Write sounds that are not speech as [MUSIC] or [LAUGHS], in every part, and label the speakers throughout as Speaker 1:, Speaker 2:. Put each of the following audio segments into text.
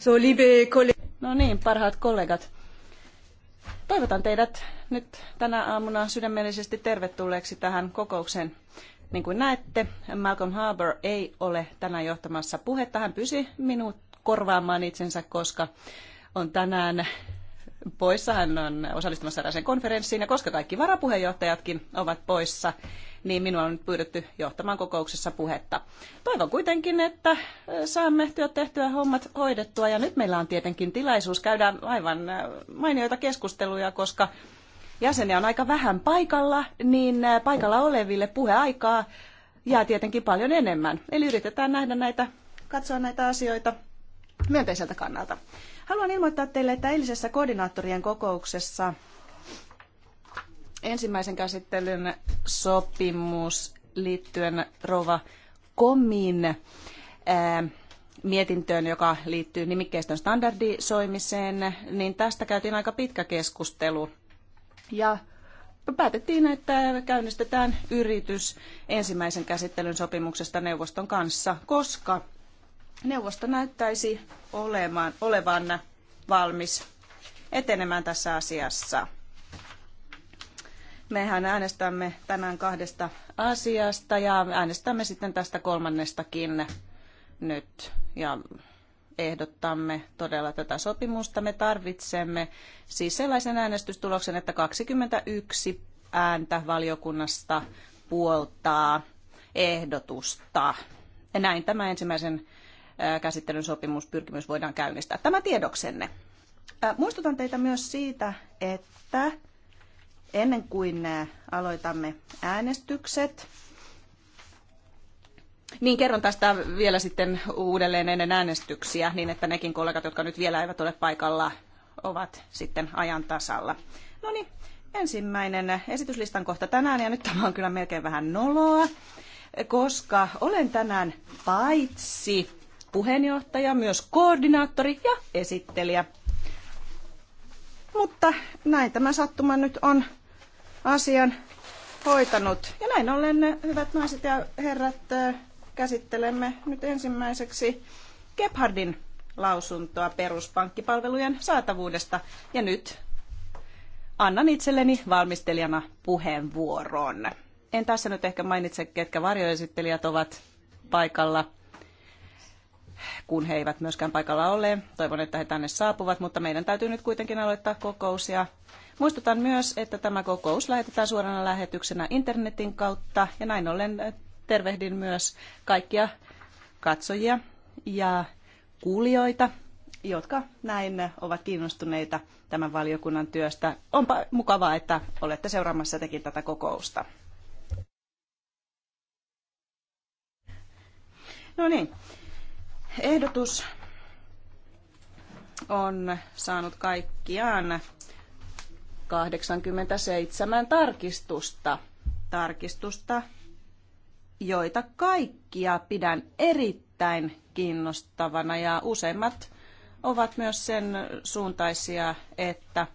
Speaker 1: So, liebe no niin, parhaat kollegat. Toivotan teidät nyt tänä aamuna sydämellisesti tervetulleeksi tähän kokoukseen. Niin kuin näette, Malcolm Harbour ei ole tänään johtamassa puhetta. Hän pysi minut korvaamaan itsensä, koska on tänään poissa. Hän on osallistumassa erääseen konferenssiin ja koska kaikki varapuheenjohtajatkin ovat poissa, niin minua on nyt pyydetty johtamaan kokouksessa puhetta. Toivon kuitenkin, että saamme työt tehtyä hommat hoidettua ja nyt meillä on tietenkin tilaisuus käydä aivan mainioita keskusteluja, koska jäseniä on aika vähän paikalla, niin paikalla oleville puheaikaa jää tietenkin paljon enemmän. Eli yritetään nähdä näitä, katsoa näitä asioita myönteiseltä kannalta. Haluan ilmoittaa teille, että eilisessä koordinaattorien kokouksessa ensimmäisen käsittelyn sopimus liittyen Rova Komin ää, mietintöön, joka liittyy nimikkeistön standardisoimiseen, niin tästä käytiin aika pitkä keskustelu. Ja päätettiin, että käynnistetään yritys ensimmäisen käsittelyn sopimuksesta neuvoston kanssa, koska neuvosto näyttäisi olevan, olevan valmis etenemään tässä asiassa. Mehän äänestämme tänään kahdesta asiasta ja äänestämme sitten tästä kolmannestakin nyt ja ehdottamme todella tätä sopimusta. Me tarvitsemme siis sellaisen äänestystuloksen, että 21 ääntä valiokunnasta puoltaa ehdotusta. Ja näin tämä ensimmäisen käsittelyn sopimuspyrkimys voidaan käynnistää. Tämä tiedoksenne. Muistutan teitä myös siitä, että ennen kuin aloitamme äänestykset, niin kerron tästä vielä sitten uudelleen ennen äänestyksiä, niin että nekin kollegat, jotka nyt vielä eivät ole paikalla, ovat sitten ajan tasalla. No niin, ensimmäinen esityslistan kohta tänään, ja nyt tämä on kyllä melkein vähän noloa, koska olen tänään paitsi puheenjohtaja, myös koordinaattori ja esittelijä. Mutta näin tämä sattuma nyt on asian hoitanut. Ja näin ollen, hyvät naiset ja herrat, käsittelemme nyt ensimmäiseksi Gebhardin lausuntoa peruspankkipalvelujen saatavuudesta. Ja nyt annan itselleni valmistelijana puheenvuoron. En tässä nyt ehkä mainitse, ketkä varjoesittelijät ovat paikalla kun he eivät myöskään paikalla ole. Toivon, että he tänne saapuvat, mutta meidän täytyy nyt kuitenkin aloittaa kokous. Ja muistutan myös, että tämä kokous lähetetään suorana lähetyksenä internetin kautta. Ja näin ollen eh, tervehdin myös kaikkia katsojia ja kuulijoita, jotka näin ovat kiinnostuneita tämän valiokunnan työstä. Onpa mukavaa, että olette seuraamassa tekin tätä kokousta. No niin, Ehdotus on saanut kaikkiaan 87 tarkistusta. Tarkistusta, joita kaikkia pidän erittäin kiinnostavana ja useimmat ovat myös sen suuntaisia, että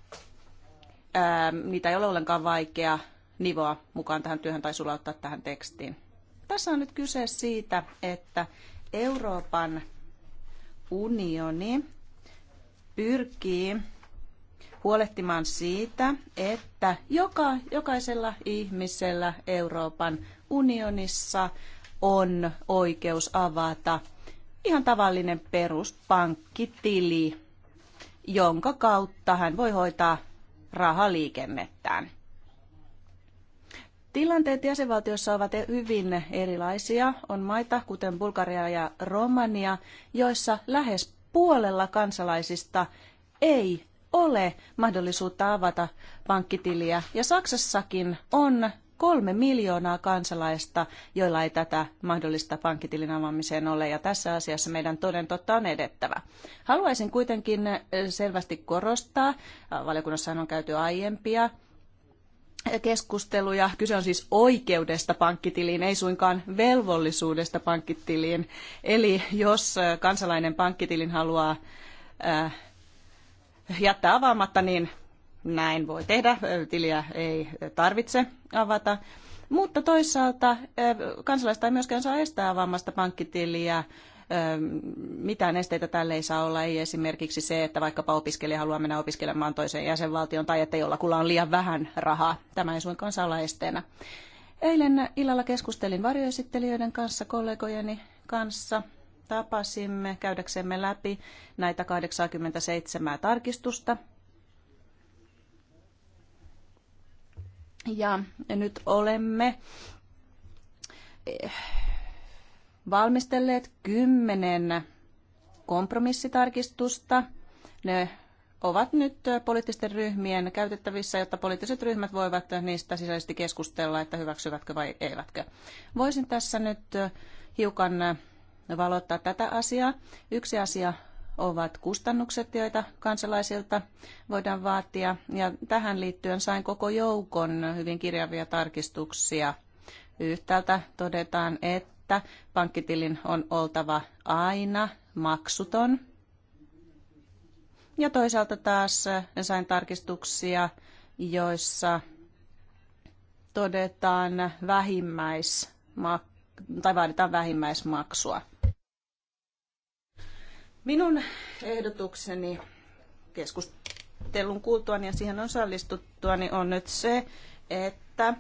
Speaker 1: ää, niitä ei ole ollenkaan vaikea nivoa mukaan tähän työhön tai sulauttaa tähän tekstiin. Tässä on nyt kyse siitä, että Euroopan unioni pyrkii huolehtimaan siitä, että joka, jokaisella ihmisellä Euroopan unionissa on oikeus avata ihan tavallinen peruspankkitili, jonka kautta hän voi hoitaa rahaliikennettään. Tilanteet jäsenvaltiossa ovat e- hyvin erilaisia. On maita, kuten Bulgaria ja Romania, joissa lähes puolella kansalaisista ei ole mahdollisuutta avata pankkitiliä. Ja Saksassakin on kolme miljoonaa kansalaista, joilla ei tätä mahdollista pankkitilin avaamiseen ole, ja tässä asiassa meidän toden totta on edettävä. Haluaisin kuitenkin selvästi korostaa, valiokunnassa on käyty aiempia keskusteluja. Kyse on siis oikeudesta pankkitiliin, ei suinkaan velvollisuudesta pankkitiliin. Eli jos kansalainen pankkitilin haluaa jättää avaamatta, niin näin voi tehdä. Tiliä ei tarvitse avata. Mutta toisaalta kansalaista ei myöskään saa estää avaamasta pankkitiliä mitään esteitä tälle ei saa olla. Ei esimerkiksi se, että vaikkapa opiskelija haluaa mennä opiskelemaan toiseen jäsenvaltioon tai että jollakulla on liian vähän rahaa. Tämä ei suinkaan saa olla esteenä. Eilen illalla keskustelin varjoesittelijöiden kanssa, kollegojeni kanssa. Tapasimme käydäksemme läpi näitä 87 tarkistusta. Ja nyt olemme eh, valmistelleet kymmenen kompromissitarkistusta. Ne ovat nyt poliittisten ryhmien käytettävissä, jotta poliittiset ryhmät voivat niistä sisäisesti keskustella, että hyväksyvätkö vai eivätkö. Voisin tässä nyt hiukan valottaa tätä asiaa. Yksi asia ovat kustannukset, joita kansalaisilta voidaan vaatia. Ja tähän liittyen sain koko joukon hyvin kirjavia tarkistuksia. Yhtäältä todetaan, että että pankkitilin on oltava aina maksuton. Ja toisaalta taas sain tarkistuksia, joissa todetaan vähimmäismak tai vaaditaan vähimmäismaksua. Minun ehdotukseni keskustelun kuultuani ja siihen osallistuttuani on nyt se, että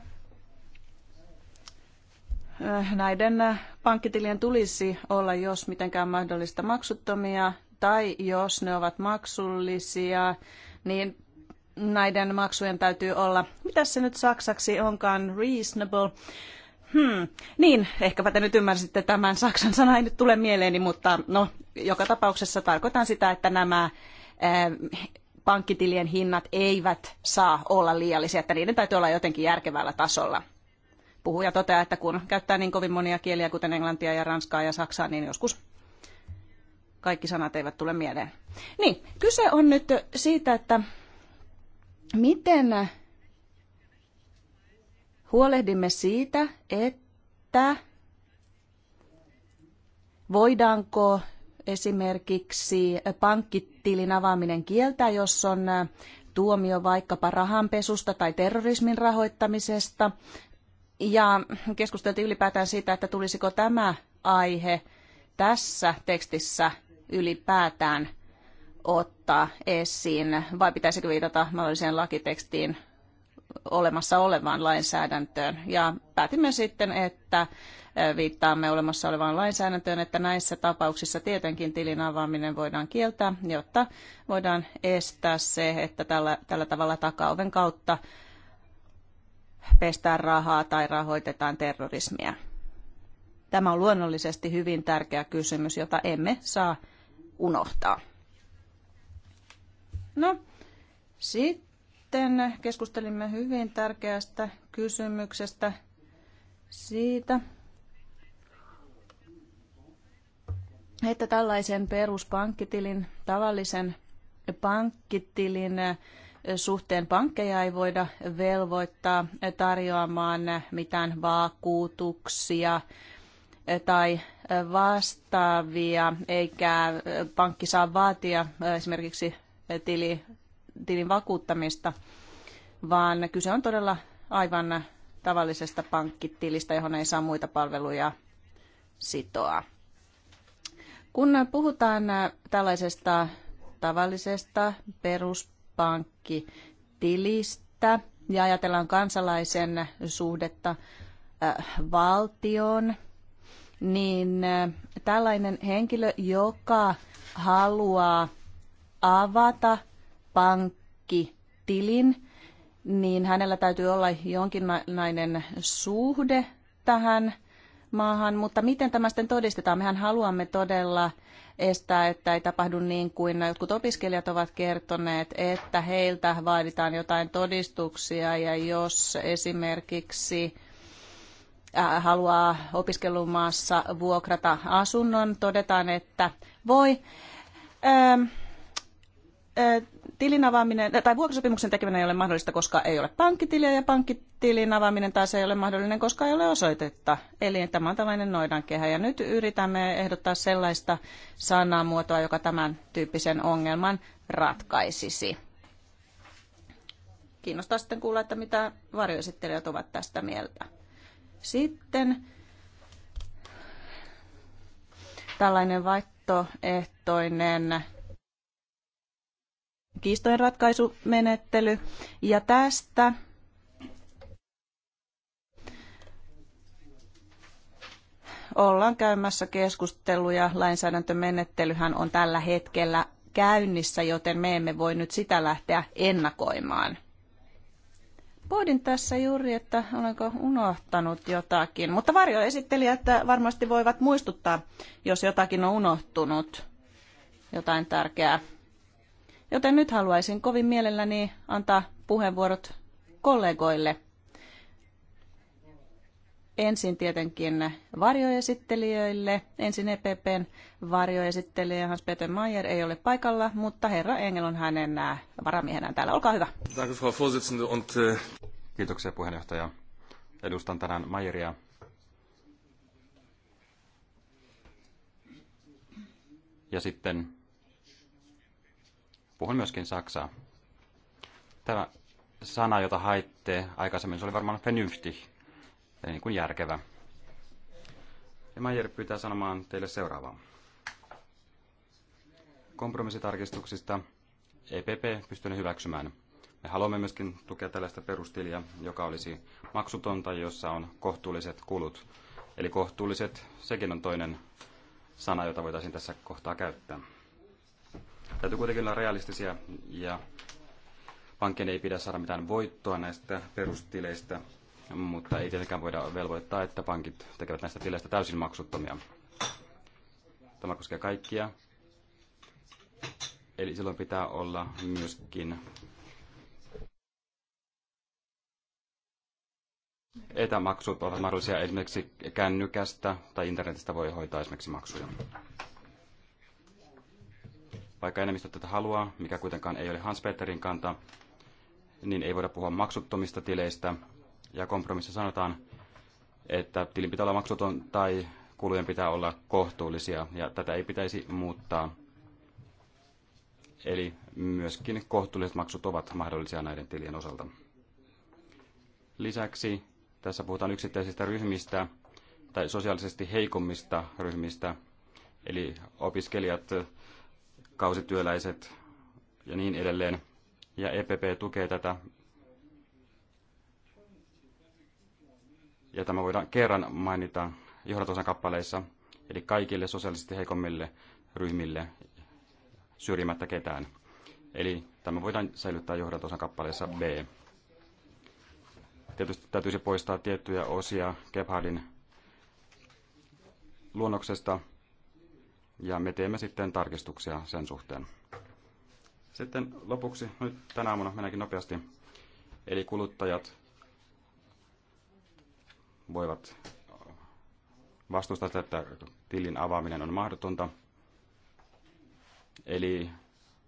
Speaker 1: Äh, näiden äh, pankkitilien tulisi olla, jos mitenkään mahdollista, maksuttomia, tai jos ne ovat maksullisia, niin näiden maksujen täytyy olla, mitä se nyt saksaksi onkaan, reasonable. Hmm. Niin, ehkäpä te nyt ymmärsitte tämän saksan sana, ei nyt tule mieleeni, mutta no, joka tapauksessa tarkoitan sitä, että nämä ää, äh, pankkitilien hinnat eivät saa olla liiallisia, että niiden täytyy olla jotenkin järkevällä tasolla puhuja toteaa, että kun käyttää niin kovin monia kieliä, kuten englantia ja ranskaa ja saksaa, niin joskus kaikki sanat eivät tule mieleen. Niin, kyse on nyt siitä, että miten huolehdimme siitä, että voidaanko esimerkiksi pankkitilin avaaminen kieltää, jos on tuomio vaikkapa rahanpesusta tai terrorismin rahoittamisesta ja keskusteltiin ylipäätään siitä, että tulisiko tämä aihe tässä tekstissä ylipäätään ottaa esiin, vai pitäisikö viitata mahdolliseen lakitekstiin olemassa olevaan lainsäädäntöön. Ja päätimme sitten, että viittaamme olemassa olevaan lainsäädäntöön, että näissä tapauksissa tietenkin tilin avaaminen voidaan kieltää, jotta voidaan estää se, että tällä, tällä tavalla takaoven kautta pestään rahaa tai rahoitetaan terrorismia. Tämä on luonnollisesti hyvin tärkeä kysymys, jota emme saa unohtaa. No, sitten keskustelimme hyvin tärkeästä kysymyksestä siitä, että tällaisen peruspankkitilin, tavallisen pankkitilin suhteen pankkeja ei voida velvoittaa tarjoamaan mitään vakuutuksia tai vastaavia, eikä pankki saa vaatia esimerkiksi tili, tilin vakuuttamista, vaan kyse on todella aivan tavallisesta pankkitilistä, johon ei saa muita palveluja sitoa. Kun puhutaan tällaisesta tavallisesta perus pankkitilistä ja ajatellaan kansalaisen suhdetta äh, valtioon, niin äh, tällainen henkilö, joka haluaa avata pankkitilin, niin hänellä täytyy olla jonkinlainen suhde tähän maahan, mutta miten tämä sitten todistetaan? Mehän haluamme todella estää, että ei tapahdu niin kuin jotkut opiskelijat ovat kertoneet, että heiltä vaaditaan jotain todistuksia ja jos esimerkiksi äh, haluaa opiskelumaassa vuokrata asunnon, todetaan, että voi. Ähm, tilin avaaminen, tai vuokrasopimuksen tekeminen ei ole mahdollista, koska ei ole pankkitiliä, ja pankkitilin avaaminen taas ei ole mahdollinen, koska ei ole osoitetta. Eli tämä on tällainen noidankehä, ja nyt yritämme ehdottaa sellaista sanamuotoa, joka tämän tyyppisen ongelman ratkaisisi. Kiinnostaa sitten kuulla, että mitä varjoesittelijät ovat tästä mieltä. Sitten tällainen vaihtoehtoinen kiistojen ratkaisumenettely. Ja tästä ollaan käymässä keskusteluja. Lainsäädäntömenettelyhän on tällä hetkellä käynnissä, joten me emme voi nyt sitä lähteä ennakoimaan. Pohdin tässä juuri, että olenko unohtanut jotakin, mutta varjo esitteli, että varmasti voivat muistuttaa, jos jotakin on unohtunut, jotain tärkeää. Joten nyt haluaisin kovin mielelläni antaa puheenvuorot kollegoille. Ensin tietenkin varjoesittelijöille. Ensin EPPn varjoesittelijä Hans-Peter Mayer ei ole paikalla, mutta herra Engel on hänen äh, varamiehenään täällä. Olkaa hyvä.
Speaker 2: Äh, Kiitoksia puheenjohtaja. Edustan tänään Mayeria. Ja sitten Puhun myöskin saksaa. Tämä sana, jota haitte aikaisemmin, se oli varmaan vernünftig, eli niin kuin järkevä. Ja Mayer pyytää sanomaan teille seuraavaa. Kompromissitarkistuksista EPP pystynyt hyväksymään. Me haluamme myöskin tukea tällaista perustilia, joka olisi maksutonta, jossa on kohtuulliset kulut. Eli kohtuulliset, sekin on toinen sana, jota voitaisiin tässä kohtaa käyttää. Täytyy kuitenkin olla realistisia ja pankkien ei pidä saada mitään voittoa näistä perustileistä, mutta ei tietenkään voida velvoittaa, että pankit tekevät näistä tileistä täysin maksuttomia. Tämä koskee kaikkia. Eli silloin pitää olla myöskin etämaksut ovat mahdollisia esimerkiksi kännykästä tai internetistä voi hoitaa esimerkiksi maksuja. Vaikka enemmistö tätä haluaa, mikä kuitenkaan ei ole Hans-Peterin kanta, niin ei voida puhua maksuttomista tileistä. Ja kompromissa sanotaan, että tilin pitää olla maksuton tai kulujen pitää olla kohtuullisia ja tätä ei pitäisi muuttaa. Eli myöskin kohtuulliset maksut ovat mahdollisia näiden tilien osalta. Lisäksi tässä puhutaan yksittäisistä ryhmistä tai sosiaalisesti heikommista ryhmistä, eli opiskelijat, kausityöläiset ja niin edelleen. Ja EPP tukee tätä. Ja tämä voidaan kerran mainita johdatosan kappaleissa, eli kaikille sosiaalisesti heikommille ryhmille syrjimättä ketään. Eli tämä voidaan säilyttää johdatosan kappaleessa B. Tietysti täytyisi poistaa tiettyjä osia Gebhardin luonnoksesta, ja me teemme sitten tarkistuksia sen suhteen. Sitten lopuksi, nyt tänä aamuna mennäänkin nopeasti, eli kuluttajat voivat vastustaa sitä, että tilin avaaminen on mahdotonta. Eli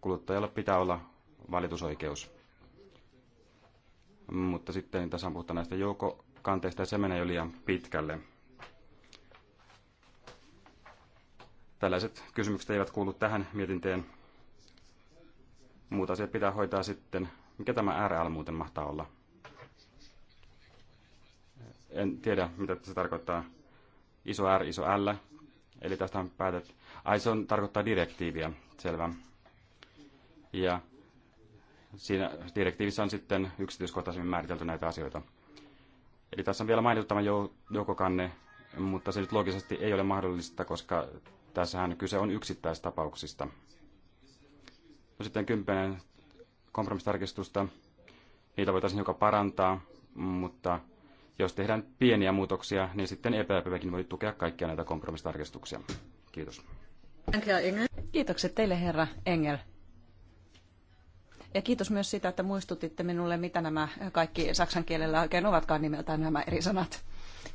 Speaker 2: kuluttajalla pitää olla valitusoikeus. Mutta sitten tässä on puhuttu näistä joukokanteista ja se menee jo liian pitkälle. Tällaiset kysymykset eivät kuulu tähän mietinteen. Muut asiat pitää hoitaa sitten. Mikä tämä RL muuten mahtaa olla? En tiedä, mitä se tarkoittaa. Iso R, iso L. Eli tästä on päätetty. Ai, se on, tarkoittaa direktiiviä. Selvä. Ja siinä direktiivissä on sitten yksityiskohtaisemmin määritelty näitä asioita. Eli tässä on vielä mainittu tämä joukokanne, mutta se nyt loogisesti ei ole mahdollista, koska Tässähän kyse on yksittäistapauksista. No sitten kymmenen kompromissitarkistusta. Niitä voitaisiin joka parantaa, mutta jos tehdään pieniä muutoksia, niin sitten EPPkin voi tukea kaikkia näitä kompromissitarkistuksia. Kiitos.
Speaker 1: Kiitokset teille, herra Engel. Ja kiitos myös siitä, että muistutitte minulle, mitä nämä kaikki saksan kielellä oikein ovatkaan nimeltään nämä eri sanat.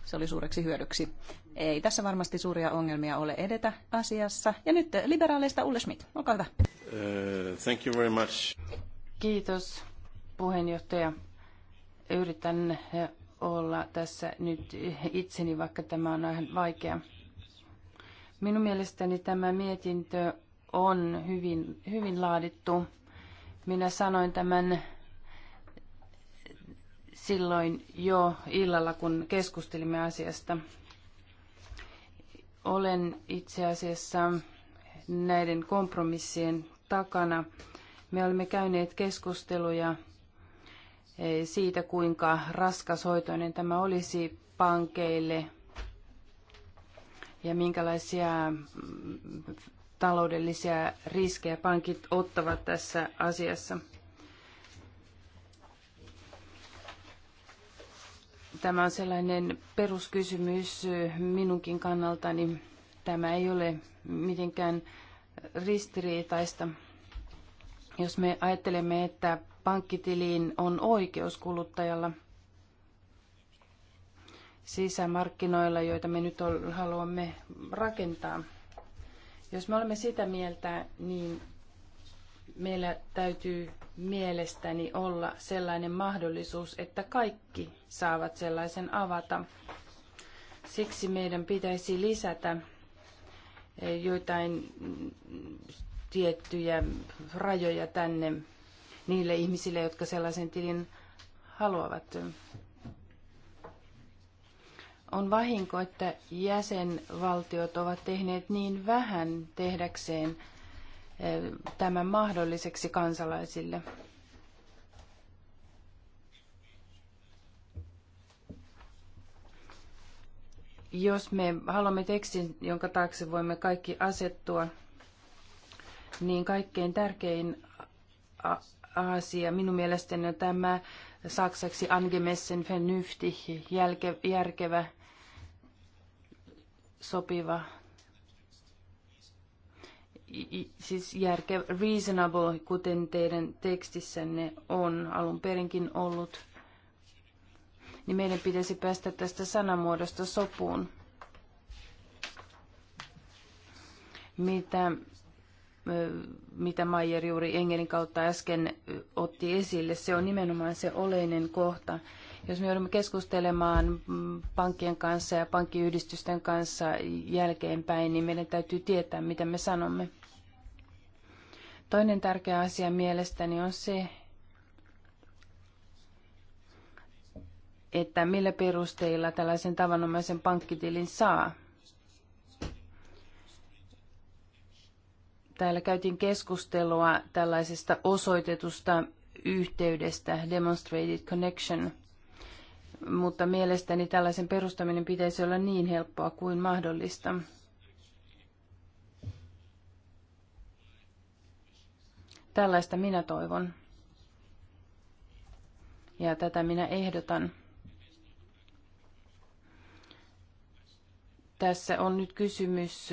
Speaker 1: Se oli suureksi hyödyksi. Ei tässä varmasti suuria ongelmia ole edetä asiassa. Ja nyt liberaaleista Ulle Schmidt, olkaa hyvä.
Speaker 3: Uh, thank you very much.
Speaker 1: Kiitos puheenjohtaja.
Speaker 3: Yritän eh, olla tässä nyt eh, itseni, vaikka tämä on vähän vaikea. Minun mielestäni tämä mietintö on hyvin, hyvin laadittu. Minä sanoin tämän silloin jo illalla, kun keskustelimme asiasta. Olen itse asiassa näiden kompromissien takana. Me olemme käyneet keskusteluja eh, siitä, kuinka raskashoitoinen tämä olisi pankeille ja minkälaisia mm, taloudellisia riskejä pankit ottavat tässä asiassa. Tämä on sellainen peruskysymys minunkin kannaltani. Tämä ei ole mitenkään ristiriitaista. Jos me ajattelemme, että pankkitiliin on oikeus kuluttajalla sisämarkkinoilla, joita me nyt haluamme rakentaa. Jos me olemme sitä mieltä, niin meillä täytyy mielestäni olla sellainen mahdollisuus, että kaikki saavat sellaisen avata. Siksi meidän pitäisi lisätä eh, joitain tiettyjä rajoja tänne niille ihmisille, jotka sellaisen tilin haluavat. On vahinko, että jäsenvaltiot ovat tehneet niin vähän tehdäkseen tämän mahdolliseksi kansalaisille. Jos me haluamme tekstin, jonka taakse voimme kaikki asettua, niin kaikkein tärkein asia minun mielestäni on tämä saksaksi angemessen vernünftig, järkevä, sopiva siis järkevä, reasonable, kuten teidän tekstissänne on alun perinkin ollut, niin meidän pitäisi päästä tästä sanamuodosta sopuun. Mitä, mitä Maijer juuri Engelin kautta äsken otti esille, se on nimenomaan se oleinen kohta. Jos me joudumme keskustelemaan mm, pankkien kanssa ja pankkiyhdistysten kanssa jälkeenpäin, niin meidän täytyy tietää, mitä me sanomme. Toinen tärkeä asia mielestäni on se, että millä perusteilla tällaisen tavanomaisen pankkitilin saa. Täällä käytiin keskustelua tällaisesta osoitetusta yhteydestä, demonstrated connection, mutta mielestäni tällaisen perustaminen pitäisi olla niin helppoa kuin mahdollista. Tällaista minä toivon. Ja tätä minä ehdotan. Tässä on nyt kysymys,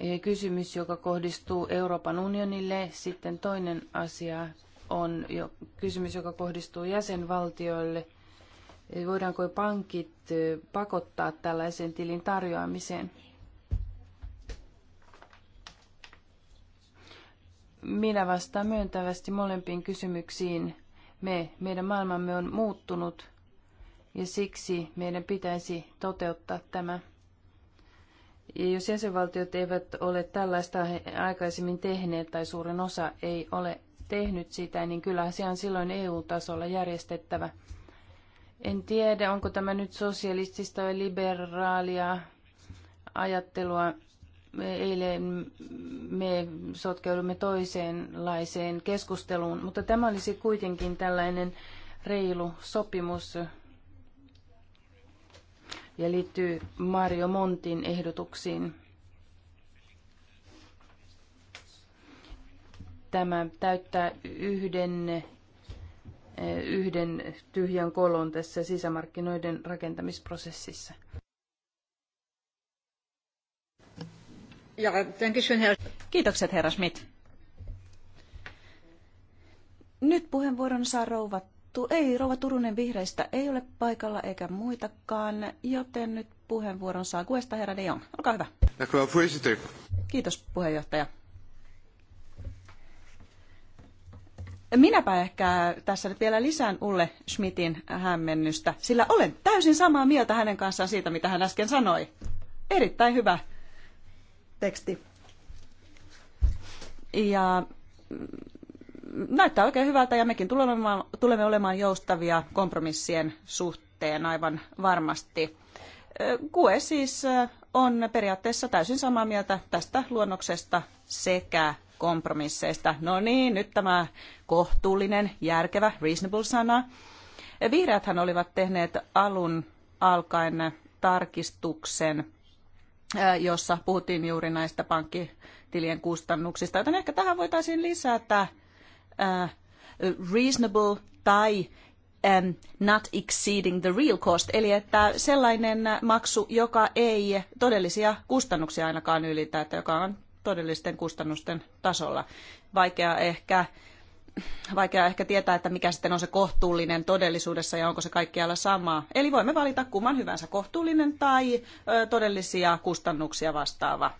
Speaker 3: eh, kysymys, joka kohdistuu Euroopan unionille. Sitten toinen asia on jo kysymys, joka kohdistuu jäsenvaltioille. Voidaanko pankit eh, pakottaa tällaisen tilin tarjoamiseen? Minä vastaan myöntävästi molempiin kysymyksiin. Me, meidän maailmamme on muuttunut ja siksi meidän pitäisi toteuttaa tämä. Ja jos jäsenvaltiot eivät ole tällaista aikaisemmin tehneet tai suurin osa ei ole tehnyt sitä, niin kyllä se on silloin EU-tasolla järjestettävä. En tiedä, onko tämä nyt sosialistista vai liberaalia ajattelua eilen me sotkeudumme toiseenlaiseen keskusteluun, mutta tämä olisi kuitenkin tällainen reilu sopimus ja liittyy Mario Montin ehdotuksiin. Tämä täyttää yhden, yhden tyhjän kolon tässä sisämarkkinoiden rakentamisprosessissa.
Speaker 1: Kiitokset, herra Schmidt. Nyt puheenvuoron saa rouva, tu- ei, rouva Turunen vihreistä ei ole paikalla eikä muitakaan, joten nyt puheenvuoron saa Kuesta herra De Jong. Olkaa hyvä. Kiitos puheenjohtaja. Minäpä ehkä tässä nyt vielä lisään Ulle Schmidtin hämmennystä, sillä olen täysin samaa mieltä hänen kanssaan siitä, mitä hän äsken sanoi. Erittäin hyvä teksti. Ja mm, näyttää oikein hyvältä ja mekin tulemme olemaan, tulemme olemaan joustavia kompromissien suhteen aivan varmasti. QE siis on periaatteessa täysin samaa mieltä tästä luonnoksesta sekä kompromisseista. No niin, nyt tämä kohtuullinen, järkevä, reasonable-sana. Vihreäthän olivat tehneet alun alkaen tarkistuksen jossa puhuttiin juuri näistä pankkitilien kustannuksista, joten ehkä tähän voitaisiin lisätä reasonable tai not exceeding the real cost, eli että sellainen maksu, joka ei todellisia kustannuksia ainakaan ylitä, että joka on todellisten kustannusten tasolla. Vaikea ehkä vaikea ehkä tietää, että mikä sitten on se kohtuullinen todellisuudessa ja onko se kaikkialla sama. Eli voimme valita kumman hyvänsä, kohtuullinen tai ö, todellisia kustannuksia vastaava.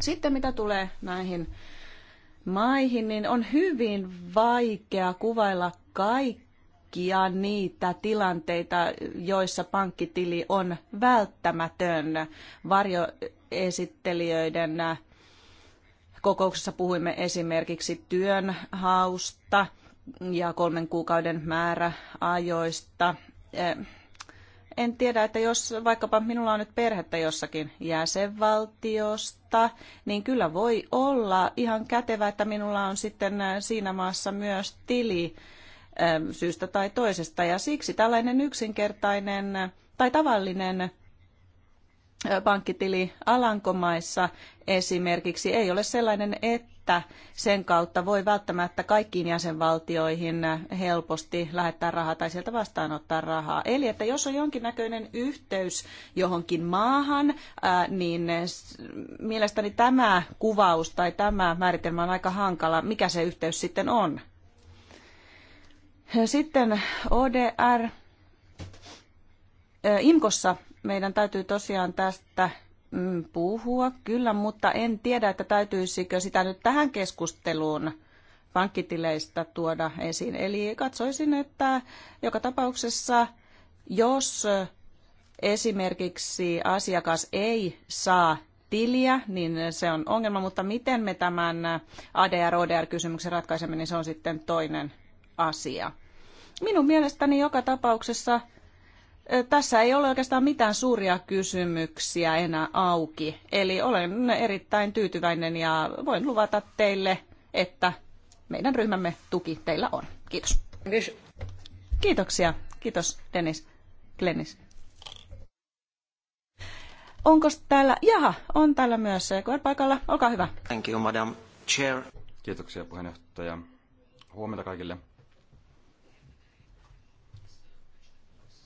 Speaker 1: Sitten mitä tulee näihin maihin, niin on hyvin vaikea kuvailla kaikkia niitä tilanteita, joissa pankkitili on välttämätön varjoesittelijöiden kokouksessa puhuimme esimerkiksi työnhausta ja kolmen kuukauden määräajoista. Eh, en tiedä, että jos vaikkapa minulla on nyt perhettä jossakin jäsenvaltiosta, niin kyllä voi olla ihan kätevä, että minulla on sitten eh, siinä maassa myös tili eh, syystä tai toisesta. Ja siksi tällainen yksinkertainen tai tavallinen pankkitili Alankomaissa esimerkiksi ei ole sellainen, että sen kautta voi välttämättä kaikkiin jäsenvaltioihin helposti lähettää rahaa tai sieltä vastaanottaa rahaa. Eli että jos on jonkinnäköinen yhteys johonkin maahan, niin mielestäni tämä kuvaus tai tämä määritelmä on aika hankala, mikä se yhteys sitten on. Sitten ODR. IMKossa meidän täytyy tosiaan tästä mm, puhua, kyllä, mutta en tiedä, että täytyisikö sitä nyt tähän keskusteluun pankkitileistä tuoda esiin. Eli katsoisin, että joka tapauksessa, jos esimerkiksi asiakas ei saa tiliä, niin se on ongelma, mutta miten me tämän ADR-ODR-kysymyksen ratkaisemme, niin se on sitten toinen asia. Minun mielestäni joka tapauksessa tässä ei ole oikeastaan mitään suuria kysymyksiä enää auki. Eli olen erittäin tyytyväinen ja voin luvata teille, että meidän ryhmämme tuki teillä on. Kiitos. Kiitoksia. Kiitos, Dennis. Glennis. Onko täällä, jaha, on täällä myös paikalla. Olkaa hyvä.
Speaker 2: Thank you, Madam Chair. Kiitoksia puheenjohtaja. Huomenta kaikille.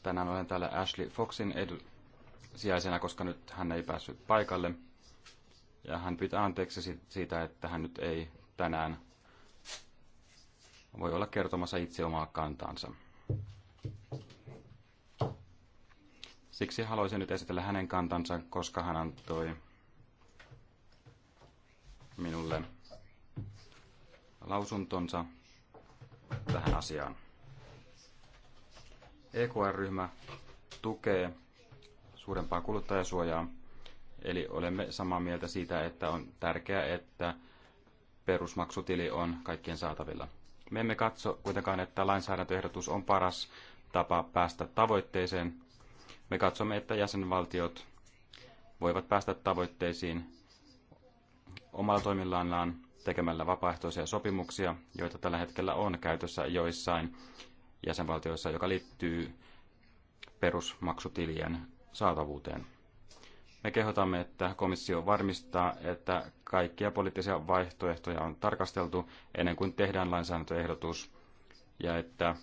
Speaker 2: tänään olen täällä Ashley Foxin edu- sijaisena, koska nyt hän ei päässyt paikalle. Ja hän pyytää anteeksi siitä, että hän nyt ei tänään voi olla kertomassa itse omaa kantaansa. Siksi haluaisin nyt esitellä hänen kantansa, koska hän antoi minulle lausuntonsa tähän asiaan. EKR-ryhmä tukee suurempaa kuluttajasuojaa, eli olemme samaa mieltä siitä, että on tärkeää, että perusmaksutili on kaikkien saatavilla. Me emme katso kuitenkaan, että lainsäädäntöehdotus on paras tapa päästä tavoitteeseen. Me katsomme, että jäsenvaltiot voivat päästä tavoitteisiin omalla toimillaan tekemällä vapaaehtoisia sopimuksia, joita tällä hetkellä on käytössä joissain jäsenvaltioissa, joka liittyy perusmaksutilien saatavuuteen. Me kehotamme, että komissio varmistaa, että kaikkia poliittisia vaihtoehtoja on tarkasteltu ennen kuin tehdään lainsäädäntöehdotus ja että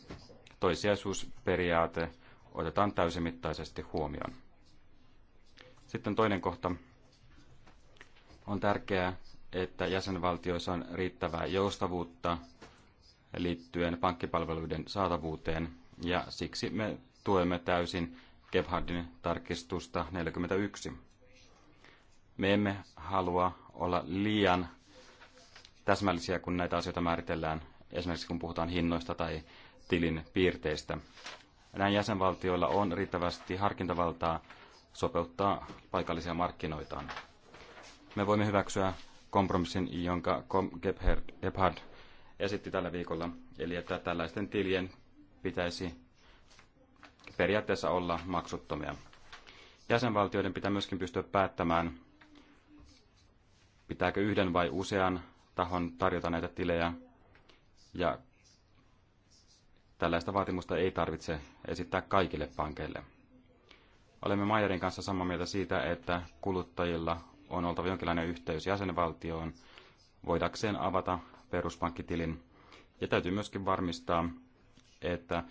Speaker 2: toisiaisuusperiaate otetaan täysimittaisesti huomioon. Sitten toinen kohta. On tärkeää, että jäsenvaltioissa on riittävää joustavuutta liittyen pankkipalveluiden saatavuuteen, ja siksi me tuemme täysin Gebhardin tarkistusta 41. Me emme halua olla liian täsmällisiä, kun näitä asioita määritellään, esimerkiksi kun puhutaan hinnoista tai tilin piirteistä. Näin jäsenvaltioilla on riittävästi harkintavaltaa sopeuttaa paikallisia markkinoitaan. Me voimme hyväksyä kompromissin, jonka Gebhard esitti tällä viikolla, eli että tällaisten tilien pitäisi periaatteessa olla maksuttomia. Jäsenvaltioiden pitää myöskin pystyä päättämään, pitääkö yhden vai usean tahon tarjota näitä tilejä, ja tällaista vaatimusta ei tarvitse esittää kaikille pankeille. Olemme Mayerin kanssa samaa mieltä siitä, että kuluttajilla on oltava jonkinlainen yhteys jäsenvaltioon, voidakseen avata peruspankkitilin. Ja täytyy myöskin varmistaa, että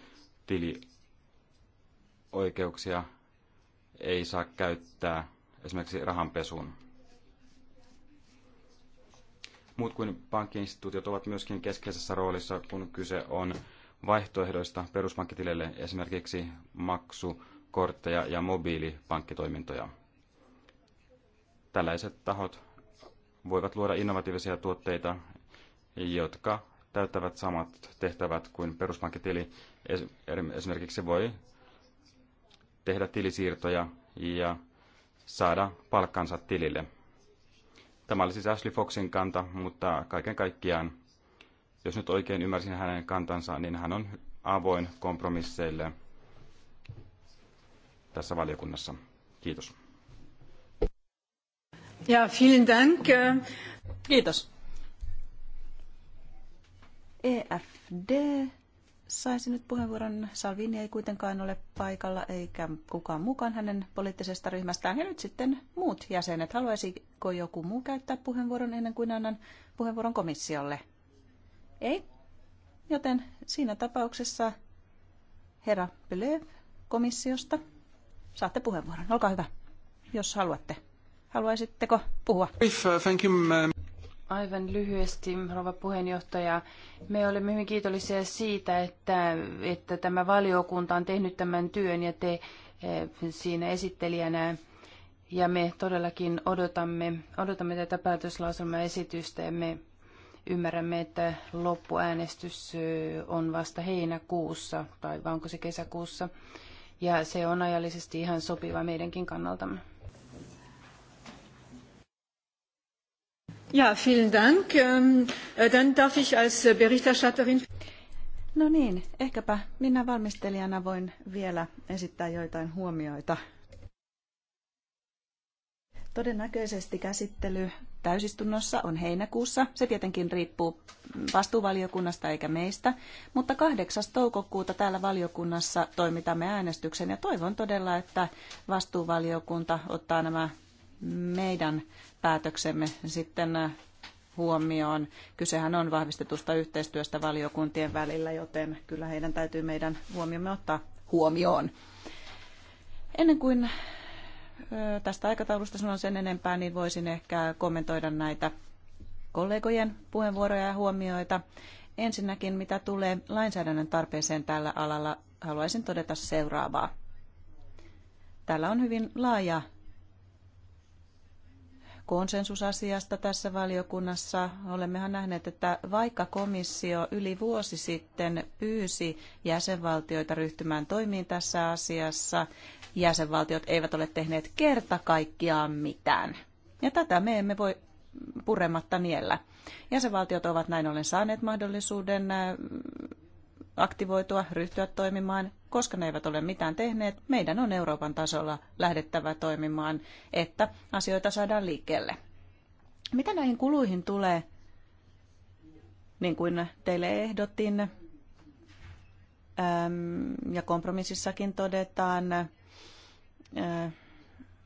Speaker 2: tilioikeuksia ei saa käyttää esimerkiksi rahanpesuun. Muut kuin pankkiinstituutiot ovat myöskin keskeisessä roolissa, kun kyse on vaihtoehdoista peruspankkitilille esimerkiksi maksukortteja ja mobiilipankkitoimintoja. Tällaiset tahot voivat luoda innovatiivisia tuotteita jotka täyttävät samat tehtävät kuin peruspankkitili. Esimerkiksi voi tehdä tilisiirtoja ja saada palkkansa tilille. Tämä oli siis Ashley Foxin kanta, mutta kaiken kaikkiaan, jos nyt oikein ymmärsin hänen kantansa, niin hän on avoin kompromisseille tässä valiokunnassa. Kiitos.
Speaker 1: Ja, vielen dank. Kiitos. EFD saisi nyt puheenvuoron. Salvini ei kuitenkaan ole paikalla eikä kukaan mukaan hänen poliittisesta ryhmästään. Ja nyt sitten muut jäsenet. Haluaisiko joku muu käyttää puheenvuoron ennen kuin annan puheenvuoron komissiolle? Ei? Joten siinä tapauksessa herra Belev komissiosta saatte puheenvuoron. Olkaa hyvä, jos haluatte. Haluaisitteko puhua? If, uh, thank you, Aivan
Speaker 3: lyhyesti, rouva puheenjohtaja. Me olemme hyvin kiitollisia siitä, että, että tämä valiokunta on tehnyt tämän työn ja te eh, siinä esittelijänä. Ja me todellakin odotamme, odotamme tätä päätöslauselmaesitystä ja me ymmärrämme, että loppuäänestys eh, on vasta heinäkuussa, tai vaan onko se kesäkuussa. Ja se on ajallisesti ihan sopiva meidänkin kannaltamme.
Speaker 1: vielen Dank. Ähm, äh, dann darf ich als äh, Berichterstatterin... No niin, ehkäpä minä valmistelijana voin vielä esittää joitain huomioita. Todennäköisesti käsittely täysistunnossa on heinäkuussa. Se tietenkin riippuu vastuuvaliokunnasta eikä meistä, mutta 8. toukokuuta täällä valiokunnassa toimitamme äänestyksen ja toivon todella, että vastuuvaliokunta ottaa nämä meidän päätöksemme sitten äh, huomioon. Kysehän on vahvistetusta yhteistyöstä valiokuntien välillä, joten kyllä heidän täytyy meidän huomiomme ottaa huomioon. Ennen kuin äh, tästä aikataulusta sanon sen enempää, niin voisin ehkä kommentoida näitä kollegojen puheenvuoroja ja huomioita. Ensinnäkin, mitä tulee lainsäädännön tarpeeseen tällä alalla, haluaisin todeta seuraavaa. Täällä on hyvin laaja konsensusasiasta tässä valiokunnassa. Olemmehan nähneet, että vaikka komissio yli vuosi sitten pyysi jäsenvaltioita ryhtymään toimiin tässä asiassa, jäsenvaltiot eivät ole tehneet kerta kaikkiaan mitään. Ja tätä me emme voi purematta niellä. Jäsenvaltiot ovat näin ollen saaneet mahdollisuuden äh, aktivoitua, ryhtyä toimimaan koska ne eivät ole mitään tehneet, meidän on Euroopan tasolla lähdettävä toimimaan, että asioita saadaan liikkeelle. Mitä näihin kuluihin tulee, niin kuin teille ehdottiin ja kompromississakin todetaan,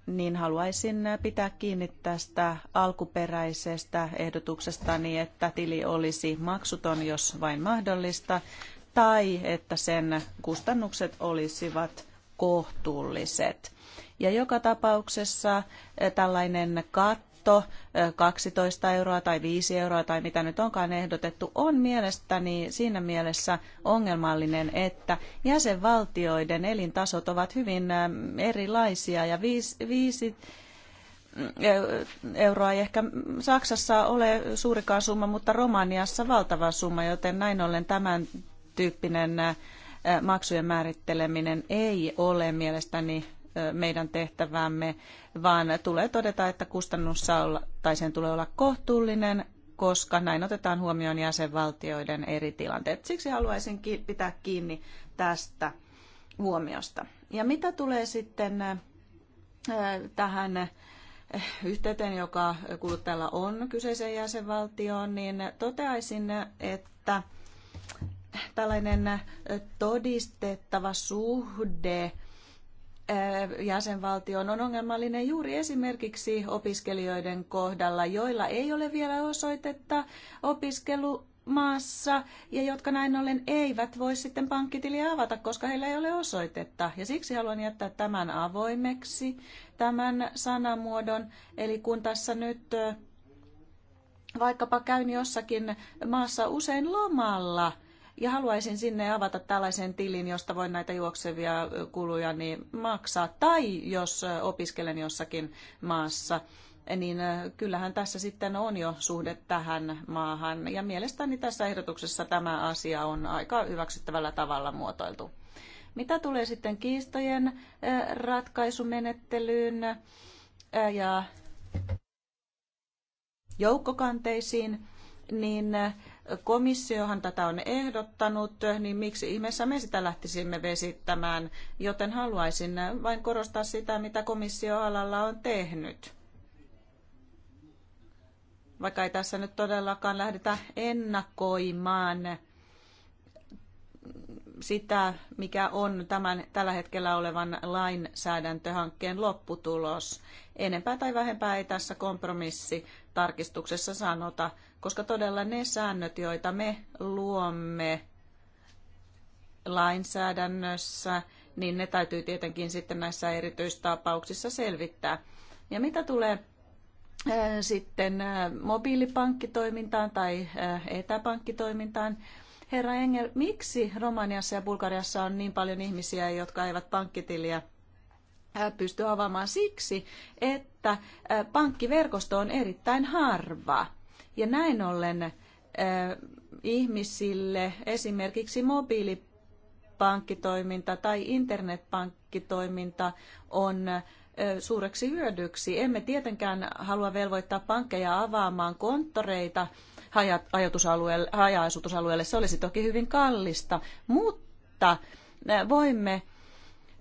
Speaker 1: niin haluaisin pitää kiinni tästä alkuperäisestä ehdotuksesta niin, että tili olisi maksuton, jos vain mahdollista tai että sen kustannukset olisivat kohtuulliset. Ja joka tapauksessa eh, tällainen katto, 12 eh, euroa tai 5 euroa tai mitä nyt onkaan ehdotettu, on mielestäni siinä mielessä ongelmallinen, että jäsenvaltioiden elintasot ovat hyvin eh, erilaisia ja 5, euroa ei ehkä Saksassa ole suurikaan summa, mutta Romaniassa valtava summa, joten näin ollen tämän tyyppinen maksujen määritteleminen ei ole mielestäni meidän tehtävämme, vaan tulee todeta, että kustannus saa olla, tai sen tulee olla kohtuullinen, koska näin otetaan huomioon jäsenvaltioiden eri tilanteet. Siksi haluaisin pitää kiinni tästä huomiosta. Ja mitä tulee sitten tähän yhteyteen, joka kuluttajalla on kyseiseen jäsenvaltioon, niin toteaisin, että tällainen äh, todistettava suhde äh, jäsenvaltioon on ongelmallinen juuri esimerkiksi opiskelijoiden kohdalla, joilla ei ole vielä osoitetta opiskelu maassa ja jotka näin ollen eivät voi sitten pankkitiliä avata, koska heillä ei ole osoitetta. Ja siksi haluan jättää tämän avoimeksi, tämän sanamuodon. Eli kun tässä nyt äh, vaikkapa käyn jossakin maassa usein lomalla – ja haluaisin sinne avata tällaisen tilin, josta voin näitä juoksevia kuluja niin maksaa. Tai jos opiskelen jossakin maassa, niin kyllähän tässä sitten on jo suhde tähän maahan. Ja mielestäni tässä ehdotuksessa tämä asia on aika hyväksyttävällä tavalla muotoiltu. Mitä tulee sitten kiistojen ratkaisumenettelyyn ja joukkokanteisiin, niin komissiohan tätä on ehdottanut, niin miksi ihmeessä me sitä lähtisimme vesittämään, joten haluaisin vain korostaa sitä, mitä komissio alalla on tehnyt. Vaikka ei tässä nyt todellakaan lähdetä ennakoimaan sitä, mikä on tämän tällä hetkellä olevan lainsäädäntöhankkeen lopputulos. Enempää tai vähempää ei tässä kompromissitarkistuksessa sanota koska todella ne säännöt, joita me luomme lainsäädännössä, niin ne täytyy tietenkin sitten näissä erityistapauksissa selvittää. Ja mitä tulee sitten mobiilipankkitoimintaan tai etäpankkitoimintaan, Herra Engel, miksi Romaniassa ja Bulgariassa on niin paljon ihmisiä, jotka eivät pankkitiliä pysty avaamaan siksi, että pankkiverkosto on erittäin harva. Ja näin ollen ihmisille esimerkiksi mobiilipankkitoiminta tai internetpankkitoiminta on suureksi hyödyksi. Emme tietenkään halua velvoittaa pankkeja avaamaan konttoreita haja-asutusalueelle. Se olisi toki hyvin kallista, mutta voimme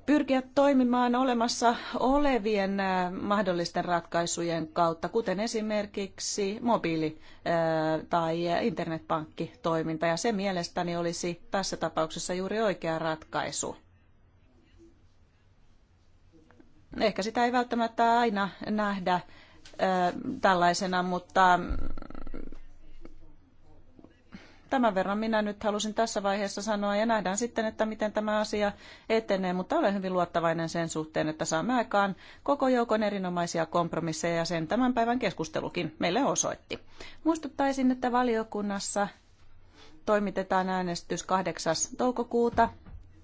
Speaker 1: pyrkiä toimimaan olemassa olevien äh, mahdollisten ratkaisujen kautta, kuten esimerkiksi mobiili- äh, tai internetpankkitoiminta, ja se mielestäni olisi tässä tapauksessa juuri oikea ratkaisu. Ehkä sitä ei välttämättä aina nähdä äh, tällaisena, mutta Tämän verran minä nyt halusin tässä vaiheessa sanoa ja nähdään sitten, että miten tämä asia etenee, mutta olen hyvin luottavainen sen suhteen, että saamme aikaan koko joukon erinomaisia kompromisseja ja sen tämän päivän keskustelukin meille osoitti. Muistuttaisin, että valiokunnassa toimitetaan äänestys 8. toukokuuta.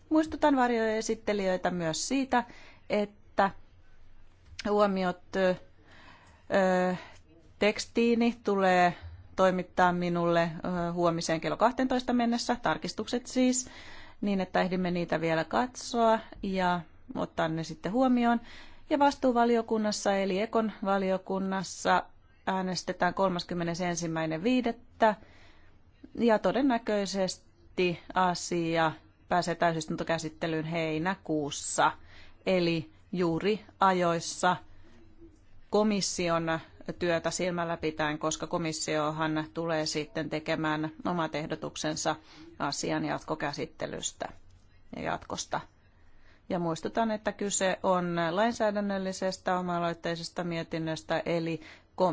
Speaker 1: Muistutan varjoesittelijöitä myös siitä, että huomiot ö, tekstiini tulee toimittaa minulle huomiseen kello 12 mennessä, tarkistukset siis, niin että ehdimme niitä vielä katsoa ja ottaa ne sitten huomioon. Ja vastuuvaliokunnassa eli Ekon valiokunnassa äänestetään 31.5. Ja todennäköisesti asia pääsee täysistuntokäsittelyyn heinäkuussa, eli juuri ajoissa komission työtä silmällä pitäen, koska komissiohan tulee sitten tekemään omat ehdotuksensa asian jatkokäsittelystä ja jatkosta. Ja muistutan, että kyse on lainsäädännöllisestä oma-aloitteisesta mietinnöstä, eli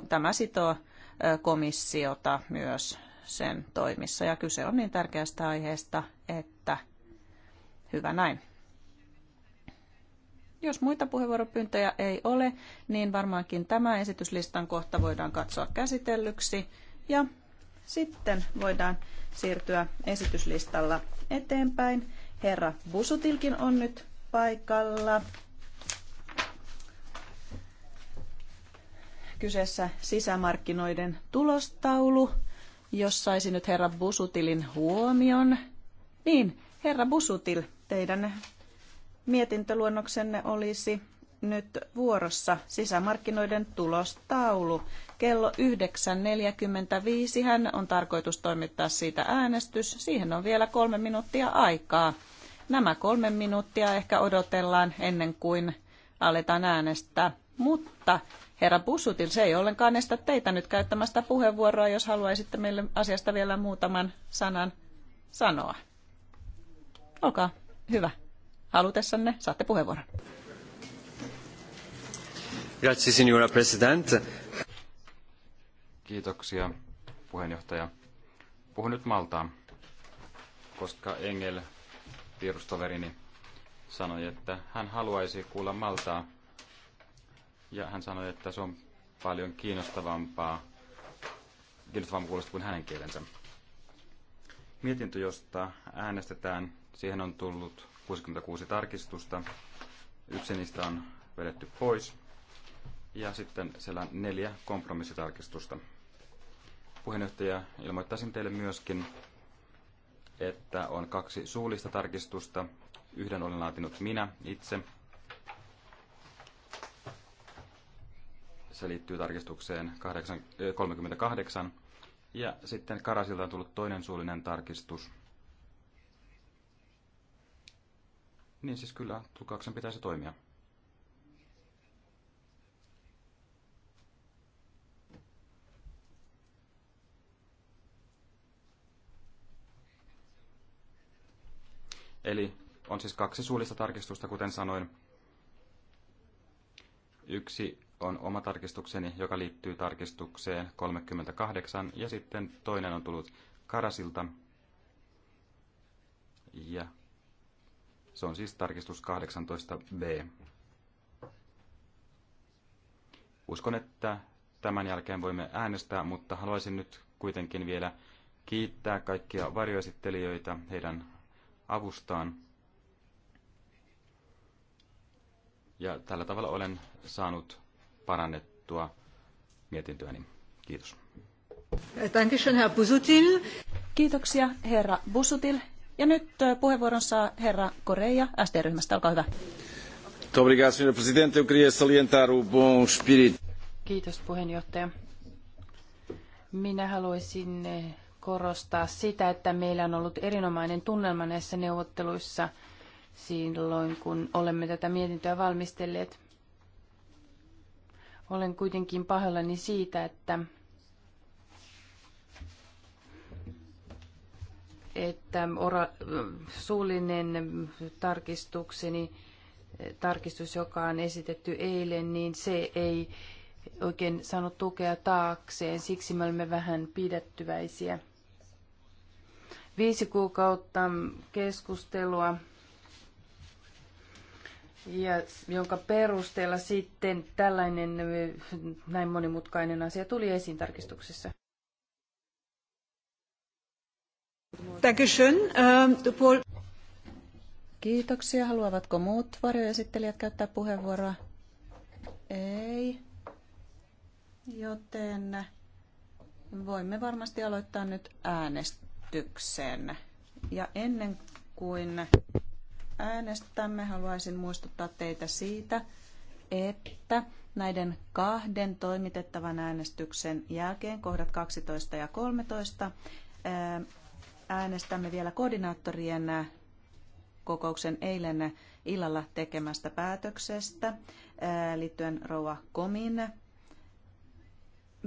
Speaker 1: tämä sitoo komissiota myös sen toimissa. Ja kyse on niin tärkeästä aiheesta, että hyvä näin. Jos muita puheenvuoropyyntöjä ei ole, niin varmaankin tämä esityslistan kohta voidaan katsoa käsitellyksi. Ja sitten voidaan siirtyä esityslistalla eteenpäin. Herra Busutilkin on nyt paikalla. Kyseessä sisämarkkinoiden tulostaulu. Jos saisi nyt herra Busutilin huomion. Niin, herra Busutil, teidän mietintöluonnoksenne olisi nyt vuorossa sisämarkkinoiden tulostaulu. Kello 9.45 hän on tarkoitus toimittaa siitä äänestys. Siihen on vielä kolme minuuttia aikaa. Nämä kolme minuuttia ehkä odotellaan ennen kuin aletaan äänestää. Mutta herra Bussutil, se ei ollenkaan estä teitä nyt käyttämästä puheenvuoroa, jos haluaisitte meille asiasta vielä muutaman sanan sanoa. Olkaa hyvä. Halutessanne saatte puheenvuoron.
Speaker 2: Grazie, signora president. Kiitoksia, puheenjohtaja. Puhun nyt Maltaa, koska Engel, vierustoverini, sanoi, että hän haluaisi kuulla Maltaa. Ja hän sanoi, että se on paljon kiinnostavampaa, kiinnostavampaa kuulosta kuin hänen kielensä. Mietintö, josta äänestetään, siihen on tullut 66 tarkistusta. Yksi niistä on vedetty pois. Ja sitten siellä on neljä kompromissitarkistusta. Puheenjohtaja, ilmoittaisin teille myöskin, että on kaksi suullista tarkistusta. Yhden olen laatinut minä itse. Se liittyy tarkistukseen 38, 38. Ja sitten Karasilta on tullut toinen suullinen tarkistus – Niin siis kyllä tulkauksen pitäisi toimia. Eli on siis kaksi suullista tarkistusta, kuten sanoin. Yksi on oma tarkistukseni, joka liittyy tarkistukseen 38, ja sitten toinen on tullut Karasilta. Ja se on siis tarkistus 18b. Uskon, että tämän jälkeen voimme äänestää, mutta haluaisin nyt kuitenkin vielä kiittää kaikkia varjoesittelijöitä heidän avustaan. Ja tällä tavalla olen saanut parannettua mietintöäni. Kiitos.
Speaker 1: Kiitoksia herra Busutil. Ja nyt puheenvuoron saa herra Koreja SD-ryhmästä. Olkaa hyvä.
Speaker 3: Kiitos puheenjohtaja. Minä haluaisin eh, korostaa sitä, että meillä on ollut erinomainen tunnelma näissä neuvotteluissa silloin, kun olemme tätä mietintöä valmistelleet. Olen kuitenkin pahoillani siitä, että että ora, suullinen tarkistukseni, tarkistus, joka on esitetty eilen, niin se ei oikein saanut tukea taakseen. Siksi me olemme vähän pidättyväisiä. Viisi kuukautta keskustelua, ja jonka perusteella sitten tällainen näin monimutkainen asia tuli esiin tarkistuksessa.
Speaker 1: Ähm, Kiitoksia. Haluavatko muut varjoesittelijät käyttää puheenvuoroa? Ei. Joten voimme varmasti aloittaa nyt äänestyksen. Ja ennen kuin äänestämme, haluaisin muistuttaa teitä siitä, että näiden kahden toimitettavan äänestyksen jälkeen kohdat 12 ja 13 äänestämme vielä koordinaattorien kokouksen eilen illalla tekemästä päätöksestä liittyen Rouva Komin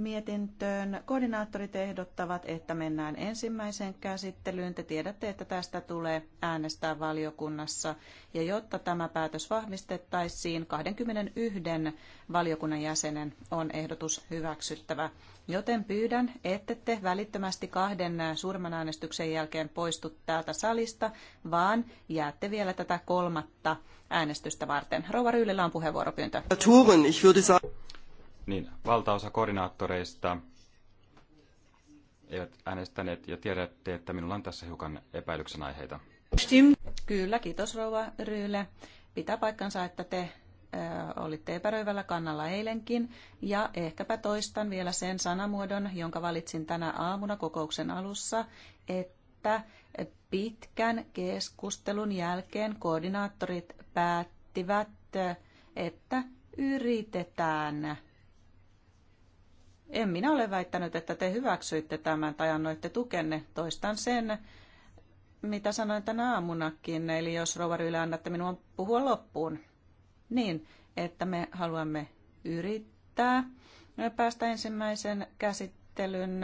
Speaker 1: mietintöön. Koordinaattorit ehdottavat, että mennään ensimmäiseen käsittelyyn. Te tiedätte, että tästä tulee äänestää valiokunnassa. Ja jotta tämä päätös vahvistettaisiin, 21 valiokunnan jäsenen on ehdotus hyväksyttävä. Joten pyydän, ette te välittömästi kahden suurman äänestyksen jälkeen poistu täältä salista, vaan jäätte vielä tätä kolmatta äänestystä varten. Rouva Ryylillä on puheenvuoropyyntö.
Speaker 2: ich würde sagen niin valtaosa koordinaattoreista eivät äänestäneet ja tiedätte, että minulla on tässä hiukan epäilyksen aiheita.
Speaker 1: Kyllä, kiitos rouva Ryyle. Pitää paikkansa, että te ö, olitte epäröivällä kannalla eilenkin ja ehkäpä toistan vielä sen sanamuodon, jonka valitsin tänä aamuna kokouksen alussa, että pitkän keskustelun jälkeen koordinaattorit päättivät, että yritetään en minä ole väittänyt, että te hyväksyitte tämän tai annoitte tukenne. Toistan sen, mitä sanoin tänä aamunakin. Eli jos rouva Ryle annatte minua puhua loppuun, niin että me haluamme yrittää päästä ensimmäisen käsittelyn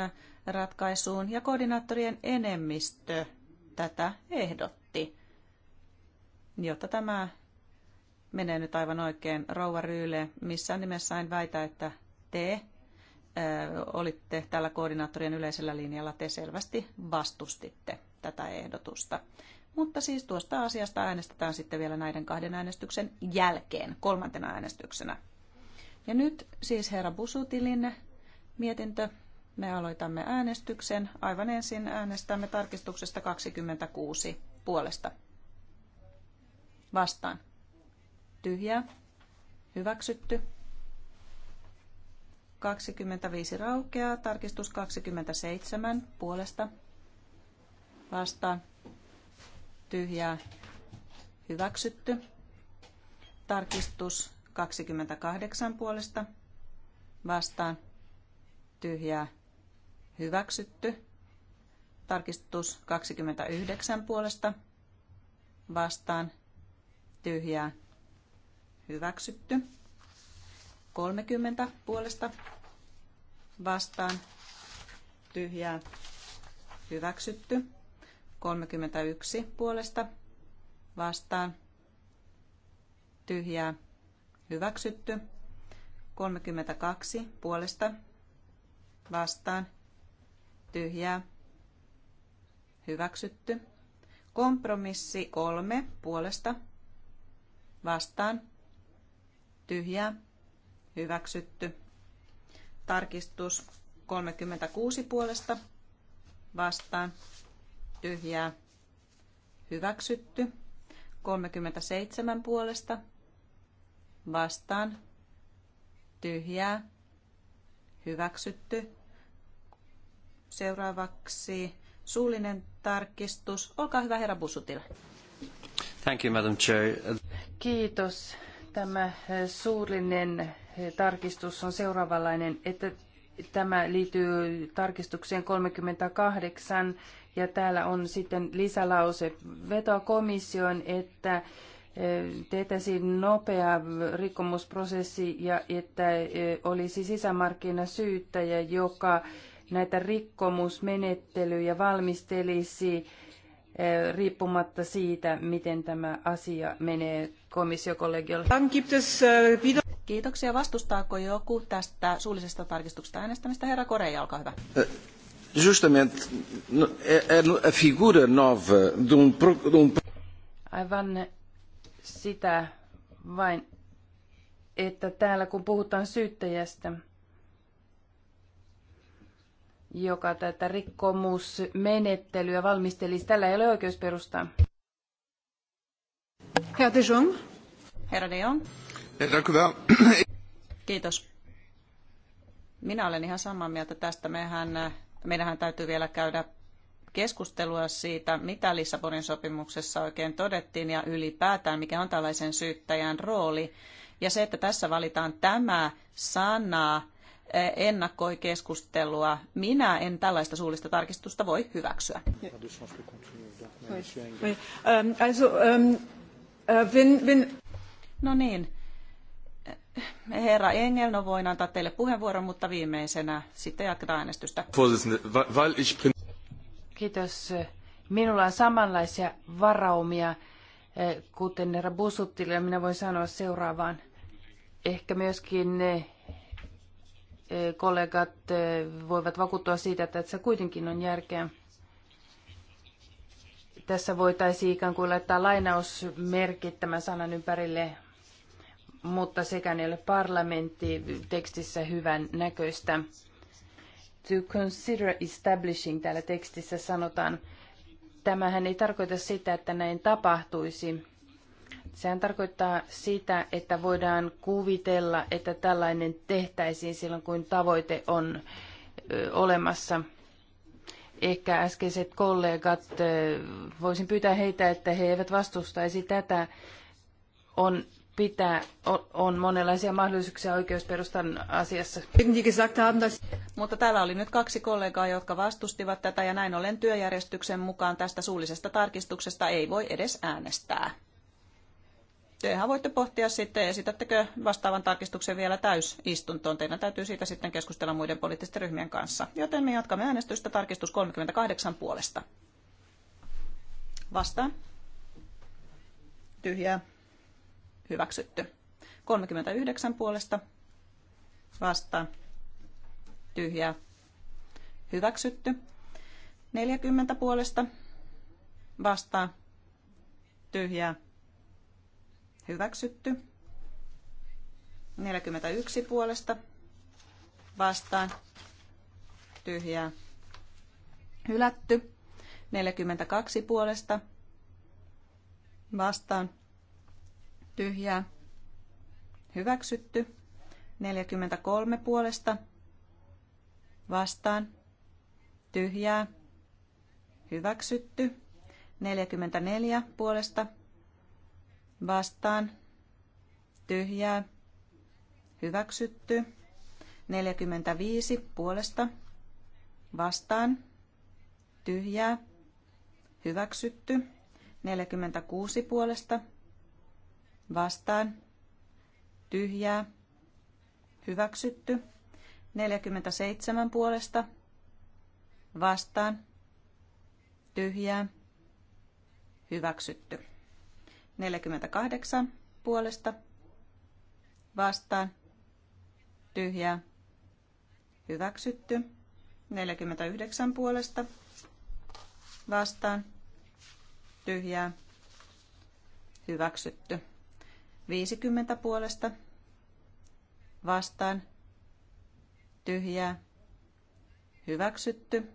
Speaker 1: ratkaisuun ja koordinaattorien enemmistö tätä ehdotti, jotta tämä menee nyt aivan oikein. Rouva Ryyle, missään nimessä en väitä, että te olitte tällä koordinaattorien yleisellä linjalla, te selvästi vastustitte tätä ehdotusta. Mutta siis tuosta asiasta äänestetään sitten vielä näiden kahden äänestyksen jälkeen, kolmantena äänestyksenä. Ja nyt siis herra Busutilin mietintö. Me aloitamme äänestyksen. Aivan ensin äänestämme tarkistuksesta 26 puolesta. Vastaan. Tyhjää. Hyväksytty. 25 raukeaa. Tarkistus 27 puolesta vastaan. Tyhjää hyväksytty. Tarkistus 28 puolesta vastaan. Tyhjää hyväksytty. Tarkistus 29 puolesta vastaan. Tyhjää hyväksytty. 30 puolesta vastaan tyhjää hyväksytty. 31 puolesta vastaan tyhjää hyväksytty. 32 puolesta vastaan tyhjää hyväksytty. Kompromissi 3 puolesta vastaan tyhjää hyväksytty. Tarkistus 36 puolesta vastaan tyhjää hyväksytty. 37 puolesta vastaan tyhjää hyväksytty. Seuraavaksi suullinen tarkistus. Olkaa hyvä, herra Busutila.
Speaker 2: Thank you,
Speaker 3: Madam Chair.
Speaker 1: Kiitos. Tämä suullinen tarkistus
Speaker 3: on seuraavanlainen, että tämä liittyy tarkistukseen 38 ja täällä on sitten lisälause vetoa komissioon, että eh, tehtäisiin nopea rikkomusprosessi ja että eh, olisi sisämarkkinasyyttäjä, joka näitä rikkomusmenettelyjä valmistelisi eh, riippumatta siitä, miten tämä
Speaker 1: asia menee komissiokollegiolle. Kiitoksia. Vastustaako joku tästä suullisesta tarkistuksesta äänestämistä? Herra Koreja, olkaa hyvä. Eh, Justamente,
Speaker 3: a e, e figura nova Aivan sitä vain, että täällä kun puhutaan syyttäjästä, joka tätä rikkomusmenettelyä valmistelisi, tällä ei ole oikeusperustaa.
Speaker 1: Herra de Jong. Herra de Jong. Kiitos. Minä olen ihan samaa mieltä tästä. Meidän, meidähän täytyy vielä käydä keskustelua siitä, mitä Lissabonin sopimuksessa oikein todettiin ja ylipäätään, mikä on tällaisen syyttäjän rooli. Ja se, että tässä valitaan tämä sana, eh, ennakkoi keskustelua. Minä en tällaista suullista tarkistusta voi hyväksyä. Euh, euh, euh, no niin herra Engel, no voin antaa teille puheenvuoron, mutta viimeisenä sitten jatketaan äänestystä. Kiitos. Minulla on samanlaisia varaumia, eh,
Speaker 3: kuten herra Busuttille, minä voin sanoa seuraavaan. Ehkä myöskin ne eh, eh, kollegat voivat vakuuttua siitä, että se kuitenkin on järkeä. Tässä voitaisiin ikään kuin laittaa lainausmerkit tämän sanan ympärille, mutta sekään ei ole parlamentti tekstissä hyvän näköistä. To consider establishing täällä tekstissä sanotaan. Tämähän ei tarkoita sitä, että näin tapahtuisi. Sehän tarkoittaa sitä, että voidaan kuvitella, että tällainen tehtäisiin silloin, kun tavoite on olemassa. Ehkä äskeiset kollegat, voisin pyytää heitä, että he eivät vastustaisi tätä. On pitää, on monenlaisia mahdollisuuksia oikeusperustan
Speaker 1: asiassa. Niin, niin, Mutta täällä oli nyt kaksi kollegaa, jotka vastustivat tätä ja näin ollen työjärjestyksen mukaan tästä suullisesta tarkistuksesta ei voi edes äänestää. Tehän voitte pohtia sitten, esitättekö vastaavan tarkistuksen vielä täysistuntoon. Teidän täytyy siitä sitten keskustella muiden poliittisten ryhmien kanssa. Joten me jatkamme äänestystä tarkistus 38 puolesta. Vastaan. Tyhjää hyväksytty. 39 puolesta vastaa tyhjää hyväksytty. 40 puolesta vastaa tyhjää hyväksytty. 41 puolesta vastaan tyhjää hylätty. 42 puolesta vastaan tyhjää, hyväksytty. 43 puolesta, vastaan, tyhjää, hyväksytty. 44 puolesta, vastaan, tyhjää, hyväksytty. 45 puolesta, vastaan, tyhjää, hyväksytty. 46 puolesta, vastaan, tyhjää, hyväksytty. 47 puolesta, vastaan, tyhjää, hyväksytty. 48 puolesta, vastaan, tyhjää, hyväksytty. 49 puolesta, vastaan, tyhjää, hyväksytty. 50 puolesta vastaan tyhjää hyväksytty.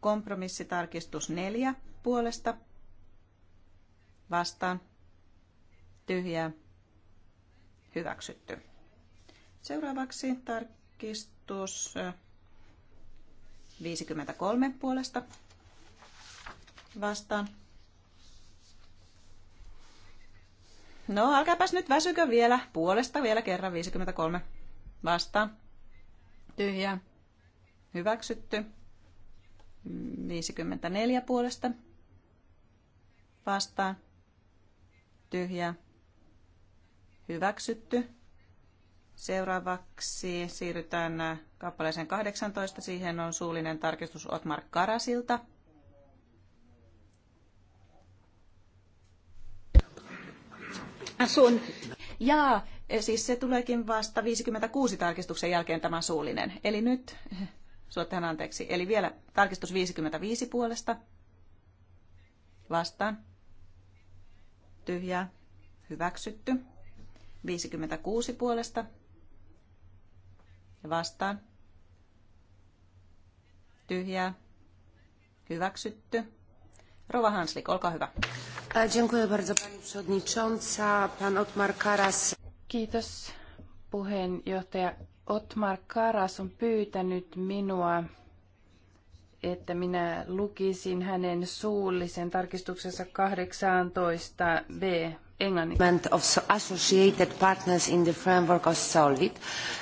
Speaker 1: Kompromissitarkistus 4 puolesta vastaan tyhjää hyväksytty. Seuraavaksi tarkistus 53 puolesta vastaan No, älkääpäs nyt väsykö vielä. Puolesta vielä kerran 53. Vastaan. tyhjä Hyväksytty. 54 puolesta. Vastaan. tyhjä Hyväksytty. Seuraavaksi siirrytään kappaleeseen 18. Siihen on suullinen tarkistus Otmar Karasilta sun... Jaa, eh, siis se tuleekin vasta 56 tarkistuksen jälkeen tämä suullinen. Eli nyt, eh, suottehan anteeksi, eli vielä tarkistus 55 puolesta. Vastaan. Tyhjää. Hyväksytty. 56 puolesta. Ja vastaan. Tyhjää. Hyväksytty. Rova Hanslik, olkaa hyvä.
Speaker 3: Dziękuję Karas. Kiitos puheenjohtaja. Otmar Karas on pyytänyt minua, että minä lukisin hänen suullisen tarkistuksensa 18b englanniksi. of associated partners in the framework of SOLVIT,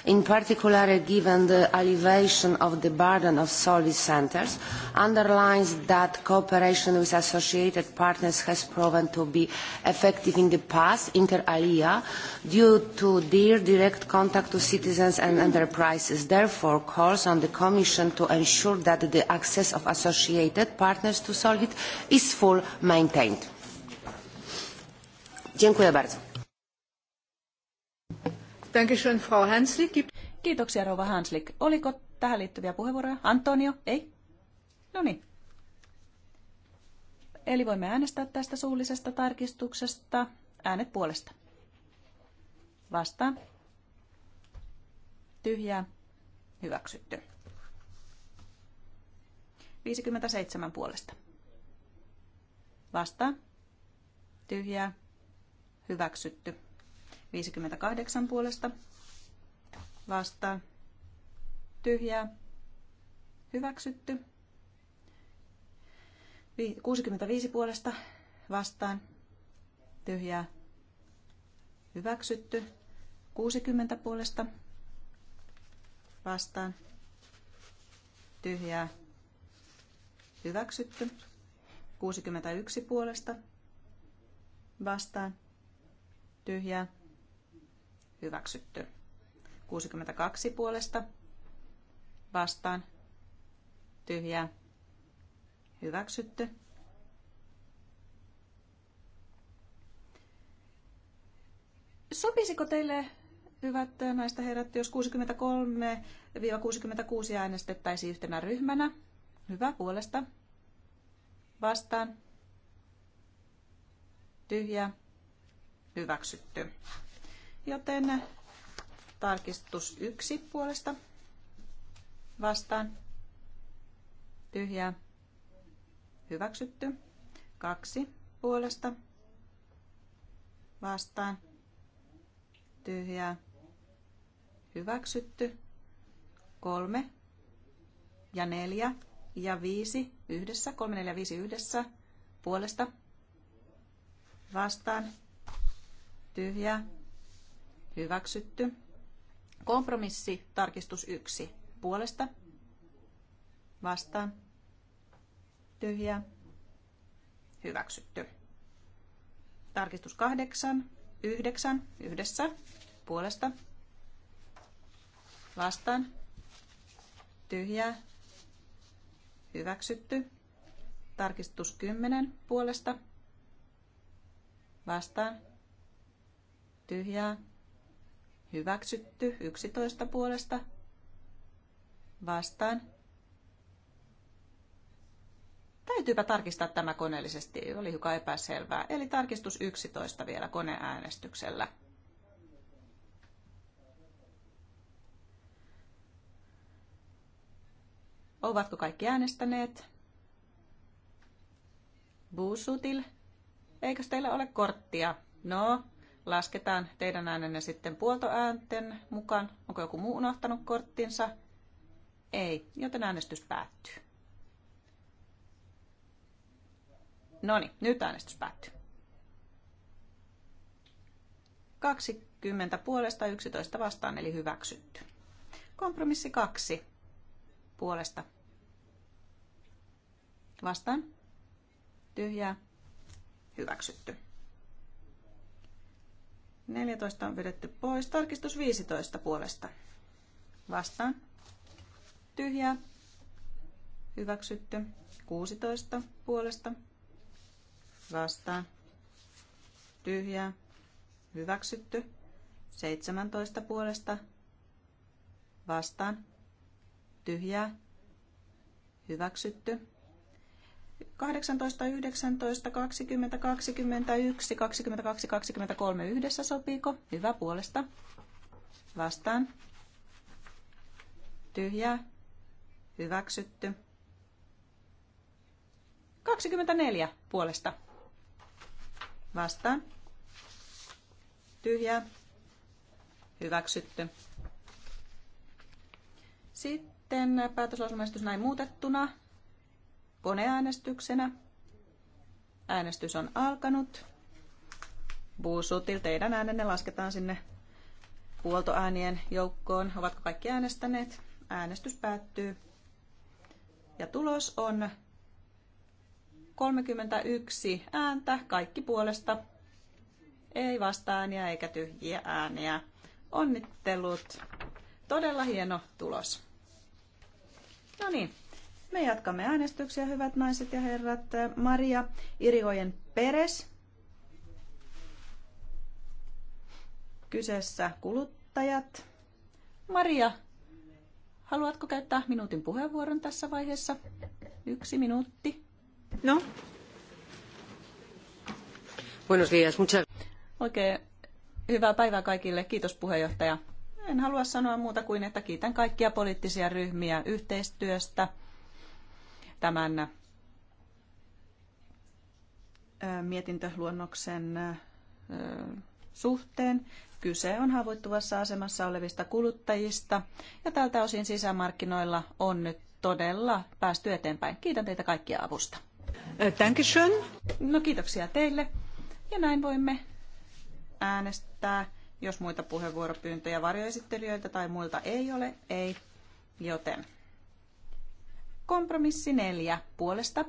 Speaker 3: in particular given the elevation of the burden of SOLVIT centers, underlines that cooperation with associated partners has proven to be effective in the past, inter alia, due to their direct contact to citizens and enterprises. Therefore, calls on the Commission to ensure that the access of associated partners to SOLVIT is full maintained.
Speaker 2: Dziękuję bardzo.
Speaker 1: Dankeschön, Frau Hanslik. Kiitoksia, Rouva Hanslik. Oliko tähän liittyviä puheenvuoroja? Antonio? Ei? No niin. Eli voimme äänestää tästä suullisesta tarkistuksesta. Äänet puolesta. Vastaan. Tyhjää. Hyväksytty. 57 puolesta. Vastaan. Tyhjää hyväksytty. 58 puolesta vastaan tyhjää hyväksytty. 65 puolesta vastaan tyhjää hyväksytty. 60 puolesta vastaan tyhjää hyväksytty. 61 puolesta vastaan tyhjää, hyväksytty. 62 puolesta, vastaan, tyhjää, hyväksytty. Sopisiko teille, hyvät naista herrat, jos 63-66 äänestettäisiin yhtenä ryhmänä? Hyvä puolesta. Vastaan. Tyhjää hyväksytty. Joten tarkistus yksi puolesta vastaan tyhjää hyväksytty. Kaksi puolesta vastaan tyhjää hyväksytty. Kolme ja neljä ja viisi yhdessä, kolme, neljä, viisi yhdessä puolesta vastaan tyhjä hyväksytty. Kompromissi, tarkistus yksi puolesta, vastaan, tyhjä hyväksytty. Tarkistus kahdeksan yhdeksän yhdessä, puolesta, vastaan, tyhjä hyväksytty. Tarkistus kymmenen puolesta, vastaan, tyhjää, hyväksytty 11 puolesta, vastaan. Täytyypä tarkistaa tämä koneellisesti, oli hiukan epäselvää. Eli tarkistus 11 vielä koneäänestyksellä. Ovatko kaikki äänestäneet? Buusutil, eikö teillä ole korttia? No, lasketaan teidän äänenne sitten puoltoäänten mukaan. Onko joku muu unohtanut korttinsa? Ei, joten äänestys päättyy. No niin, nyt äänestys päättyy. 20 puolesta 11 vastaan, eli hyväksytty. Kompromissi 2 puolesta. Vastaan. Tyhjää. Hyväksytty. 14 on vedetty pois. Tarkistus 15 puolesta. Vastaan. Tyhjää. Hyväksytty. 16 puolesta. Vastaan. Tyhjää. Hyväksytty. 17 puolesta. Vastaan. Tyhjää. Hyväksytty. 18, 19, 20, 21, 22, 23 yhdessä sopiiko? Hyvä puolesta. Vastaan. Tyhjää. Hyväksytty. 24 puolesta. Vastaan. Tyhjää. Hyväksytty. Sitten päätöslausumaistus näin muutettuna koneäänestyksenä. Äänestys on alkanut. Buusutil, teidän äänenne lasketaan sinne puoltoäänien joukkoon. Ovatko kaikki äänestäneet? Äänestys päättyy. Ja tulos on 31 ääntä, kaikki puolesta. Ei vasta-ääniä eikä tyhjiä ääniä. Onnittelut. Todella hieno tulos. No niin, me jatkamme äänestyksiä, hyvät naiset ja herrat. Maria Irigoyen Peres. Kyseessä kuluttajat. Maria, haluatko käyttää minuutin puheenvuoron tässä vaiheessa? Yksi minuutti. No. Buenos días, muchas... Oikein hyvää päivää kaikille. Kiitos puheenjohtaja. En halua sanoa muuta kuin, että kiitän kaikkia poliittisia ryhmiä yhteistyöstä tämän mietintöluonnoksen suhteen. Kyse on haavoittuvassa asemassa olevista kuluttajista ja tältä osin sisämarkkinoilla on nyt todella päästy eteenpäin. Kiitän teitä kaikkia avusta. Dankeschön. No kiitoksia teille. Ja näin voimme äänestää, jos muita puheenvuoropyyntöjä varjoesittelijöiltä tai muilta ei ole, ei, joten Kompromissi neljä puolesta.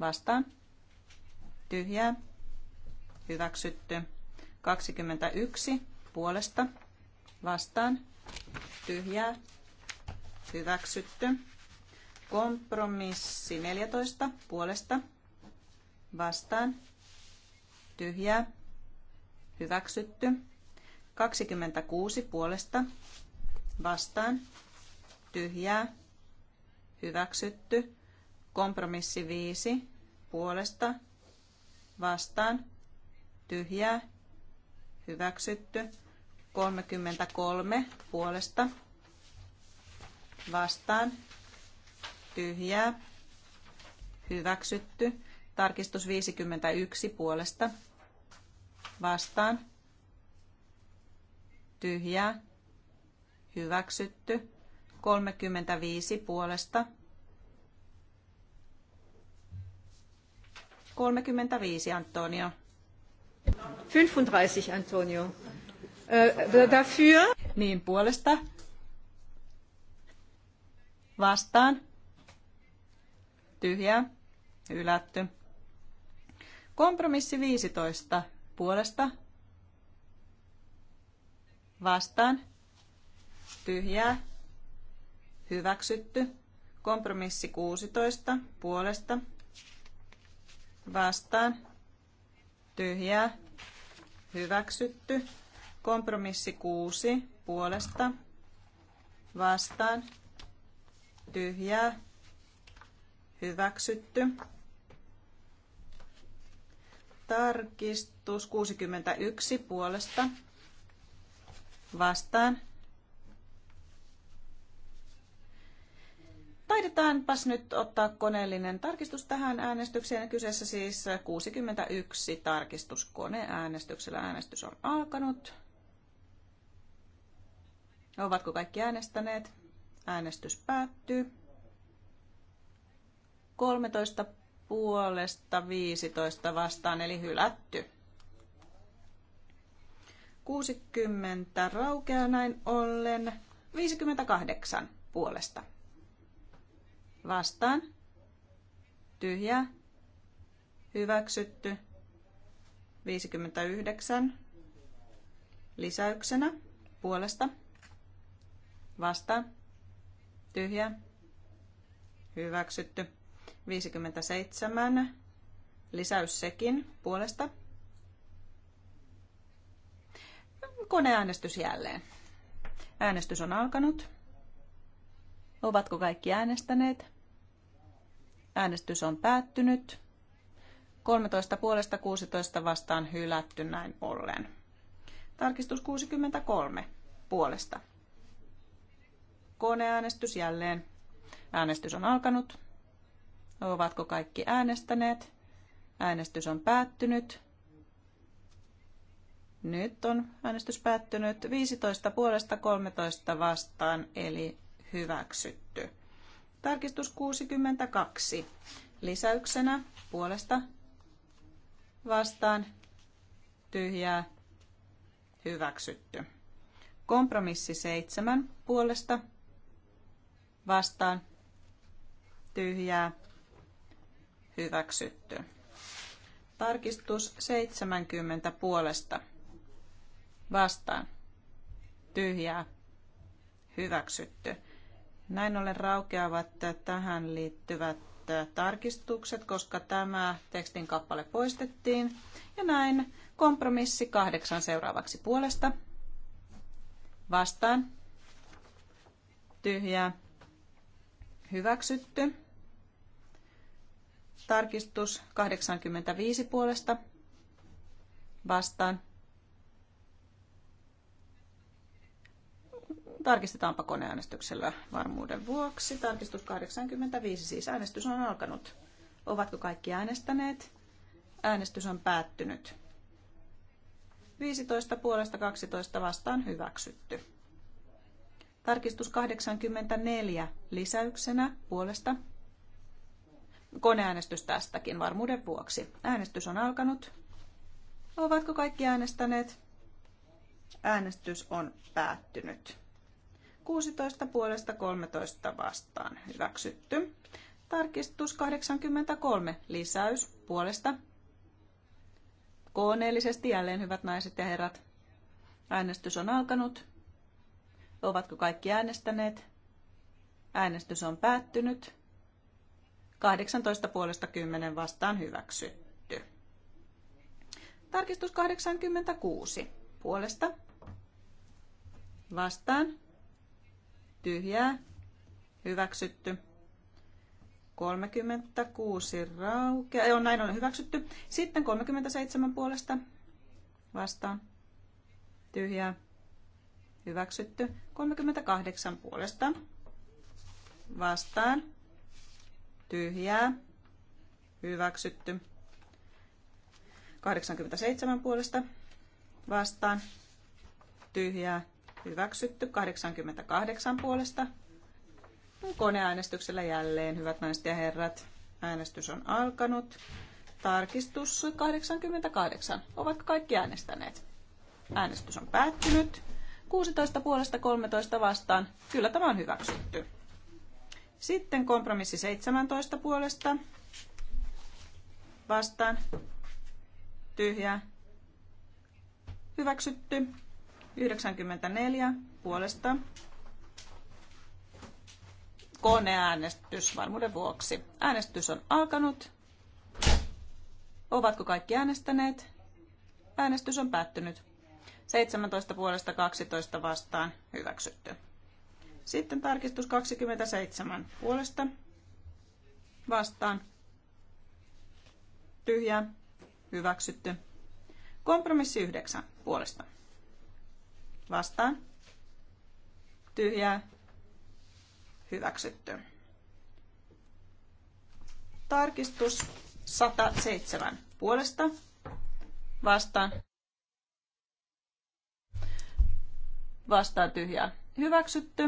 Speaker 1: Vastaan. Tyhjää. Hyväksytty. 21 puolesta. Vastaan. Tyhjää. Hyväksytty. Kompromissi 14 puolesta. Vastaan. Tyhjää. Hyväksytty. 26 puolesta. Vastaan. Tyhjää hyväksytty. Kompromissi 5 puolesta vastaan tyhjää hyväksytty. 33 puolesta vastaan tyhjää hyväksytty. Tarkistus 51 puolesta vastaan tyhjää hyväksytty 35 puolesta. 35 Antonio. 35 Antonio. Äh, äh, dafür. Niin puolesta. Vastaan. Tyhjä. Ylätty. Kompromissi 15 puolesta. Vastaan. Tyhjää hyväksytty. Kompromissi 16 puolesta vastaan tyhjää hyväksytty. Kompromissi 6 puolesta vastaan tyhjää hyväksytty. Tarkistus 61 puolesta vastaan Taidetaanpas nyt ottaa koneellinen tarkistus tähän äänestykseen. Kyseessä siis 61 tarkistus koneäänestyksellä. Äänestys on alkanut. Ovatko kaikki äänestäneet? Äänestys päättyy. 13 puolesta 15 vastaan, eli hylätty. 60 raukeaa näin ollen, 58 puolesta vastaan, tyhjä, hyväksytty, 59 lisäyksenä puolesta, vastaan, Tyhjä. hyväksytty, 57 lisäys sekin puolesta, koneäänestys jälleen. Äänestys on alkanut. Ovatko kaikki äänestäneet? Äänestys on päättynyt. 13 puolesta 16 vastaan hylätty näin ollen. Tarkistus 63 puolesta. Koneäänestys jälleen. Äänestys on alkanut. Ovatko kaikki äänestäneet? Äänestys on päättynyt. Nyt on äänestys päättynyt 15 puolesta 13 vastaan, eli hyväksytty. Tarkistus 62. Lisäyksenä puolesta vastaan tyhjää hyväksytty. Kompromissi 7 puolesta vastaan tyhjää hyväksytty. Tarkistus 70 puolesta vastaan tyhjää hyväksytty. Näin ollen raukeavat tähän liittyvät tarkistukset, koska tämä tekstin kappale poistettiin. Ja näin kompromissi kahdeksan seuraavaksi puolesta. Vastaan. Tyhjää. Hyväksytty. Tarkistus 85 puolesta. Vastaan. Tarkistetaanpa koneäänestyksellä varmuuden vuoksi. Tarkistus 85, siis äänestys on alkanut. Ovatko kaikki äänestäneet? Äänestys on päättynyt. 15 puolesta 12 vastaan hyväksytty. Tarkistus 84 lisäyksenä puolesta. Koneäänestys tästäkin varmuuden vuoksi. Äänestys on alkanut. Ovatko kaikki äänestäneet? Äänestys on päättynyt. 16 puolesta 13 vastaan. Hyväksytty. Tarkistus 83 lisäys puolesta. Koneellisesti jälleen hyvät naiset ja herrat. Äänestys on alkanut. Ovatko kaikki äänestäneet? Äänestys on päättynyt. 18 puolesta 10 vastaan hyväksytty. Tarkistus 86 puolesta. Vastaan tyhjää, hyväksytty. 36 raukea, joo näin on hyväksytty. Sitten 37 puolesta vastaan, tyhjää, hyväksytty. 38 puolesta vastaan, tyhjää, hyväksytty. 87 puolesta vastaan, tyhjää, Hyväksytty 88 puolesta. Koneäänestyksellä jälleen, hyvät naiset ja herrat. Äänestys on alkanut. Tarkistus 88. Ovatko kaikki äänestäneet? Äänestys on päättynyt. 16 puolesta 13 vastaan. Kyllä tämä on hyväksytty. Sitten kompromissi 17 puolesta. Vastaan. Tyhjä. Hyväksytty. 94 puolesta. Koneäänestys varmuuden vuoksi. Äänestys on alkanut. Ovatko kaikki äänestäneet? Äänestys on päättynyt. 17 puolesta 12 vastaan hyväksytty. Sitten tarkistus 27 puolesta vastaan Tyhjä. hyväksytty. Kompromissi 9 puolesta Vastaan. Tyhjää. Hyväksytty. Tarkistus 107 puolesta. Vastaan. Vastaan tyhjää. Hyväksytty.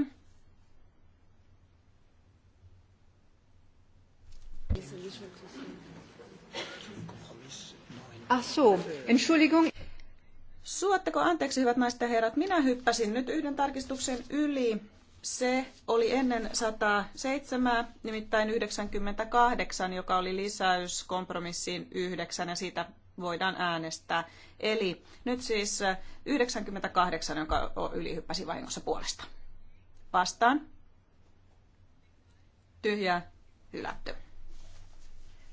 Speaker 1: Ach so, Entschuldigung. Suotteko anteeksi, hyvät naiset ja herrat, minä hyppäsin nyt yhden tarkistuksen yli. Se oli ennen 107, nimittäin 98, joka oli lisäys kompromissiin 9 ja siitä voidaan äänestää. Eli nyt siis 98, yli ylihyppäsi vahingossa puolesta. Vastaan. Tyhjä, hylätty.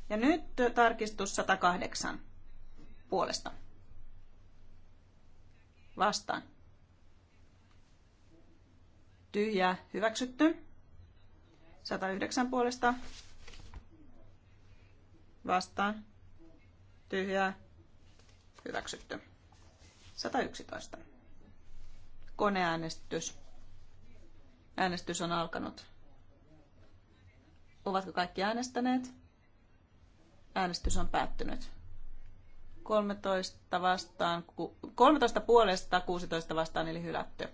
Speaker 1: Ja nyt tarkistus 108 puolesta vastaan. Tyhjää hyväksytty. 109 puolesta vastaan. Tyhjää hyväksytty. 111. Koneäänestys. Äänestys on alkanut. Ovatko kaikki äänestäneet? Äänestys on päättynyt. 13 vastaan, 13 puolesta 16 vastaan, eli hylätty.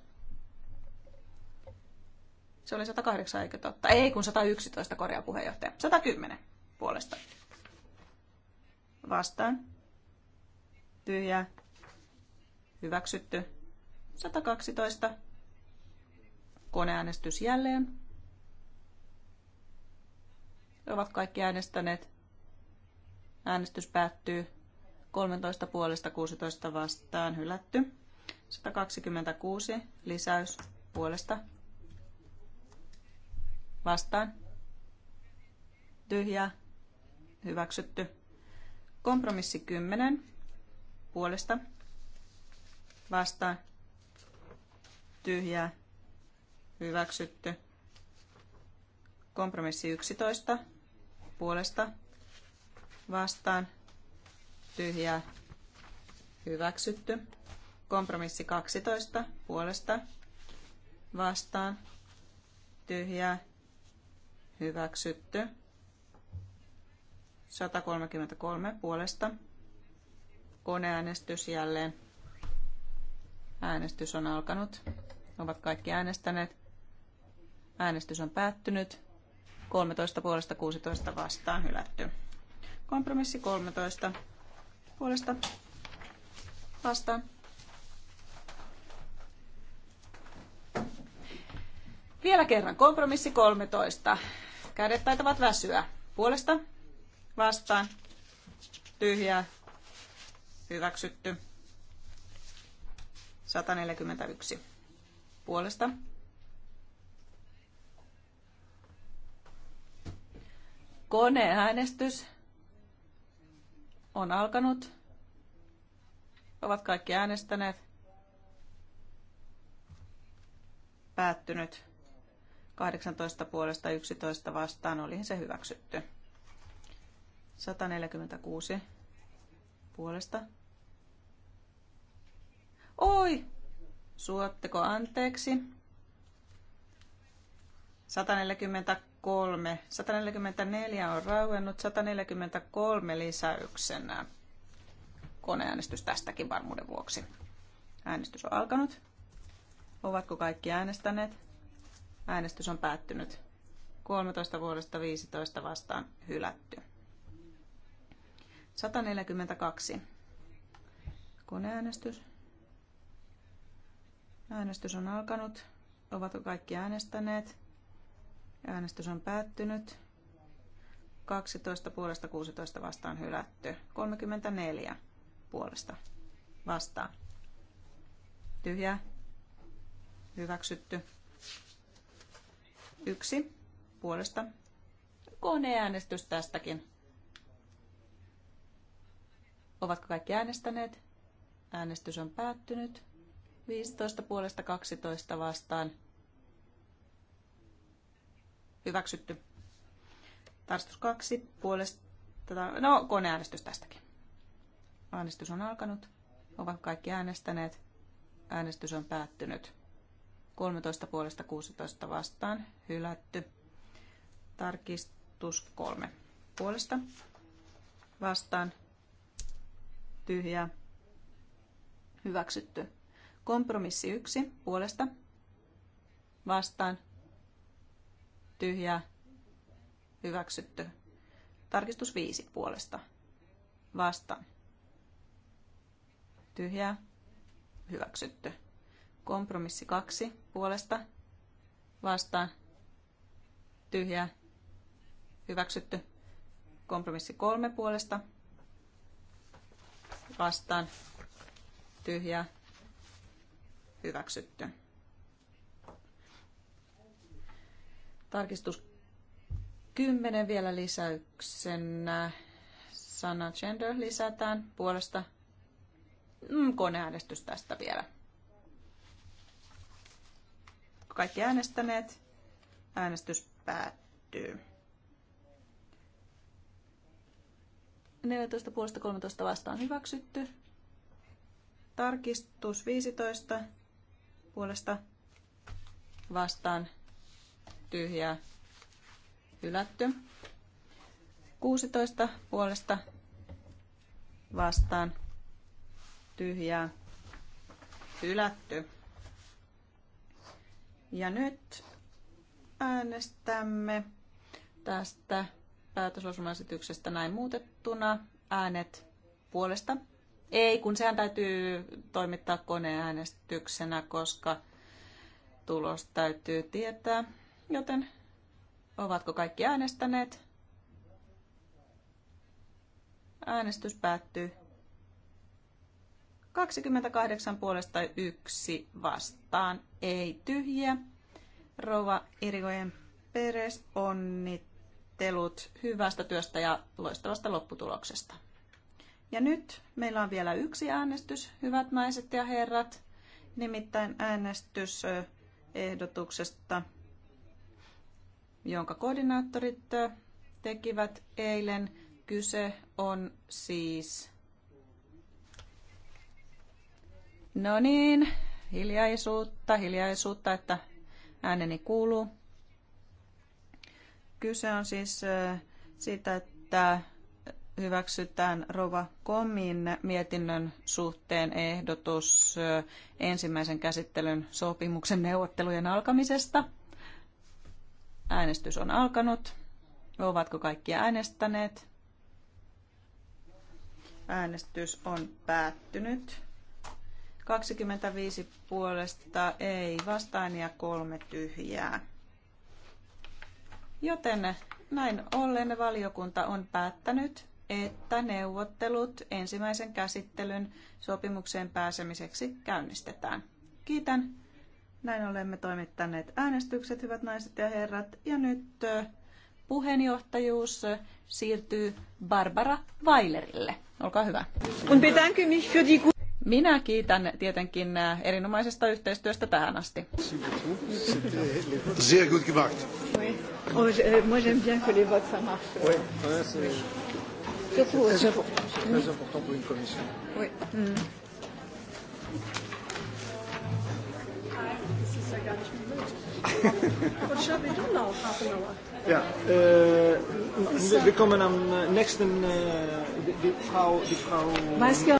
Speaker 1: Se oli 108, eikö totta? Ei, kun 111 korjaa puheenjohtaja. 110 puolesta. Vastaan. Tyhjä. Hyväksytty. 112. Koneäänestys jälleen. Ovat kaikki äänestäneet. Äänestys päättyy. 13 puolesta 16 vastaan hylätty. 126 lisäys puolesta vastaan. Tyhjä hyväksytty. Kompromissi 10 puolesta vastaan. Tyhjää hyväksytty. Kompromissi 11 puolesta vastaan tyhjää hyväksytty. Kompromissi 12 puolesta vastaan tyhjää hyväksytty. 133 puolesta koneäänestys jälleen. Äänestys on alkanut. Ovat kaikki äänestäneet. Äänestys on päättynyt. 13 puolesta 16 vastaan hylätty. Kompromissi 13 puolesta vastaan. Vielä kerran kompromissi 13. Kädet taitavat väsyä. Puolesta vastaan. Tyhjää. Hyväksytty. 141. Puolesta. Koneäänestys on alkanut. Ovat kaikki äänestäneet. Päättynyt. 18 puolesta 11 vastaan oli se hyväksytty. 146 puolesta. Oi! Suotteko anteeksi? 140 143. 144 on rauennut, 143 lisäyksenä. Koneäänestys tästäkin varmuuden vuoksi. Äänestys on alkanut. Ovatko kaikki äänestäneet? Äänestys on päättynyt. 13 vuodesta 15 vastaan hylätty. 142. Koneäänestys. Äänestys on alkanut. Ovatko kaikki äänestäneet? Äänestys on päättynyt. 12 puolesta 16 vastaan hylätty. 34 puolesta vastaan. Tyhjä. Hyväksytty. Yksi puolesta. Koneäänestys tästäkin. Ovatko kaikki äänestäneet? Äänestys on päättynyt. 15 puolesta 12 vastaan Hyväksytty. Tarstus kaksi puolesta. No, koneäänestys tästäkin. Äänestys on alkanut. Ovat kaikki äänestäneet. Äänestys on päättynyt. 13 puolesta 16 vastaan. Hylätty. Tarkistus kolme puolesta. Vastaan. tyhjä Hyväksytty. Kompromissi yksi puolesta. Vastaan tyhjä hyväksytty. Tarkistus 5 puolesta, vastaan, tyhjä hyväksytty. Kompromissi 2 puolesta, vastaan, tyhjä hyväksytty. Kompromissi 3 puolesta, vastaan, tyhjä hyväksytty. Tarkistus 10 vielä lisäyksenä. Sana gender lisätään puolesta. Mm, koneäänestys tästä vielä. Kaikki äänestäneet. Äänestys päättyy. 14 puolesta 13 vastaan hyväksytty. Tarkistus 15 puolesta vastaan tyhjää hylätty. 16 puolesta vastaan tyhjää hylätty. Ja nyt äänestämme tästä päätöslausumaesityksestä näin muutettuna äänet puolesta. Ei, kun sehän täytyy toimittaa koneäänestyksenä, koska tulos täytyy tietää joten ovatko kaikki äänestäneet? Äänestys päättyy. 28 puolesta yksi vastaan, ei tyhjä. Rova Irigoyen Peres, onnittelut hyvästä työstä ja loistavasta lopputuloksesta. Ja nyt meillä on vielä yksi äänestys, hyvät naiset ja herrat, nimittäin äänestys ehdotuksesta jonka koordinaattorit äh, tekivät eilen. Kyse on siis... No niin, hiljaisuutta, hiljaisuutta, että ääneni kuuluu. Kyse on siis äh, siitä, että hyväksytään Rova Komin mietinnön suhteen ehdotus äh, ensimmäisen käsittelyn sopimuksen neuvottelujen alkamisesta – Äänestys on alkanut. Ovatko kaikki äänestäneet? Äänestys on päättynyt. 25 puolesta ei vastaan ja kolme tyhjää. Joten näin ollen valiokunta on päättänyt, että neuvottelut ensimmäisen käsittelyn sopimukseen pääsemiseksi käynnistetään. Kiitän näin olemme toimittaneet äänestykset, hyvät naiset ja herrat. Ja nyt puheenjohtajuus siirtyy Barbara Weilerille. Olkaa hyvä. Minä kiitän tietenkin erinomaisesta yhteistyöstä tähän asti. Oh, je euh, trouve c'est très
Speaker 3: important pour une commission. Oui. Mm
Speaker 1: gar nicht mehr mit. we do now, half an hour?
Speaker 2: Ja, äh, eh, wir kommen am nächsten, äh, eh, die, die Frau, die Frau...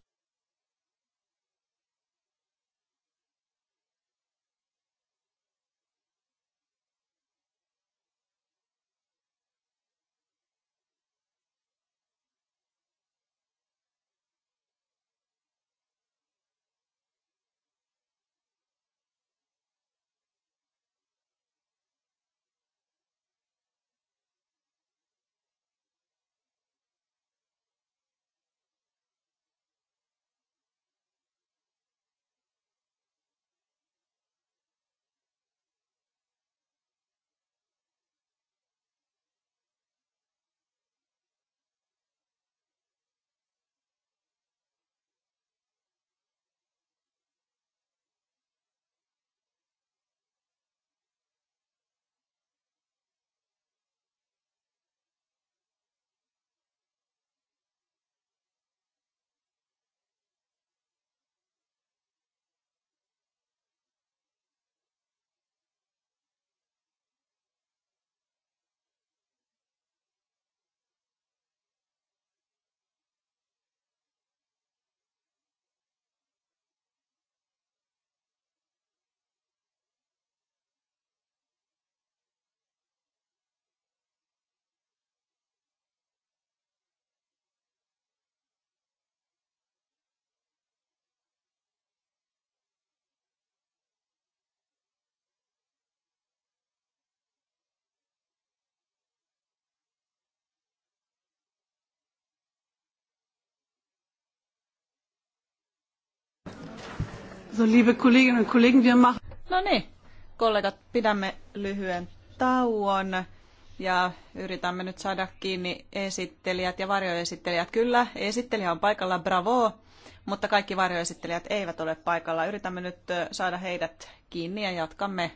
Speaker 1: So, liebe Kolleginnen und Kollegen, wir machen... No niin, kollegat, pidämme lyhyen tauon ja yritämme nyt saada kiinni esittelijät ja varjoesittelijät. Kyllä, esittelijä on paikalla, bravo, mutta kaikki varjoesittelijät eivät ole paikalla. Yritämme nyt saada heidät kiinni ja jatkamme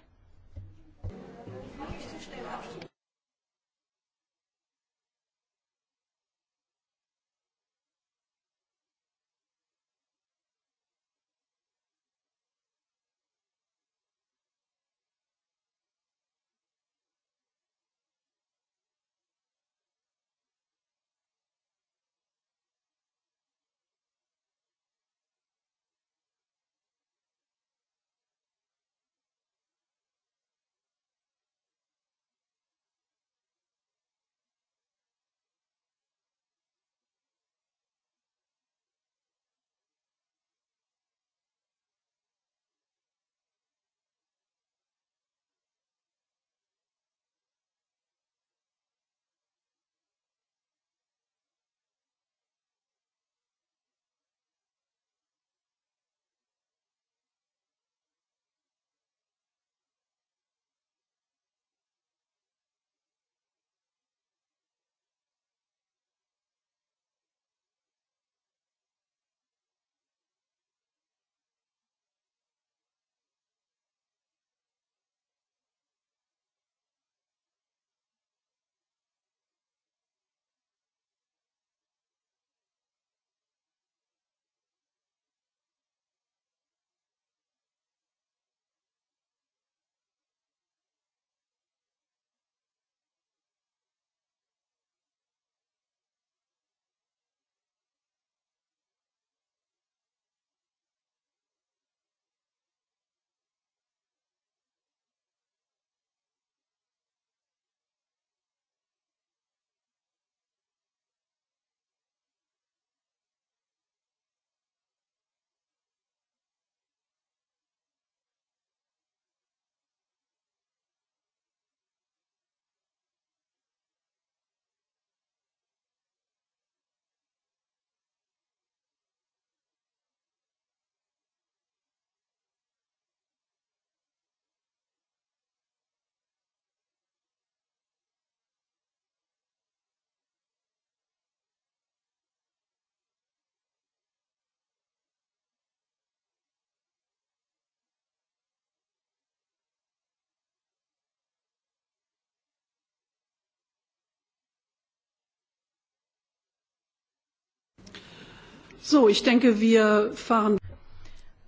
Speaker 1: So, ich denke, wir fahren.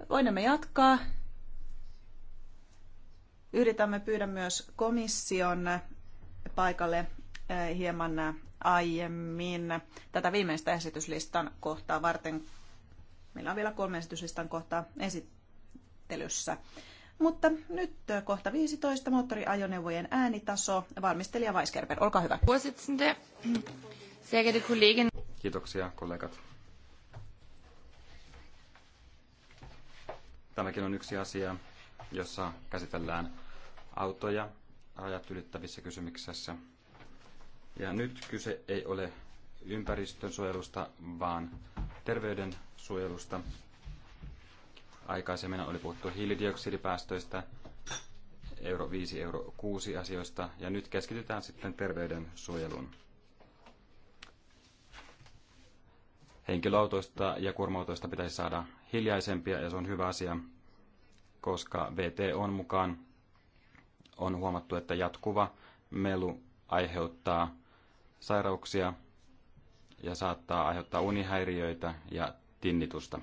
Speaker 1: Voimme jatkaa. Yritämme pyydä myös komission paikalle eh, hieman eh, aiemmin tätä viimeistä esityslistan kohtaa varten. Meillä on vielä kolme esityslistan kohtaa esittelyssä. Mutta nyt eh, kohta 15 moottoriajoneuvojen äänitaso. Valmistelija Weisgerber, olkaa hyvä.
Speaker 2: Kiitoksia kollegat. Tämäkin on yksi asia, jossa käsitellään autoja rajat ylittävissä kysymyksissä. Ja nyt kyse ei ole ympäristönsuojelusta, vaan terveydensuojelusta. Aikaisemmin oli puhuttu hiilidioksidipäästöistä, euro 5, euro 6 asioista, ja nyt keskitytään sitten terveydensuojeluun. Henkilöautoista ja kuorma-autoista pitäisi saada hiljaisempia ja se on hyvä asia, koska VT on mukaan on huomattu, että jatkuva melu aiheuttaa sairauksia ja saattaa aiheuttaa unihäiriöitä ja tinnitusta.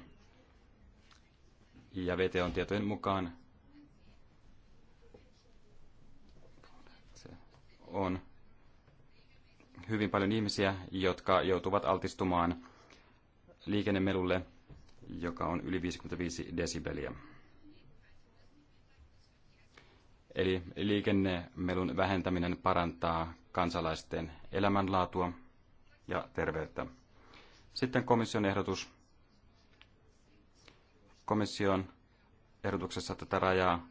Speaker 2: Ja VTOn tietojen mukaan on hyvin paljon ihmisiä, jotka joutuvat altistumaan liikennemelulle joka on yli 55 desibeliä. Eli liikennemelun vähentäminen parantaa kansalaisten elämänlaatua ja terveyttä. Sitten komission ehdotus. Komission ehdotuksessa tätä rajaa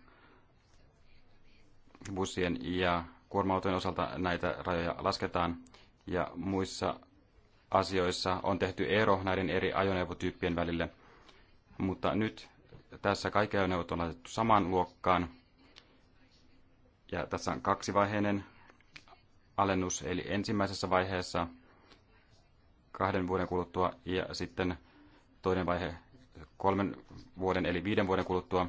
Speaker 2: bussien ja kuorma osalta näitä rajoja lasketaan ja muissa asioissa on tehty ero näiden eri ajoneuvotyyppien välille. Mutta nyt tässä kaikki ajoneuvot on laitettu samaan luokkaan. Ja tässä on kaksivaiheinen alennus, eli ensimmäisessä vaiheessa kahden vuoden kuluttua ja sitten toinen vaihe kolmen vuoden eli viiden vuoden kuluttua.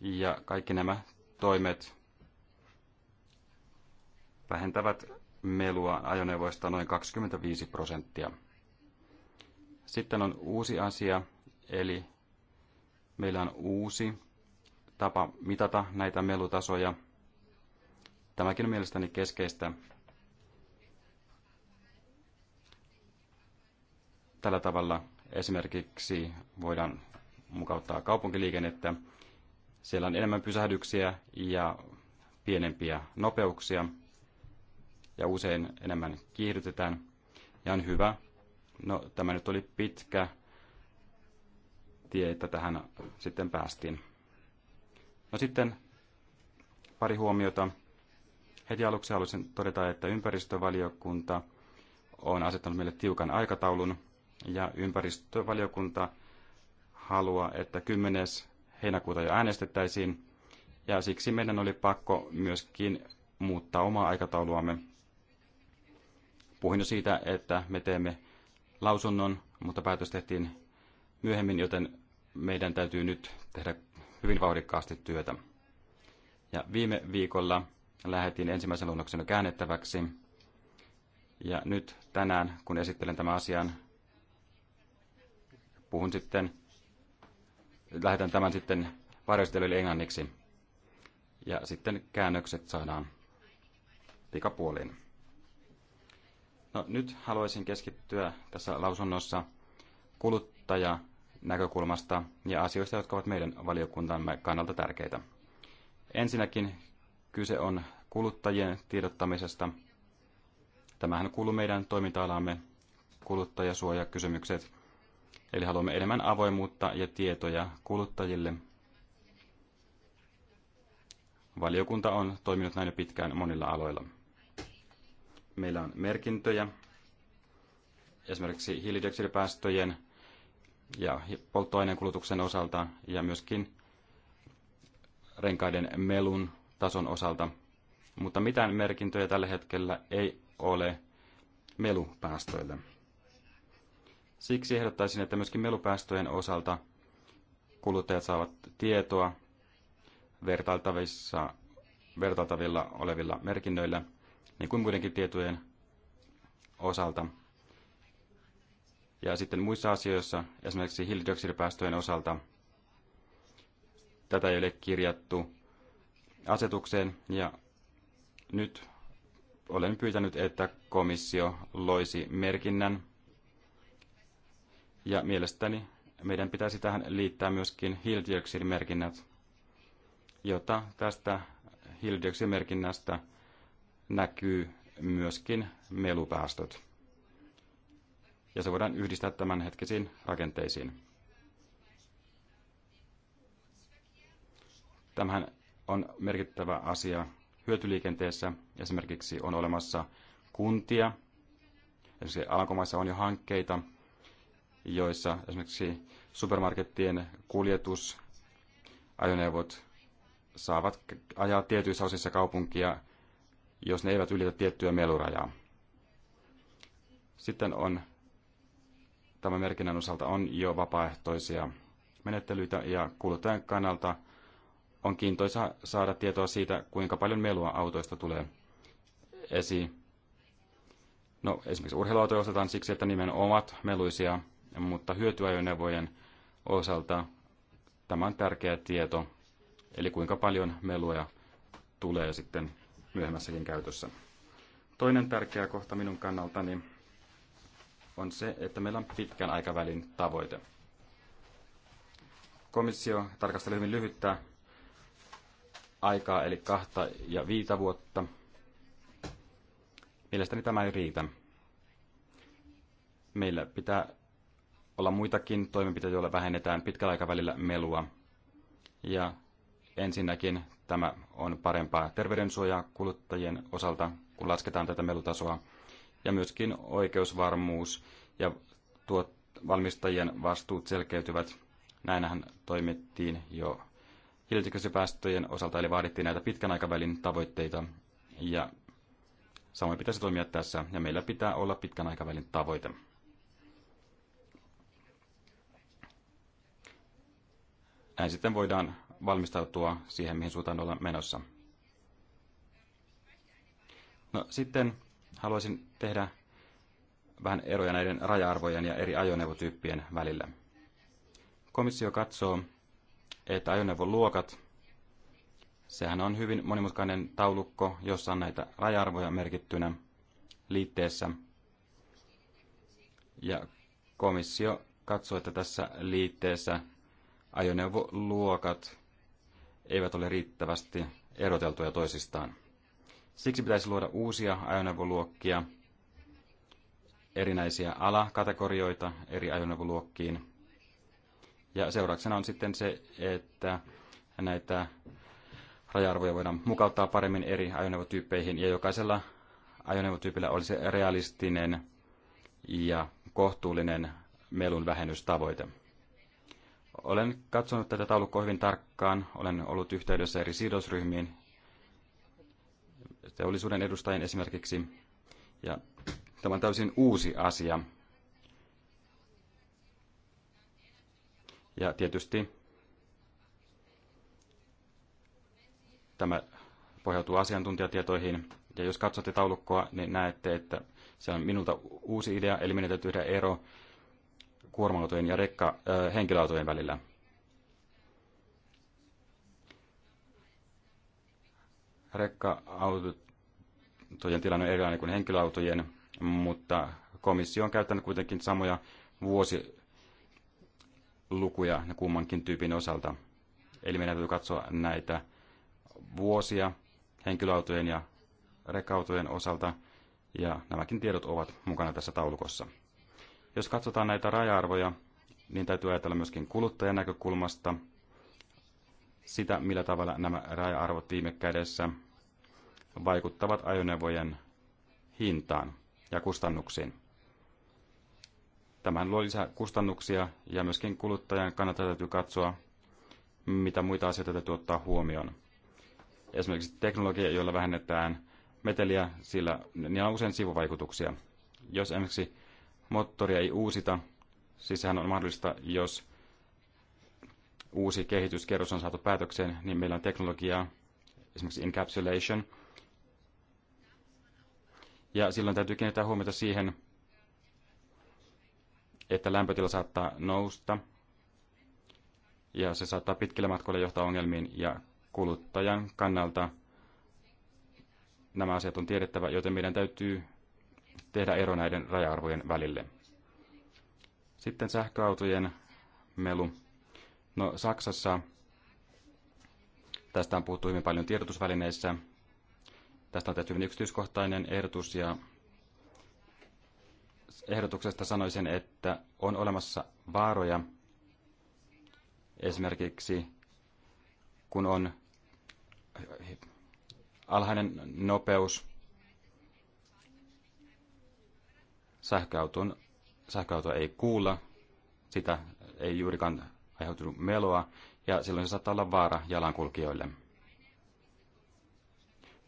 Speaker 2: Ja kaikki nämä toimet vähentävät melua ajoneuvoista noin 25 prosenttia. Sitten on uusi asia, eli meillä on uusi tapa mitata näitä melutasoja. Tämäkin on mielestäni keskeistä. Tällä tavalla esimerkiksi voidaan mukauttaa kaupunkiliikennettä. Siellä on enemmän pysähdyksiä ja pienempiä nopeuksia ja usein enemmän kiihdytetään. Ja on hyvä, No, tämä nyt oli pitkä tie, että tähän sitten päästiin. No sitten pari huomiota. Heti aluksi haluaisin todeta, että ympäristövaliokunta on asettanut meille tiukan aikataulun ja ympäristövaliokunta haluaa, että 10. heinäkuuta jo äänestettäisiin ja siksi meidän oli pakko myöskin muuttaa omaa aikatauluamme. Puhuin jo siitä, että me teemme lausunnon, mutta päätös tehtiin myöhemmin, joten meidän täytyy nyt tehdä hyvin vauhdikkaasti työtä. Ja viime viikolla lähetin ensimmäisen luonnoksen käännettäväksi. Ja nyt tänään, kun esittelen tämän asian, puhun sitten, lähetän tämän sitten varjostelijoille englanniksi. Ja sitten käännökset saadaan pikapuoliin. No, nyt haluaisin keskittyä tässä lausunnossa kuluttajanäkökulmasta ja asioista, jotka ovat meidän valiokuntamme kannalta tärkeitä. Ensinnäkin kyse on kuluttajien tiedottamisesta. Tämähän kuuluu meidän toiminta-alamme kuluttajasuojakysymykset. Eli haluamme enemmän avoimuutta ja tietoja kuluttajille. Valiokunta on toiminut näin pitkään monilla aloilla meillä on merkintöjä, esimerkiksi hiilidioksidipäästöjen ja polttoaineen kulutuksen osalta ja myöskin renkaiden melun tason osalta. Mutta mitään merkintöjä tällä hetkellä ei ole melupäästöille. Siksi ehdottaisin, että myöskin melupäästöjen osalta kuluttajat saavat tietoa vertailtavissa, vertailtavilla olevilla merkinnöillä – niin kuin muidenkin tietojen osalta. Ja sitten muissa asioissa, esimerkiksi hiilidioksidipäästöjen osalta, tätä ei ole kirjattu asetukseen ja nyt olen pyytänyt, että komissio loisi merkinnän ja mielestäni meidän pitäisi tähän liittää myöskin hiilidioksidimerkinnät, jotta tästä hiilidioksidimerkinnästä näkyy myöskin melupäästöt. Ja se voidaan yhdistää tämänhetkisiin rakenteisiin. Tämähän on merkittävä asia hyötyliikenteessä. Esimerkiksi on olemassa kuntia, esimerkiksi Alankomaissa on jo hankkeita, joissa esimerkiksi supermarkettien kuljetusajoneuvot saavat ajaa tietyissä osissa kaupunkia jos ne eivät ylitä tiettyä melurajaa. Sitten on tämä merkinnän osalta on jo vapaaehtoisia menettelyitä ja kuluttajan kannalta on kiintoisa saada tietoa siitä, kuinka paljon melua autoista tulee esiin. No, esimerkiksi urheiluautoja ostetaan siksi, että nimen omat meluisia, mutta hyötyajoneuvojen osalta tämä on tärkeä tieto, eli kuinka paljon meluja tulee sitten myöhemmässäkin käytössä. Toinen tärkeä kohta minun kannaltani on se, että meillä on pitkän aikavälin tavoite. Komissio tarkastelee hyvin lyhyttä aikaa, eli kahta ja viitä vuotta. Mielestäni tämä ei riitä. Meillä pitää olla muitakin toimenpiteitä, joilla vähennetään pitkällä aikavälillä melua. Ja ensinnäkin Tämä on parempaa terveydensuojaa kuluttajien osalta, kun lasketaan tätä melutasoa, ja myöskin oikeusvarmuus ja tuot, valmistajien vastuut selkeytyvät. Näinhän toimittiin jo hiilidioksidipäästöjen osalta, eli vaadittiin näitä pitkän aikavälin tavoitteita, ja samoin pitäisi toimia tässä, ja meillä pitää olla pitkän aikavälin tavoite. Näin sitten voidaan valmistautua siihen, mihin suuntaan ollaan menossa. No, sitten haluaisin tehdä vähän eroja näiden raja-arvojen ja eri ajoneuvotyyppien välillä. Komissio katsoo, että ajoneuvon luokat, sehän on hyvin monimutkainen taulukko, jossa on näitä raja-arvoja merkittynä liitteessä. Ja komissio katsoo, että tässä liitteessä ajoneuvoluokat eivät ole riittävästi eroteltuja toisistaan. Siksi pitäisi luoda uusia ajoneuvoluokkia, erinäisiä alakategorioita eri ajoneuvoluokkiin. Ja seurauksena on sitten se, että näitä raja-arvoja voidaan mukauttaa paremmin eri ajoneuvotyyppeihin ja jokaisella ajoneuvotyypillä olisi realistinen ja kohtuullinen melun vähennystavoite. Olen katsonut tätä taulukkoa hyvin tarkkaan, olen ollut yhteydessä eri sidosryhmiin, teollisuuden edustajien esimerkiksi, ja tämä on täysin uusi asia. Ja tietysti tämä pohjautuu asiantuntijatietoihin. Ja jos katsotte taulukkoa, niin näette, että se on minulta uusi idea, eli menetetty ero kuorma-autojen ja rekka, äh, henkilöautojen välillä. Rekka-autojen tilanne on erilainen kuin henkilöautojen, mutta komissio on käyttänyt kuitenkin samoja vuosilukuja ne kummankin tyypin osalta. Eli meidän täytyy katsoa näitä vuosia henkilöautojen ja rekka-autojen osalta, ja nämäkin tiedot ovat mukana tässä taulukossa. Jos katsotaan näitä raja-arvoja, niin täytyy ajatella myöskin kuluttajan näkökulmasta sitä, millä tavalla nämä raja-arvot viime kädessä vaikuttavat ajoneuvojen hintaan ja kustannuksiin. Tämän luo lisää kustannuksia ja myöskin kuluttajan kannalta täytyy katsoa, mitä muita asioita täytyy ottaa huomioon. Esimerkiksi teknologia, jolla vähennetään meteliä, sillä niillä on usein sivuvaikutuksia. Jos esimerkiksi moottoria ei uusita, siis sehän on mahdollista, jos uusi kehityskerros on saatu päätökseen, niin meillä on teknologiaa, esimerkiksi encapsulation. Ja silloin täytyy kiinnittää huomiota siihen, että lämpötila saattaa nousta ja se saattaa pitkillä matkoilla johtaa ongelmiin ja kuluttajan kannalta nämä asiat on tiedettävä, joten meidän täytyy tehdä ero näiden raja-arvojen välille. Sitten sähköautojen melu. No Saksassa tästä on puhuttu hyvin paljon tiedotusvälineissä. Tästä on tehty hyvin yksityiskohtainen ehdotus ja ehdotuksesta sanoisin, että on olemassa vaaroja esimerkiksi kun on alhainen nopeus Sähköauton, sähköauto ei kuulla, sitä ei juurikaan aiheutunut meloa, ja silloin se saattaa olla vaara jalankulkijoille.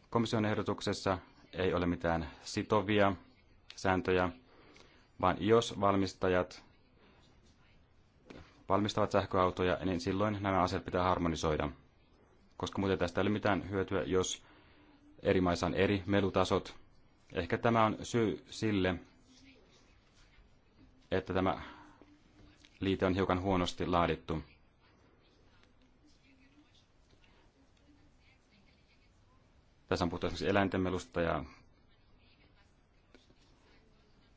Speaker 2: Komission ehdotuksessa ei ole mitään sitovia sääntöjä, vaan jos valmistajat valmistavat sähköautoja, niin silloin nämä asiat pitää harmonisoida. Koska muuten tästä ei ole mitään hyötyä, jos eri maissa on eri melutasot. Ehkä tämä on syy sille, että tämä liite on hiukan huonosti laadittu. Tässä on puhuttu esimerkiksi eläintenmelusta ja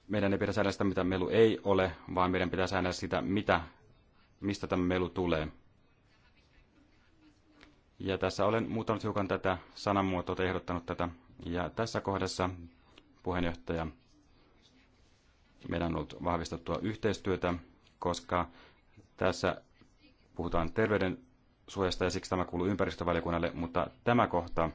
Speaker 2: meidän ei pidä säädellä sitä, mitä melu ei ole, vaan meidän pitää säädellä sitä, mitä, mistä tämä melu tulee. Ja tässä olen muuttanut hiukan tätä sanamuotoa ehdottanut tätä. Ja tässä kohdassa, puheenjohtaja, meidän on ollut vahvistettua yhteistyötä, koska tässä puhutaan terveydensuojasta ja siksi tämä kuuluu ympäristövaliokunnalle, mutta tämä kohta,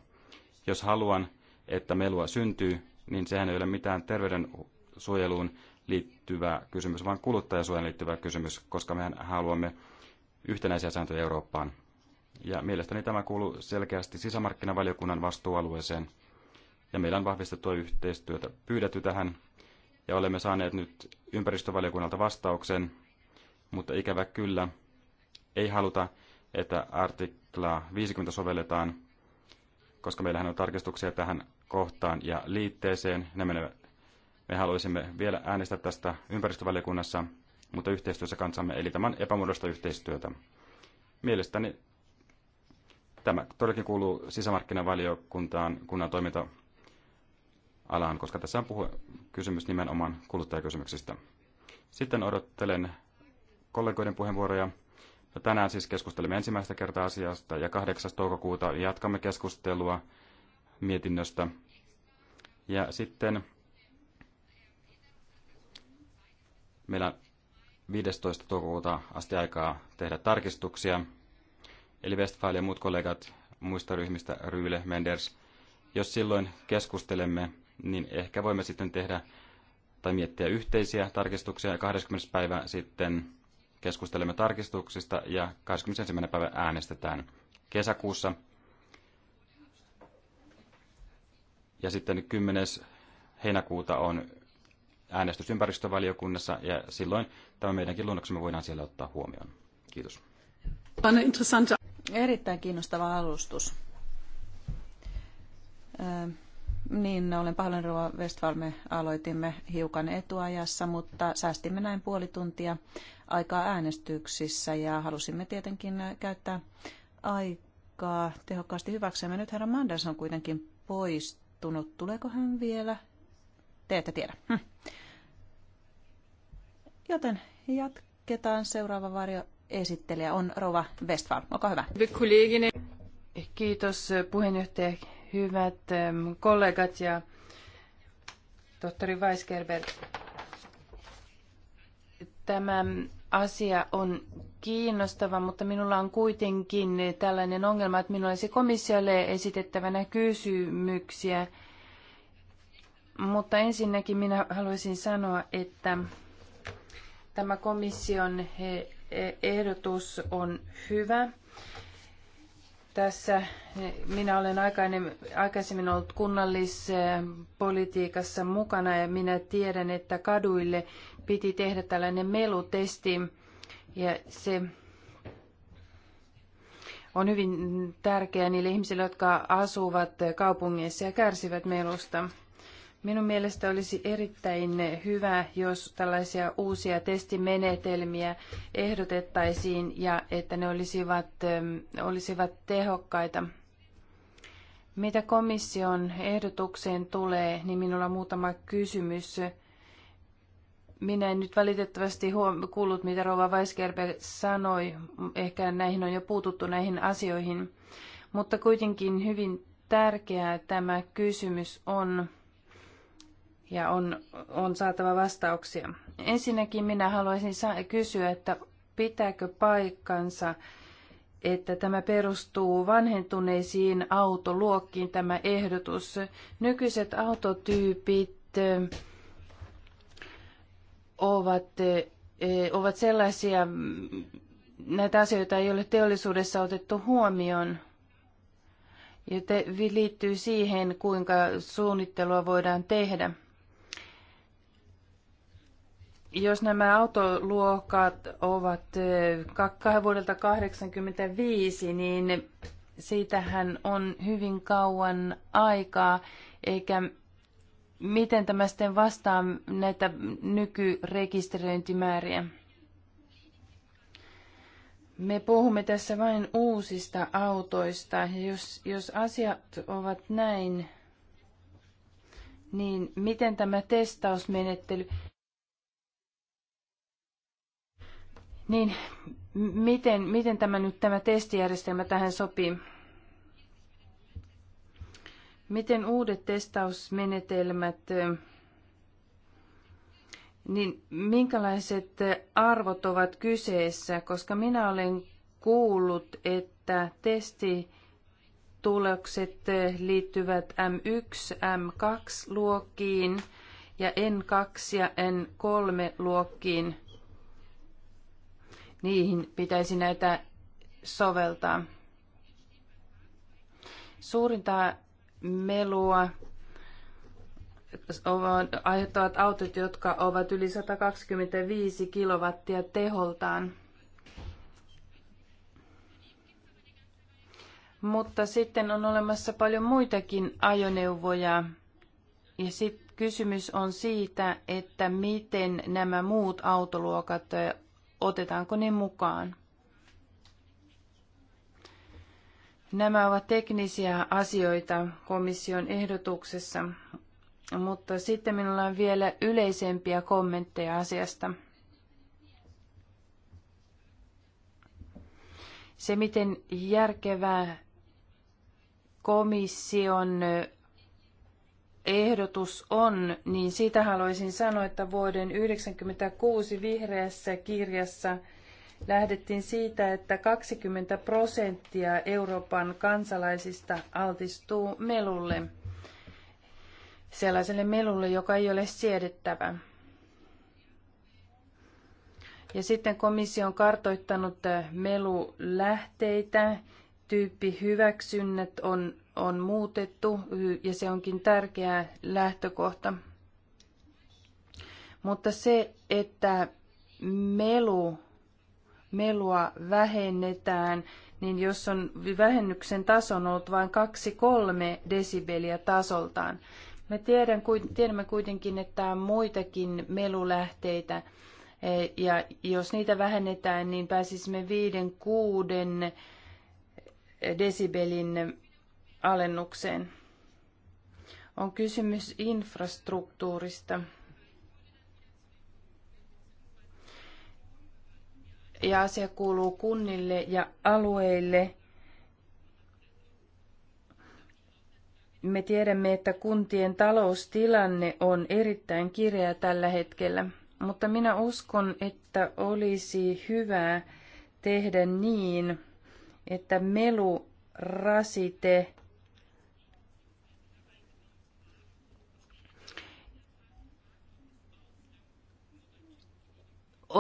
Speaker 2: jos haluan, että melua syntyy, niin sehän ei ole mitään terveydensuojeluun liittyvä kysymys, vaan kuluttajasuojan liittyvä kysymys, koska mehän haluamme yhtenäisiä sääntöjä Eurooppaan. Ja mielestäni tämä kuuluu selkeästi sisämarkkinavaliokunnan vastuualueeseen. Ja meillä on vahvistettua yhteistyötä pyydetty tähän ja olemme saaneet nyt ympäristövaliokunnalta vastauksen, mutta ikävä kyllä ei haluta, että artiklaa 50 sovelletaan, koska meillähän on tarkistuksia tähän kohtaan ja liitteeseen. Ne Me haluaisimme vielä äänestää tästä ympäristövaliokunnassa, mutta yhteistyössä kanssamme, eli tämän epämuodosta yhteistyötä. Mielestäni tämä todellakin kuuluu sisämarkkinavaliokuntaan, kunnan toiminta alaan, koska tässä on puhu, kysymys nimenomaan kuluttajakysymyksistä. Sitten odottelen kollegoiden puheenvuoroja. No, tänään siis keskustelimme ensimmäistä kertaa asiasta ja 8. toukokuuta jatkamme keskustelua mietinnöstä. Ja sitten meillä on 15. toukokuuta asti aikaa tehdä tarkistuksia. Eli Westfalen ja muut kollegat muista ryhmistä, Ryyle, Menders, jos silloin keskustelemme niin ehkä voimme sitten tehdä tai miettiä yhteisiä tarkistuksia. 20. päivä sitten keskustelemme tarkistuksista ja 21. päivä äänestetään kesäkuussa. Ja sitten 10. heinäkuuta on äänestys ympäristövaliokunnassa ja silloin tämä meidänkin luonnoksemme voidaan siellä ottaa huomioon. Kiitos.
Speaker 1: Erittäin kiinnostava alustus. Niin, olen pahoillani Rova Me aloitimme hiukan etuajassa, mutta säästimme näin puoli tuntia aikaa äänestyksissä ja halusimme tietenkin käyttää aikaa tehokkaasti hyväksemme. Nyt herra Manders on kuitenkin poistunut. Tuleeko hän vielä? Te ette tiedä. Hm. Joten jatketaan. Seuraava varjo esittelijä on Rova Westfall. Olkaa hyvä.
Speaker 3: Kiitos puheenjohtaja hyvät kollegat ja tohtori Weisgerber. Tämä asia on kiinnostava, mutta minulla on kuitenkin tällainen ongelma, että minulla olisi komissiolle esitettävänä kysymyksiä. Mutta ensinnäkin minä haluaisin sanoa, että tämä komission e, ehdotus on hyvä tässä minä olen aikaisemmin ollut kunnallispolitiikassa mukana ja minä tiedän, että kaduille piti tehdä tällainen melutesti ja se on hyvin tärkeää niille ihmisille, jotka asuvat kaupungeissa ja kärsivät melusta. Minun mielestä olisi erittäin hyvä, jos tällaisia uusia testimenetelmiä ehdotettaisiin ja että ne olisivat, ähm, olisivat tehokkaita. Mitä komission ehdotukseen tulee, niin minulla on muutama kysymys. Minä en nyt valitettavasti huom- kuullut, mitä Rova Weisgerbe sanoi. Ehkä näihin on jo puututtu näihin asioihin. Mutta kuitenkin hyvin tärkeää tämä kysymys on ja on, on saatava vastauksia. Ensinnäkin minä haluaisin kysyä, että pitääkö paikkansa, että tämä perustuu vanhentuneisiin autoluokkiin, tämä ehdotus. Nykyiset autotyypit eh, ovat, eh, ovat sellaisia, näitä asioita ei ole teollisuudessa otettu huomioon. Ja liittyy siihen, kuinka suunnittelua voidaan tehdä jos nämä autoluokat ovat eh, vuodelta 1985, niin siitähän on hyvin kauan aikaa, eikä miten tämä sitten vastaa näitä nykyrekisteröintimääriä. Me puhumme tässä vain uusista autoista. jos, jos asiat ovat näin, niin miten tämä testausmenettely, Niin, miten, miten tämä nyt tämä testijärjestelmä tähän sopii? Miten uudet testausmenetelmät, niin minkälaiset arvot ovat kyseessä? Koska minä olen kuullut, että testi tulokset liittyvät M1, M2-luokkiin ja N2 ja N3-luokkiin – niihin pitäisi näitä soveltaa. Suurinta melua aiheuttavat autot, jotka ovat yli 125 kilowattia teholtaan. Mutta sitten on olemassa paljon muitakin ajoneuvoja. Ja sitten kysymys on siitä, että miten nämä muut autoluokat otetaanko ne mukaan. Nämä ovat teknisiä asioita komission ehdotuksessa, mutta sitten minulla on vielä yleisempiä kommentteja asiasta. Se, miten järkevää komission ehdotus on, niin siitä haluaisin sanoa, että vuoden 1996 vihreässä kirjassa lähdettiin siitä, että 20 prosenttia Euroopan kansalaisista altistuu melulle, sellaiselle melulle, joka ei ole siedettävä. Ja sitten komissio on kartoittanut melulähteitä, hyväksynnät on on muutettu ja se onkin tärkeä lähtökohta. Mutta se, että melu, melua vähennetään, niin jos on vähennyksen taso on ollut vain 2-3 desibeliä tasoltaan, me tiedän, tiedämme kuitenkin, että on muitakin melulähteitä, eh, ja jos niitä vähennetään, niin pääsisimme 5-6 desibelin alennukseen. On kysymys infrastruktuurista. Ja asia kuuluu kunnille ja alueille. Me tiedämme, että kuntien taloustilanne on erittäin kireä tällä hetkellä, mutta minä uskon, että olisi hyvä tehdä niin, että melurasite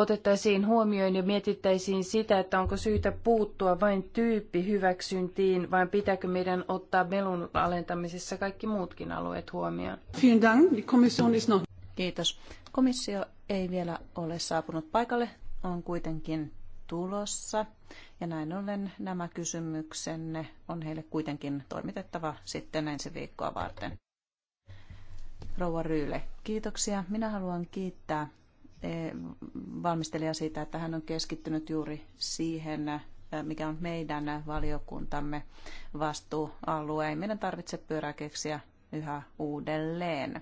Speaker 3: otettaisiin huomioon ja mietittäisiin sitä, että onko syytä puuttua vain tyyppihyväksyntiin, vai pitääkö meidän ottaa melun alentamisessa kaikki muutkin alueet huomioon?
Speaker 1: Kiitos. Komissio ei vielä ole saapunut paikalle, on kuitenkin tulossa. Ja näin ollen nämä kysymyksenne on heille kuitenkin toimitettava sitten ensi viikkoa varten. Rouva Ryyle, kiitoksia. Minä haluan kiittää valmistelija siitä, että hän on keskittynyt juuri siihen, äh, mikä on meidän valiokuntamme vastuualue. Ei meidän tarvitse pyörää keksiä yhä uudelleen.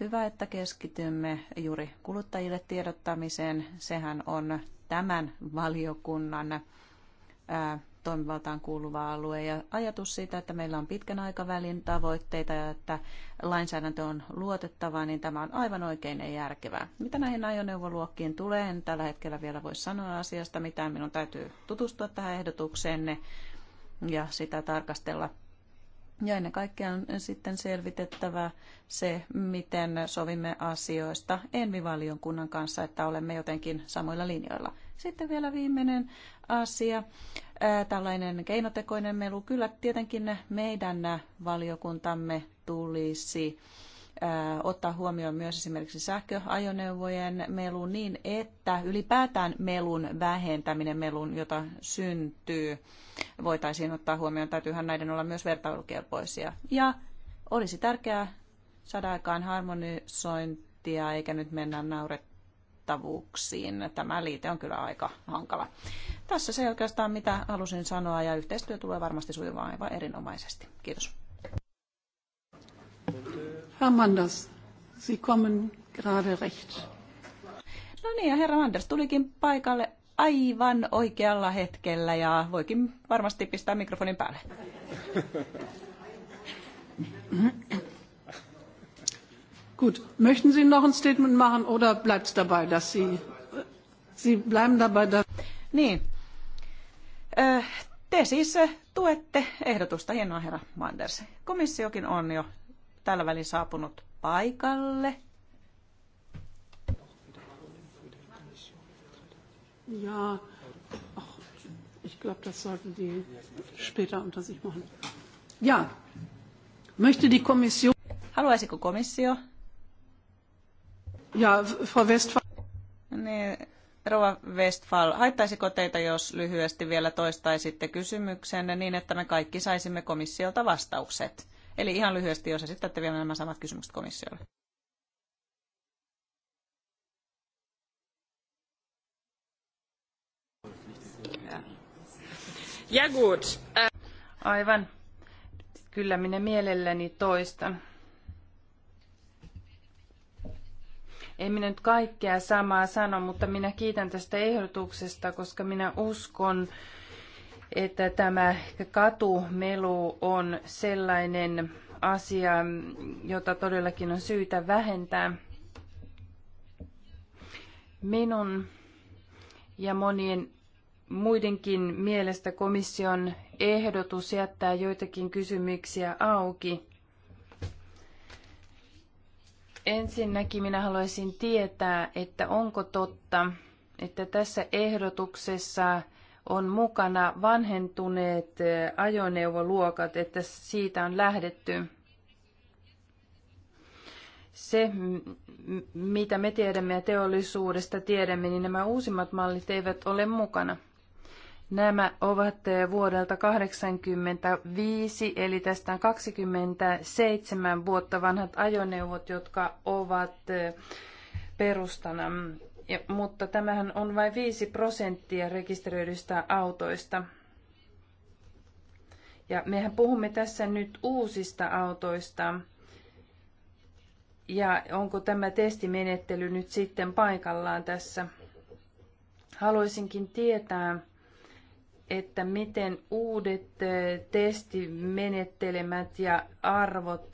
Speaker 1: Hyvä, että keskitymme juuri kuluttajille tiedottamiseen. Sehän on tämän valiokunnan äh, toimivaltaan kuuluva alue. Ja ajatus siitä, että meillä on pitkän aikavälin tavoitteita ja että lainsäädäntö on luotettavaa, niin tämä on aivan oikein ja järkevää. Mitä näihin ajoneuvoluokkiin tulee, en tällä hetkellä vielä voi sanoa asiasta mitään. Minun täytyy tutustua tähän ehdotukseenne ja sitä tarkastella ja ennen kaikkea on sitten selvitettävä se, miten sovimme asioista envivaliokunnan kanssa, että olemme jotenkin samoilla linjoilla. Sitten vielä viimeinen asia tällainen keinotekoinen melu. Kyllä tietenkin meidän valiokuntamme tulisi ottaa huomioon myös esimerkiksi sähköajoneuvojen melu niin, että ylipäätään melun vähentäminen, melun, jota syntyy, voitaisiin ottaa huomioon. Täytyyhän näiden olla myös vertailukelpoisia. Ja olisi tärkeää saada aikaan harmonisointia, eikä nyt mennä naurettamaan ulottuvuuksiin. Tämä liite on kyllä aika hankala. Tässä se oikeastaan mitä halusin sanoa ja yhteistyö tulee varmasti sujumaan aivan erinomaisesti. Kiitos. Herr Manders, Sie kommen gerade recht. No niin, ja herra Manders tulikin paikalle aivan oikealla hetkellä ja voikin varmasti pistää mikrofonin päälle. [LAUGHS] Gut, möchten Sie noch ein Statement machen oder bleibt es dabei, dass Sie, Sie bleiben dabei, dass... Niin. Te siis tuette ehdotusta, hienoa herra Manders. Komissiokin on jo tällä välin saapunut paikalle. Ja, oh, ich glaube, das sollten die später unter sich machen. Ja, möchte die Kommission... Haluaisiko komissio ja, Frau Westphal. Niin, Rova Westphal, haittaisiko teitä, jos lyhyesti vielä toistaisitte kysymyksen niin, että me kaikki saisimme komissiolta vastaukset? Eli ihan lyhyesti, jos esittätte vielä nämä samat kysymykset komissiolle.
Speaker 3: Ja gut. Aivan. Kyllä minä mielelläni toistan. En minä nyt kaikkea samaa sano, mutta minä kiitän tästä ehdotuksesta, koska minä uskon, että tämä katumelu on sellainen asia, jota todellakin on syytä vähentää. Minun ja monien muidenkin mielestä komission ehdotus jättää joitakin kysymyksiä auki. Ensinnäkin minä haluaisin tietää, että onko totta, että tässä ehdotuksessa on mukana vanhentuneet eh, ajoneuvoluokat, että siitä on lähdetty. Se, mitä me tiedämme ja teollisuudesta tiedämme, niin nämä uusimmat mallit eivät ole mukana. Nämä ovat eh, vuodelta 1985, eli tästä on 27 vuotta vanhat ajoneuvot, jotka ovat eh, perustana. Mutta tämähän on vain 5 prosenttia rekisteröidyistä autoista. Ja mehän puhumme tässä nyt uusista autoista. Ja onko tämä testimenettely nyt sitten paikallaan tässä? Haluaisinkin tietää, että miten uudet testimenettelemat ja arvot,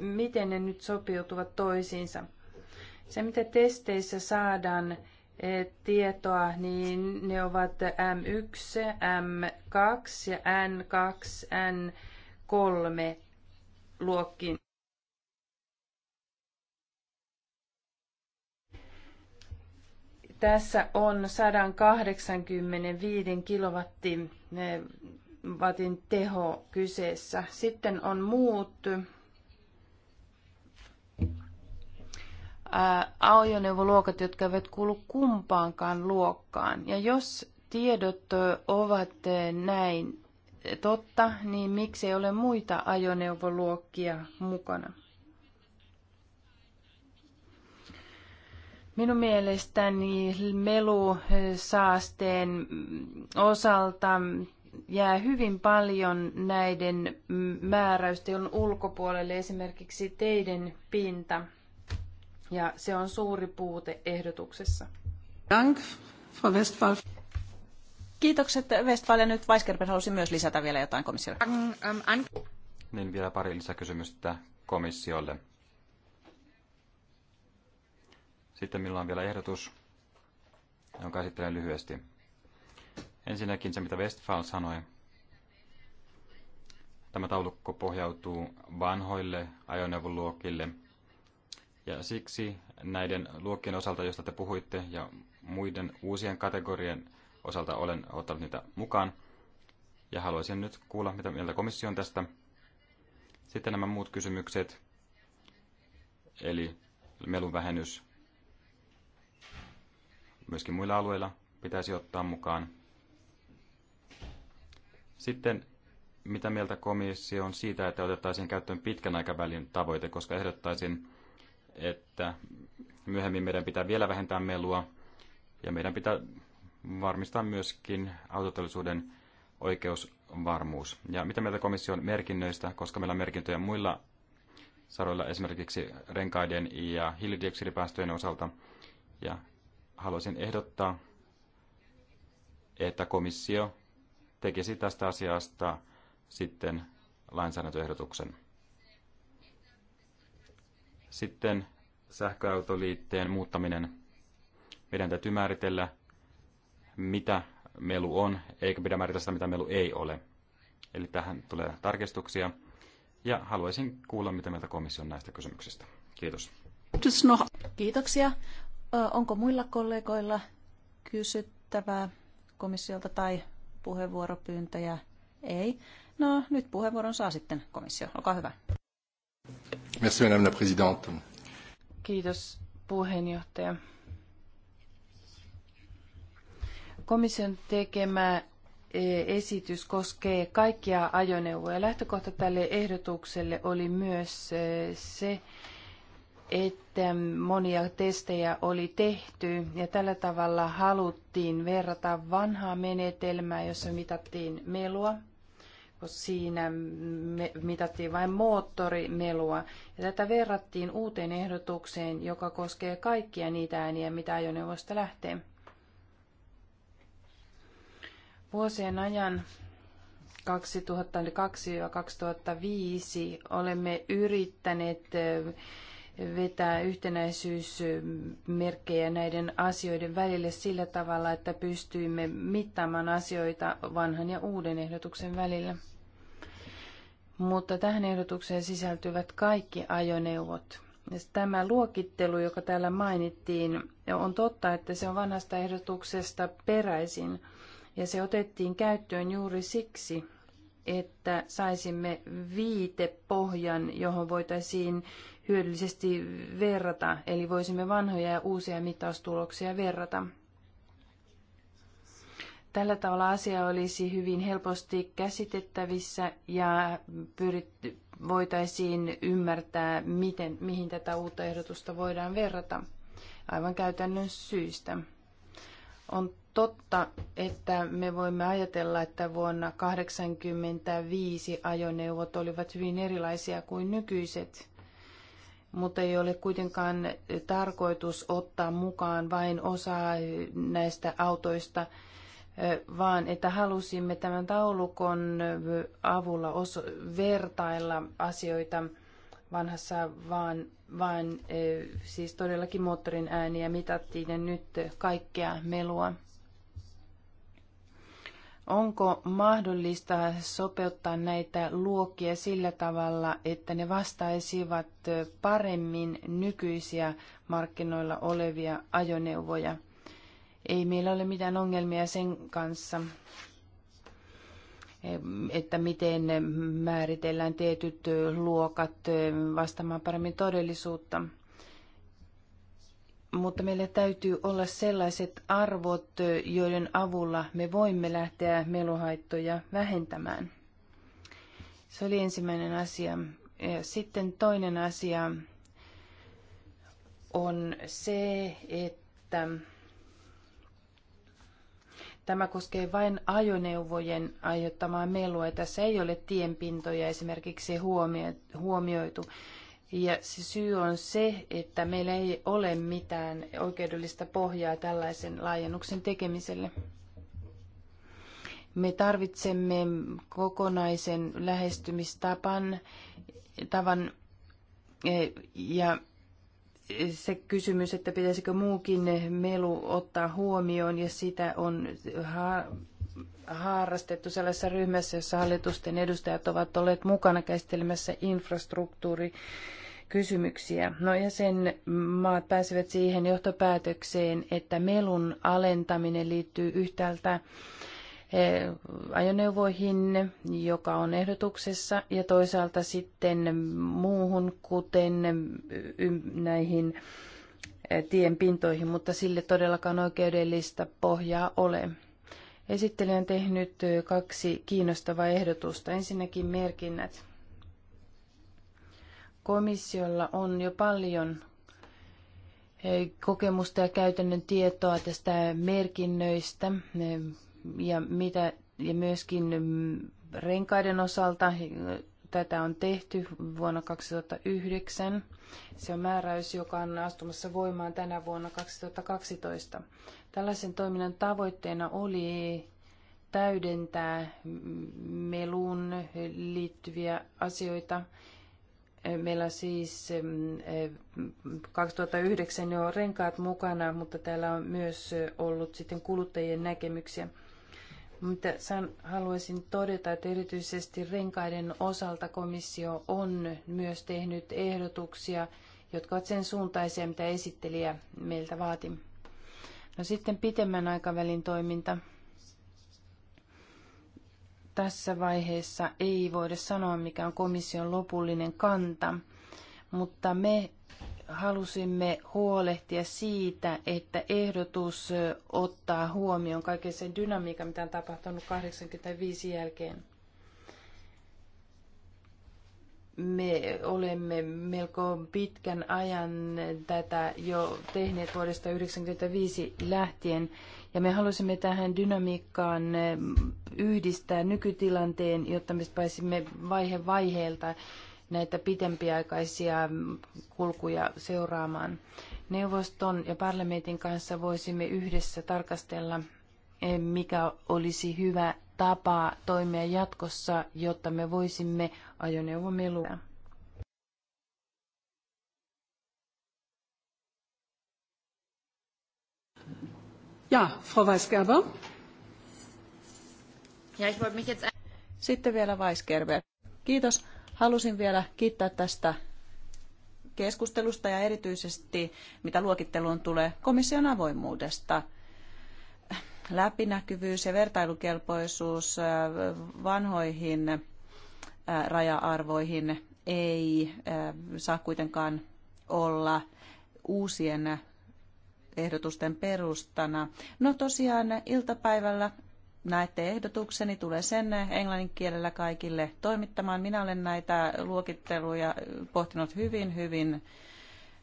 Speaker 3: miten ne nyt sopiutuvat toisiinsa. Se, mitä testeissä saadaan tietoa, niin ne ovat M1, M2 ja N2, N3 luokkiin. Tässä on 185 kilowattin eh, teho kyseessä. Sitten on muut ajoneuvoluokat, jotka eivät kuulu kumpaankaan luokkaan. Ja jos tiedot ovat eh, näin totta, niin miksi ei ole muita ajoneuvoluokkia mukana? Minun mielestäni melu saasteen osalta jää hyvin paljon näiden määräysten ulkopuolelle, esimerkiksi teiden pinta. Ja se on suuri puute ehdotuksessa.
Speaker 1: Dank, Frau Westphal. Kiitokset Westphal ja nyt Weisgerber halusi myös lisätä vielä jotain komissiolle. Ähm,
Speaker 2: niin vielä pari lisäkysymystä komissiolle. Sitten meillä on vielä ehdotus, jonka esittelen lyhyesti. Ensinnäkin se, mitä Westphal sanoi. Tämä taulukko pohjautuu vanhoille ajoneuvoluokille, ja siksi näiden luokkien osalta, joista te puhuitte, ja muiden uusien kategorien osalta olen ottanut niitä mukaan. Ja haluaisin nyt kuulla, mitä mieltä komissio on tästä. Sitten nämä muut kysymykset, eli melun vähennys myöskin muilla alueilla pitäisi ottaa mukaan. Sitten mitä mieltä komissio on siitä, että otettaisiin käyttöön pitkän aikavälin tavoite, koska ehdottaisin, että myöhemmin meidän pitää vielä vähentää melua ja meidän pitää varmistaa myöskin autotollisuuden oikeusvarmuus. Ja mitä mieltä komission merkinnöistä, koska meillä on merkintöjä muilla saroilla esimerkiksi renkaiden ja hiilidioksidipäästöjen osalta. Ja haluaisin ehdottaa, että komissio tekisi tästä asiasta sitten lainsäädäntöehdotuksen. Sitten sähköautoliitteen muuttaminen. Meidän täytyy määritellä, mitä melu on, eikä pidä määritellä sitä, mitä melu ei ole. Eli tähän tulee tarkistuksia. Ja haluaisin kuulla, mitä mieltä komission näistä kysymyksistä. Kiitos.
Speaker 1: Kiitoksia. Onko muilla kollegoilla kysyttävää komissiolta tai puheenvuoropyyntöjä? Ei. No nyt puheenvuoron saa sitten komissio. Olkaa hyvä. Merci, madame la présidente. Kiitos puheenjohtaja.
Speaker 3: Komission tekemä e, esitys koskee kaikkia ajoneuvoja. Lähtökohta tälle ehdotukselle oli myös e, se, että monia testejä oli tehty ja tällä tavalla haluttiin verrata vanhaa menetelmää, jossa mitattiin melua, koska siinä mitattiin vain moottorimelua. Ja tätä verrattiin uuteen ehdotukseen, joka koskee kaikkia niitä ääniä, mitä ajoneuvosta lähtee. Vuosien ajan 2002-2005 olemme yrittäneet vetää yhtenäisyysmerkkejä näiden asioiden välille sillä tavalla, että pystyimme mittaamaan asioita vanhan ja uuden ehdotuksen välillä. Mutta tähän ehdotukseen sisältyvät kaikki ajoneuvot. Tämä luokittelu, joka täällä mainittiin, on totta, että se on vanhasta ehdotuksesta peräisin. Ja se otettiin käyttöön juuri siksi, että saisimme viitepohjan, johon voitaisiin hyödyllisesti verrata, eli voisimme vanhoja ja uusia mittaustuloksia verrata. Tällä tavalla asia olisi hyvin helposti käsitettävissä ja pyritty, voitaisiin ymmärtää, miten, mihin tätä uutta ehdotusta voidaan verrata aivan käytännön syistä. On totta, että me voimme ajatella, että vuonna 1985 ajoneuvot olivat hyvin erilaisia kuin nykyiset mutta ei ole kuitenkaan tarkoitus ottaa mukaan vain osaa näistä autoista, vaan että halusimme tämän taulukon avulla vertailla asioita vanhassa, vaan, vaan siis todellakin moottorin ääniä mitattiin ja nyt kaikkea melua. Onko mahdollista sopeuttaa näitä luokkia sillä tavalla, että ne vastaisivat paremmin nykyisiä markkinoilla olevia ajoneuvoja? Ei meillä ole mitään ongelmia sen kanssa, että miten määritellään tietyt luokat vastaamaan paremmin todellisuutta mutta meillä täytyy olla sellaiset arvot, joiden avulla me voimme lähteä meluhaittoja vähentämään. Se oli ensimmäinen asia. Ja sitten toinen asia on se, että tämä koskee vain ajoneuvojen aiheuttamaa melua. Tässä ei ole tienpintoja esimerkiksi huomioitu. Ja se syy on se, että meillä ei ole mitään oikeudellista pohjaa tällaisen laajennuksen tekemiselle. Me tarvitsemme kokonaisen lähestymistapan tavan, e, ja se kysymys, että pitäisikö muukin melu ottaa huomioon, ja sitä on harrastettu sellaisessa ryhmässä, jossa hallitusten edustajat ovat olleet mukana käsittelemässä infrastruktuuri kysymyksiä. No ja sen maat pääsevät siihen johtopäätökseen, että melun alentaminen liittyy yhtäältä eh, ajoneuvoihin, joka on ehdotuksessa, ja toisaalta sitten muuhun, kuten näihin eh, tien pintoihin, mutta sille todellakaan oikeudellista pohjaa ole. Esittelijä on tehnyt eh, kaksi kiinnostavaa ehdotusta. Ensinnäkin merkinnät. Komissiolla on jo paljon eh, kokemusta ja käytännön tietoa tästä merkinnöistä eh, ja, mitä, ja myöskin mm, renkaiden osalta eh, tätä on tehty vuonna 2009. Se on määräys, joka on astumassa voimaan tänä vuonna 2012. Tällaisen toiminnan tavoitteena oli täydentää mm, meluun liittyviä asioita Meillä siis 2009 eh, jo renkaat mukana, mutta täällä on myös ollut sitten kuluttajien näkemyksiä. Mutta haluaisin todeta, että erityisesti renkaiden osalta komissio on myös tehnyt ehdotuksia, jotka ovat sen suuntaisia, mitä esittelijä meiltä vaati. No sitten pitemmän aikavälin toiminta tässä vaiheessa ei voida sanoa, mikä on komission lopullinen kanta, mutta me halusimme huolehtia siitä, että ehdotus ottaa huomioon kaiken sen dynamiikan, mitä on tapahtunut 85 jälkeen me olemme melko pitkän ajan tätä jo tehneet vuodesta 1995 lähtien. Ja me halusimme tähän dynamiikkaan eh, yhdistää nykytilanteen, jotta me pääsimme vaihe vaiheelta näitä pitempiaikaisia kulkuja seuraamaan. Neuvoston ja parlamentin kanssa voisimme yhdessä tarkastella mikä olisi hyvä tapa toimia jatkossa, jotta me voisimme ajoneuvomelua.
Speaker 1: Ja, Frau Weisgerber. Ja, ich wollte mich jetzt... Sitten vielä Weisgerber. Kiitos. Halusin vielä kiittää tästä keskustelusta ja erityisesti mitä luokitteluun tulee komission avoimuudesta – läpinäkyvyys ja vertailukelpoisuus äh, vanhoihin äh, raja-arvoihin ei äh, saa kuitenkaan olla uusien ehdotusten perustana. No tosiaan iltapäivällä näette ehdotukseni, tulee sen englannin kielellä kaikille toimittamaan. Minä olen näitä luokitteluja pohtinut hyvin, hyvin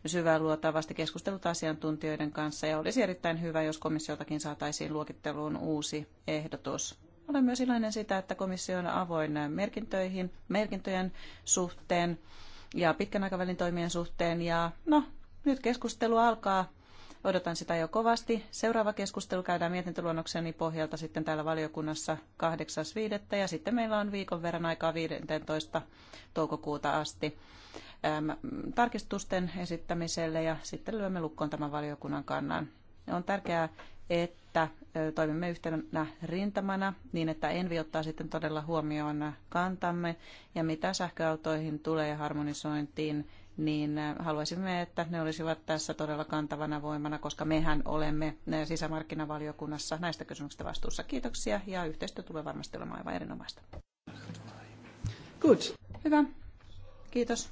Speaker 1: syvään luotavasti keskustellut asiantuntijoiden kanssa ja olisi erittäin hyvä, jos komissioltakin saataisiin luokitteluun uusi ehdotus. Olen myös iloinen sitä, että komissio on avoin merkintöihin, merkintöjen suhteen ja pitkän aikavälin toimien suhteen. Ja no, nyt keskustelu alkaa. Odotan sitä jo kovasti. Seuraava keskustelu käydään mietintöluonnokseni pohjalta sitten täällä valiokunnassa 8.5. ja sitten meillä on viikon verran aikaa 15. toukokuuta asti tarkistusten esittämiselle ja sitten lyömme lukkoon tämän valiokunnan kannan. On tärkeää, että toimimme yhtenä rintamana niin, että Envi ottaa sitten todella huomioon kantamme ja mitä sähköautoihin tulee ja harmonisointiin, niin haluaisimme, että ne olisivat tässä todella kantavana voimana, koska mehän olemme sisämarkkinavaliokunnassa näistä kysymyksistä vastuussa. Kiitoksia ja yhteistyö tulee varmasti olemaan aivan erinomaista. Good. Hyvä. Kiitos.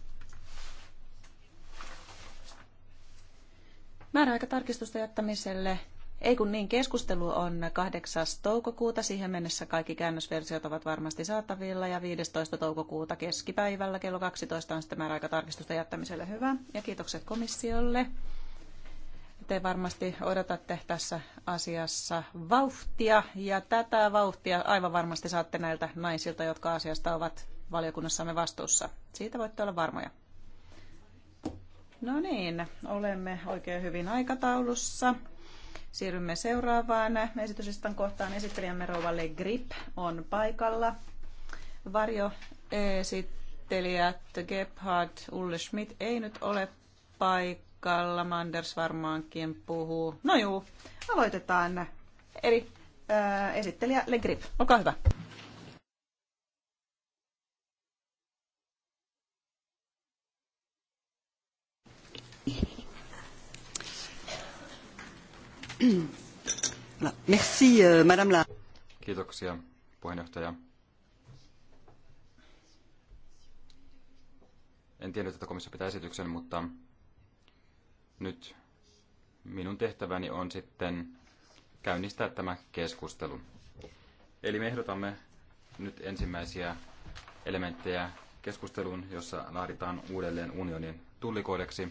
Speaker 1: Määräaika tarkistusta jättämiselle ei kun niin, keskustelu on 8. toukokuuta. Siihen mennessä kaikki käännösversiot ovat varmasti saatavilla ja 15. toukokuuta keskipäivällä kello 12 on sitten määräaika tarkistusta jättämiselle hyvä. Ja kiitokset komissiolle. Te varmasti odotatte tässä asiassa vauhtia ja tätä vauhtia aivan varmasti saatte näiltä naisilta, jotka asiasta ovat valiokunnassamme vastuussa. Siitä voitte olla varmoja. No niin, olemme oikein hyvin aikataulussa. Siirrymme seuraavaan esitysistan kohtaan. Esittelijämme Rovalle Grip on paikalla. Varjo esittelijät Gebhard Ulle Schmidt ei nyt ole paikalla. Manders varmaankin puhuu. No juu, aloitetaan. Eli äh, esittelijä Le Grip, olkaa hyvä. Merci, euh, Madame
Speaker 2: la... Kiitoksia, puheenjohtaja. En tiennyt, että komissio pitää esityksen, mutta nyt minun tehtäväni on sitten käynnistää tämä keskustelu. Eli me ehdotamme nyt ensimmäisiä elementtejä keskusteluun, jossa laaditaan uudelleen unionin tullikoodeksi.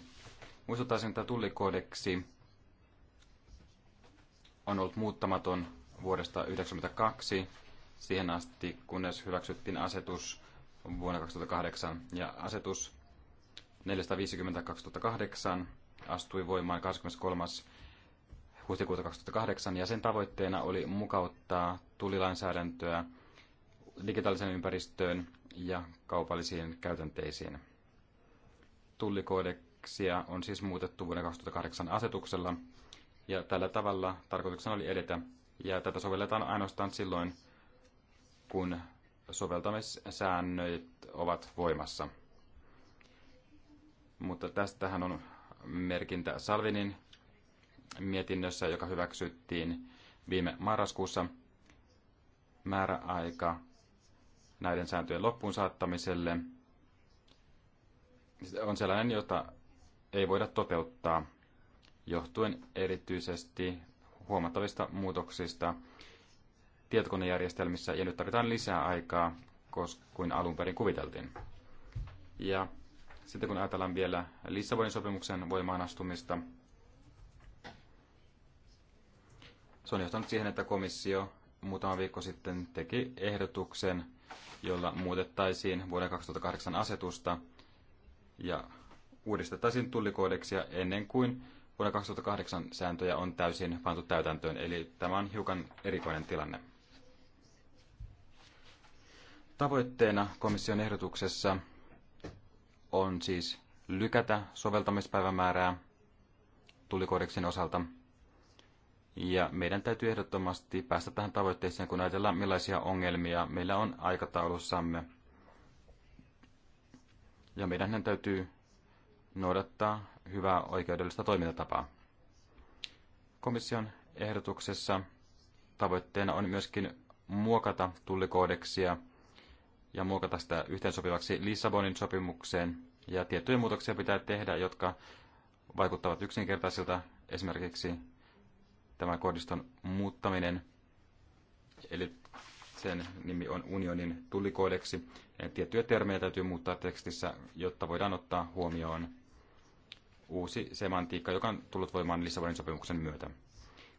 Speaker 2: Muistuttaisin, että tullikoodeksi on ollut muuttamaton vuodesta 1992 siihen asti, kunnes hyväksyttiin asetus vuonna 2008. Ja asetus 450-2008 astui voimaan 23. huhtikuuta 2008 ja sen tavoitteena oli mukauttaa tulilainsäädäntöä digitaaliseen ympäristöön ja kaupallisiin käytänteisiin. Tullikoodeksia on siis muutettu vuoden 2008 asetuksella, ja tällä tavalla tarkoituksena oli edetä. Ja tätä sovelletaan ainoastaan silloin, kun soveltamissäännöt ovat voimassa. Mutta tästähän on merkintä Salvinin mietinnössä, joka hyväksyttiin viime marraskuussa. Määräaika näiden sääntöjen loppuun saattamiselle on sellainen, jota ei voida toteuttaa johtuen erityisesti huomattavista muutoksista tietokonejärjestelmissä, ja nyt tarvitaan lisää aikaa kuin alun perin kuviteltiin. Ja sitten kun ajatellaan vielä Lissabonin sopimuksen voimaan astumista, se on johtanut siihen, että komissio muutama viikko sitten teki ehdotuksen, jolla muutettaisiin vuoden 2008 asetusta ja uudistettaisiin tullikoodeksia ennen kuin vuoden 2008 sääntöjä on täysin pantu täytäntöön, eli tämä on hiukan erikoinen tilanne. Tavoitteena komission ehdotuksessa on siis lykätä soveltamispäivämäärää tulikodeksin osalta. Ja meidän täytyy ehdottomasti päästä tähän tavoitteeseen, kun ajatellaan millaisia ongelmia meillä on aikataulussamme. Ja meidän täytyy noudattaa hyvää oikeudellista toimintatapaa. Komission ehdotuksessa tavoitteena on myöskin muokata tullikoodeksia ja muokata sitä yhteensopivaksi Lissabonin sopimukseen. Ja tiettyjä muutoksia pitää tehdä, jotka vaikuttavat yksinkertaisilta, esimerkiksi tämän koodiston muuttaminen. Eli sen nimi on unionin tullikoodeksi. Tiettyjä termejä täytyy muuttaa tekstissä, jotta voidaan ottaa huomioon uusi semantiikka, joka on tullut voimaan Lissabonin sopimuksen myötä.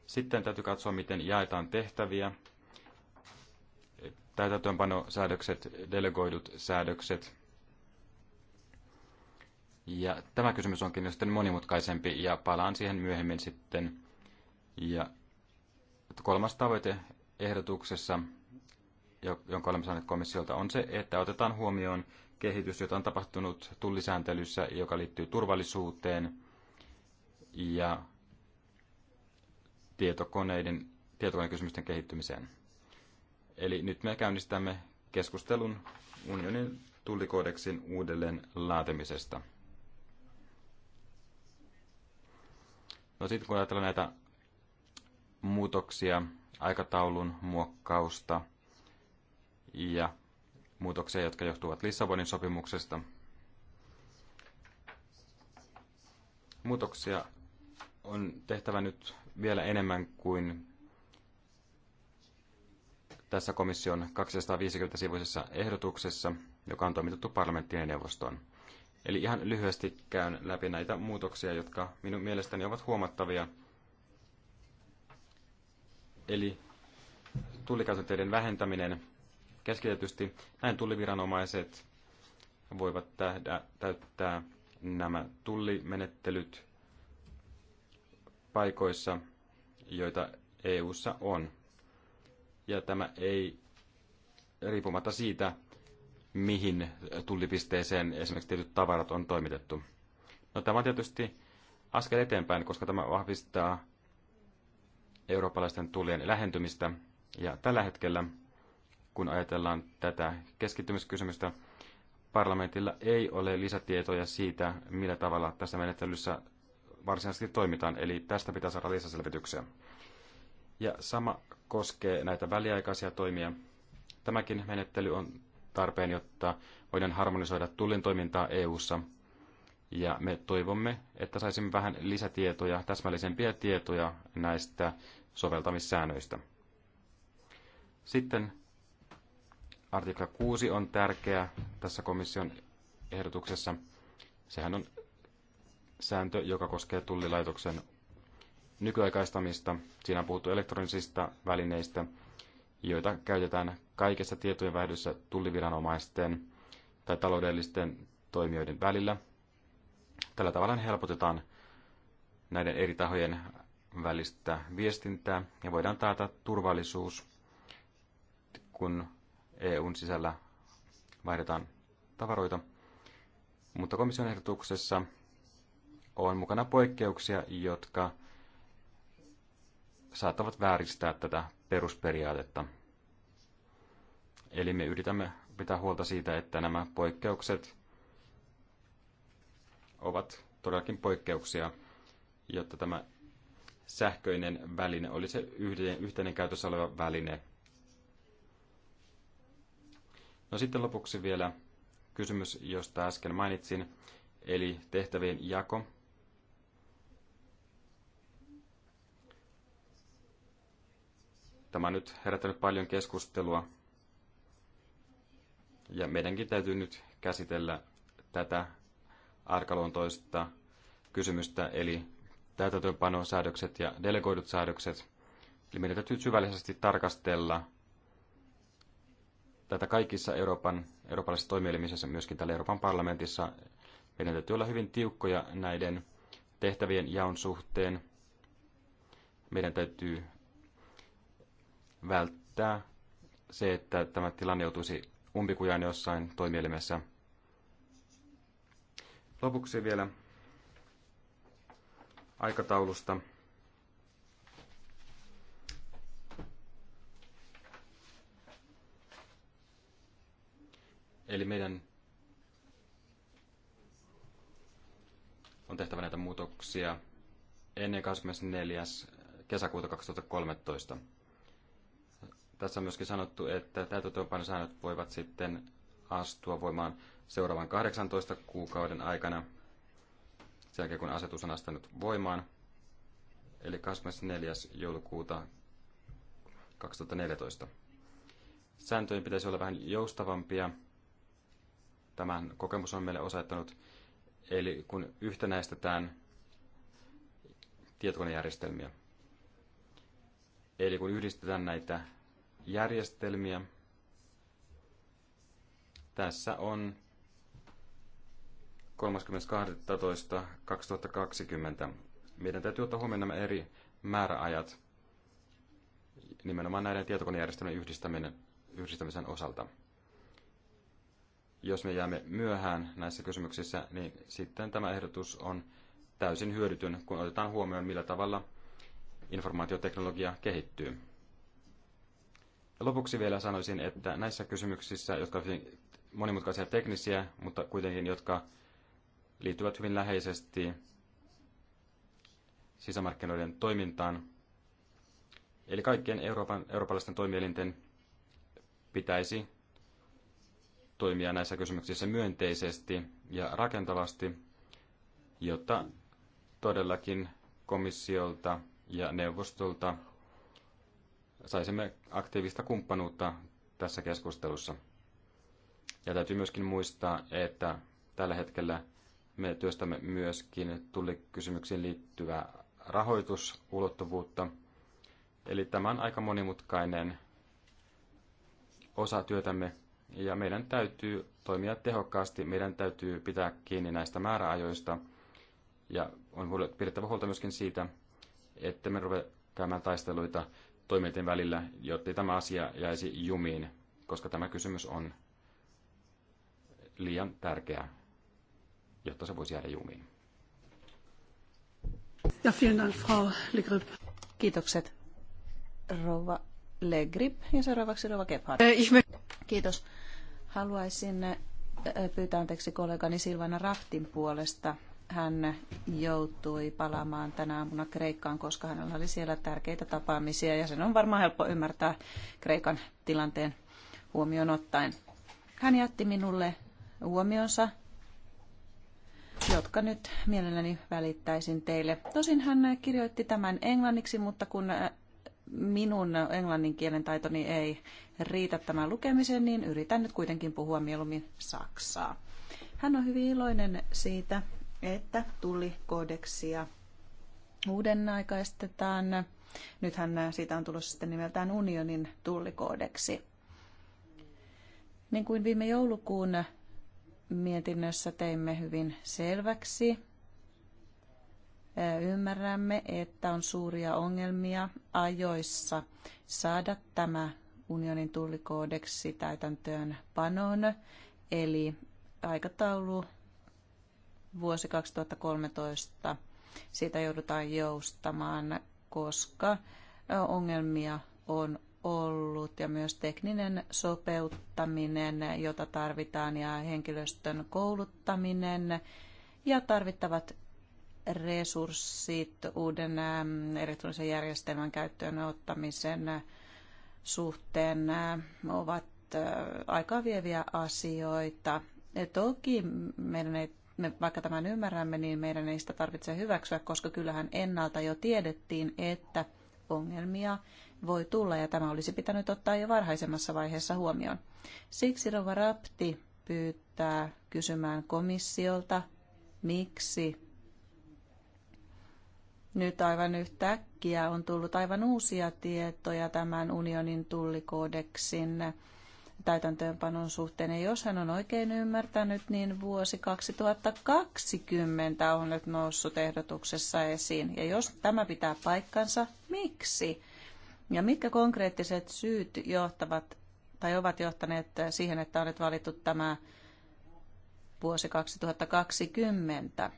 Speaker 2: Sitten täytyy katsoa, miten jaetaan tehtäviä, täytäntöönpanosäädökset, delegoidut säädökset. Ja tämä kysymys onkin jo sitten monimutkaisempi ja palaan siihen myöhemmin sitten. Ja kolmas tavoite ehdotuksessa, jonka olemme saaneet komissiolta, on se, että otetaan huomioon kehitys, jota on tapahtunut tullisääntelyssä, joka liittyy turvallisuuteen ja tietokoneiden, tietokonekysymysten kehittymiseen. Eli nyt me käynnistämme keskustelun unionin tullikoodeksin uudelleen laatimisesta. No sitten kun ajatellaan näitä muutoksia, aikataulun muokkausta ja muutoksia, jotka johtuvat Lissabonin sopimuksesta. Muutoksia on tehtävä nyt vielä enemmän kuin tässä komission 250-sivuisessa ehdotuksessa, joka on toimitettu parlamenttien neuvostoon. Eli ihan lyhyesti käyn läpi näitä muutoksia, jotka minun mielestäni ovat huomattavia. Eli tullikäytänteiden vähentäminen keskitetysti. Näin tulliviranomaiset voivat tähdä, täyttää nämä tullimenettelyt paikoissa, joita EU:ssa on. Ja tämä ei riippumatta siitä, mihin tullipisteeseen esimerkiksi tietyt tavarat on toimitettu. No, tämä on tietysti askel eteenpäin, koska tämä vahvistaa eurooppalaisten tullien lähentymistä. Ja tällä hetkellä kun ajatellaan tätä keskittymiskysymystä, parlamentilla ei ole lisätietoja siitä, millä tavalla tässä menettelyssä varsinaisesti toimitaan, eli tästä pitää saada lisäselvityksiä. Ja sama koskee näitä väliaikaisia toimia. Tämäkin menettely on tarpeen, jotta voidaan harmonisoida tullin toimintaa EU:ssa. Ja me toivomme, että saisimme vähän lisätietoja, täsmällisempiä tietoja näistä soveltamissäännöistä. Sitten Artikla 6 on tärkeä tässä komission ehdotuksessa. Sehän on sääntö, joka koskee tullilaitoksen nykyaikaistamista. Siinä on puhuttu elektronisista välineistä, joita käytetään kaikessa tietojen vähdyssä tulliviranomaisten tai taloudellisten toimijoiden välillä. Tällä tavalla helpotetaan näiden eri tahojen välistä viestintää ja voidaan taata turvallisuus, kun EUn sisällä vaihdetaan tavaroita. Mutta komission ehdotuksessa on mukana poikkeuksia, jotka saattavat vääristää tätä perusperiaatetta. Eli me yritämme pitää huolta siitä, että nämä poikkeukset ovat todellakin poikkeuksia, jotta tämä sähköinen väline olisi yhteinen käytössä oleva väline, No sitten lopuksi vielä kysymys, josta äsken mainitsin, eli tehtävien jako. Tämä on nyt herättänyt paljon keskustelua, ja meidänkin täytyy nyt käsitellä tätä arkaluontoista kysymystä, eli täytäntöönpanosäädökset ja delegoidut säädökset. Eli meidän täytyy syvällisesti tarkastella tätä kaikissa Euroopan, eurooppalaisissa toimielimissä, myöskin täällä Euroopan parlamentissa, meidän täytyy olla hyvin tiukkoja näiden tehtävien jaon suhteen. Meidän täytyy välttää se, että tämä tilanne joutuisi umpikujaan jossain toimielimessä. Lopuksi vielä aikataulusta. Eli meidän on tehtävä näitä muutoksia ennen 24. kesäkuuta 2013. Tässä on myöskin sanottu, että täytäntöönpanosäännöt voivat sitten astua voimaan seuraavan 18 kuukauden aikana, sen jälkeen kun asetus on astunut voimaan, eli 24. joulukuuta 2014. Sääntöjen pitäisi olla vähän joustavampia, Tämän kokemus on meille osoittanut. Eli kun yhtenäistetään tietokonejärjestelmiä, eli kun yhdistetään näitä järjestelmiä, tässä on 30.12.2020. Meidän täytyy ottaa huomioon nämä eri määräajat nimenomaan näiden tietokonejärjestelmien yhdistämisen osalta. Jos me jäämme myöhään näissä kysymyksissä, niin sitten tämä ehdotus on täysin hyödytön, kun otetaan huomioon, millä tavalla informaatioteknologia kehittyy. Ja lopuksi vielä sanoisin, että näissä kysymyksissä, jotka ovat monimutkaisia teknisiä, mutta kuitenkin jotka liittyvät hyvin läheisesti sisämarkkinoiden toimintaan, eli kaikkien Euroopan, eurooppalaisten toimielinten pitäisi toimia näissä kysymyksissä myönteisesti ja rakentavasti, jotta todellakin komissiolta ja neuvostolta saisimme aktiivista kumppanuutta tässä keskustelussa. Ja täytyy myöskin muistaa, että tällä hetkellä me työstämme myöskin tuli kysymyksiin liittyvää rahoitusulottuvuutta. Eli tämä on aika monimutkainen osa työtämme, ja meidän täytyy toimia tehokkaasti, meidän täytyy pitää kiinni näistä määräajoista ja on pidettävä huolta myöskin siitä, että me ruvetaan käymään taisteluita toimijoiden välillä, jotta tämä asia jäisi jumiin, koska tämä kysymys on liian tärkeä, jotta se voisi jäädä jumiin.
Speaker 1: Ja Dank, Frau Kiitokset, rouva Legrip. Ja seuraavaksi rouva Gebhardt. Äh, Kiitos. Haluaisin äh, pyytää anteeksi kollegani Silvana Raftin puolesta. Hän joutui palaamaan tänä aamuna Kreikkaan, koska hänellä oli siellä tärkeitä tapaamisia ja sen on varmaan helppo ymmärtää Kreikan tilanteen huomioon ottaen. Hän jätti minulle huomionsa, jotka nyt mielelläni välittäisin teille. Tosin hän kirjoitti tämän englanniksi, mutta kun äh, minun englannin kielen taitoni ei riitä tämän lukemiseen, niin yritän nyt kuitenkin puhua mieluummin saksaa. Hän on hyvin iloinen siitä, että tuli kodeksia uudenaikaistetaan. Nythän siitä on tulossa sitten nimeltään unionin tullikoodeksi. Niin kuin viime joulukuun mietinnössä teimme hyvin selväksi, Ymmärrämme, että on suuria ongelmia ajoissa saada tämä unionin tullikoodeksi täytäntöön panon, eli aikataulu vuosi 2013. Siitä joudutaan joustamaan, koska ongelmia on ollut ja myös tekninen sopeuttaminen, jota tarvitaan ja henkilöstön kouluttaminen ja tarvittavat resurssit uuden ähm, elektronisen järjestelmän käyttöön ottamisen äh, suhteen äh, ovat äh, aika vieviä asioita. Toki meidän ei, me vaikka tämän ymmärrämme, niin meidän ei sitä tarvitse hyväksyä, koska kyllähän ennalta jo tiedettiin, että ongelmia voi tulla ja tämä olisi pitänyt ottaa jo varhaisemmassa vaiheessa huomioon. Siksi Rova Rapti pyytää kysymään komissiolta, miksi nyt aivan yhtäkkiä on tullut aivan uusia tietoja tämän unionin tullikoodeksin täytäntöönpanon suhteen. Ja jos hän on oikein ymmärtänyt, niin vuosi 2020 on nyt noussut ehdotuksessa esiin. Ja jos tämä pitää paikkansa, miksi? Ja mitkä konkreettiset syyt johtavat tai ovat johtaneet siihen, että on nyt valittu tämä vuosi 2020?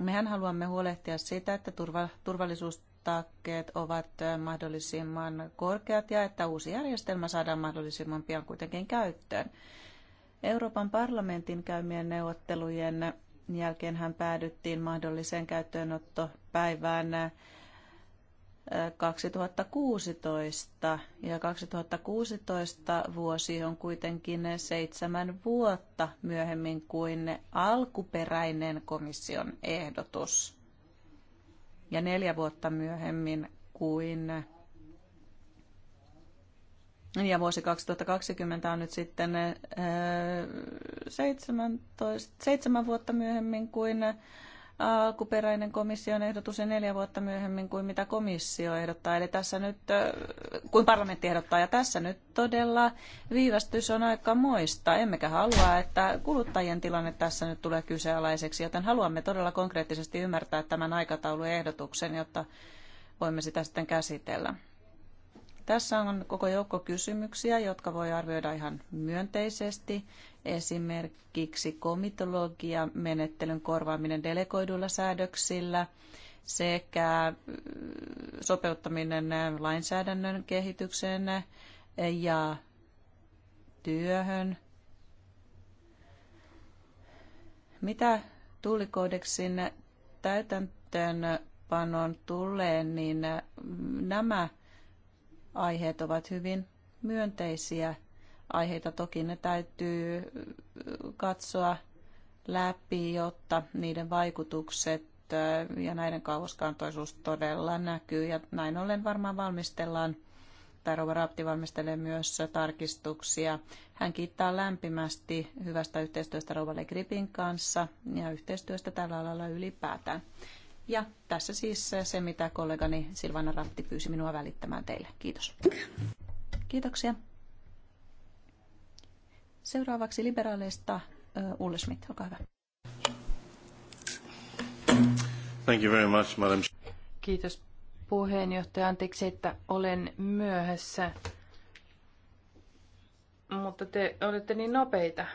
Speaker 1: Mehän haluamme huolehtia siitä, että turva, turvallisuustakkeet ovat mahdollisimman korkeat ja että uusi järjestelmä saadaan mahdollisimman pian kuitenkin käyttöön. Euroopan parlamentin käymien neuvottelujen jälkeen hän päädyttiin mahdolliseen käyttöönottopäivään päivään 2016 ja 2016 vuosi on kuitenkin seitsemän vuotta myöhemmin kuin alkuperäinen komission ehdotus ja neljä vuotta myöhemmin kuin ja vuosi 2020 on nyt sitten 17, äh, seitsemän vuotta myöhemmin kuin alkuperäinen komission ehdotus ja neljä vuotta myöhemmin kuin mitä komissio ehdottaa, eli tässä nyt, kuin parlamentti ehdottaa, ja tässä nyt todella viivästys on aika moista. Emmekä halua, että kuluttajien tilanne tässä nyt tulee kyseenalaiseksi, joten haluamme todella konkreettisesti ymmärtää tämän aikatauluehdotuksen, jotta voimme sitä sitten käsitellä. Tässä on koko joukko kysymyksiä, jotka voi arvioida ihan myönteisesti. Esimerkiksi komitologia, menettelyn korvaaminen delegoiduilla säädöksillä sekä mm, sopeuttaminen lainsäädännön kehitykseen ja työhön. Mitä tullikoodeksin täytäntöönpanon tulee, niin mm, nämä aiheet ovat hyvin myönteisiä aiheita. Toki ne täytyy katsoa läpi, jotta niiden vaikutukset äh, ja näiden kauaskantoisuus todella näkyy. Ja näin ollen varmaan valmistellaan, tai Rova Rapti valmistelee myös tarkistuksia. Hän kiittää lämpimästi hyvästä yhteistyöstä Rova Legripin kanssa ja yhteistyöstä tällä alalla ylipäätään. Ja tässä siis se, mitä kollegani Silvana Ratti pyysi minua välittämään teille. Kiitos. Kiitoksia. Seuraavaksi liberaaleista uh, Ulle Schmidt, olkaa hyvä.
Speaker 2: Thank you very much, madam.
Speaker 3: Kiitos puheenjohtaja. Anteeksi, että olen myöhässä, mutta te olette niin nopeita.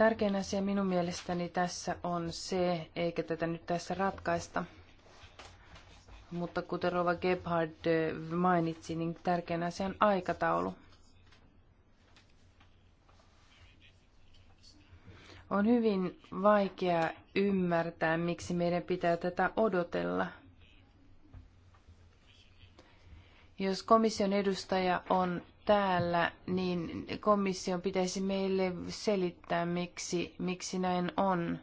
Speaker 3: Tärkein asia minun mielestäni tässä on se, eikä tätä nyt tässä ratkaista, mutta kuten Rova Gebhard eh, mainitsi, niin tärkein asia on aikataulu. On hyvin vaikea ymmärtää, miksi meidän pitää tätä odotella. Jos komission edustaja on täällä, niin komission pitäisi meille selittää, miksi, miksi näin on.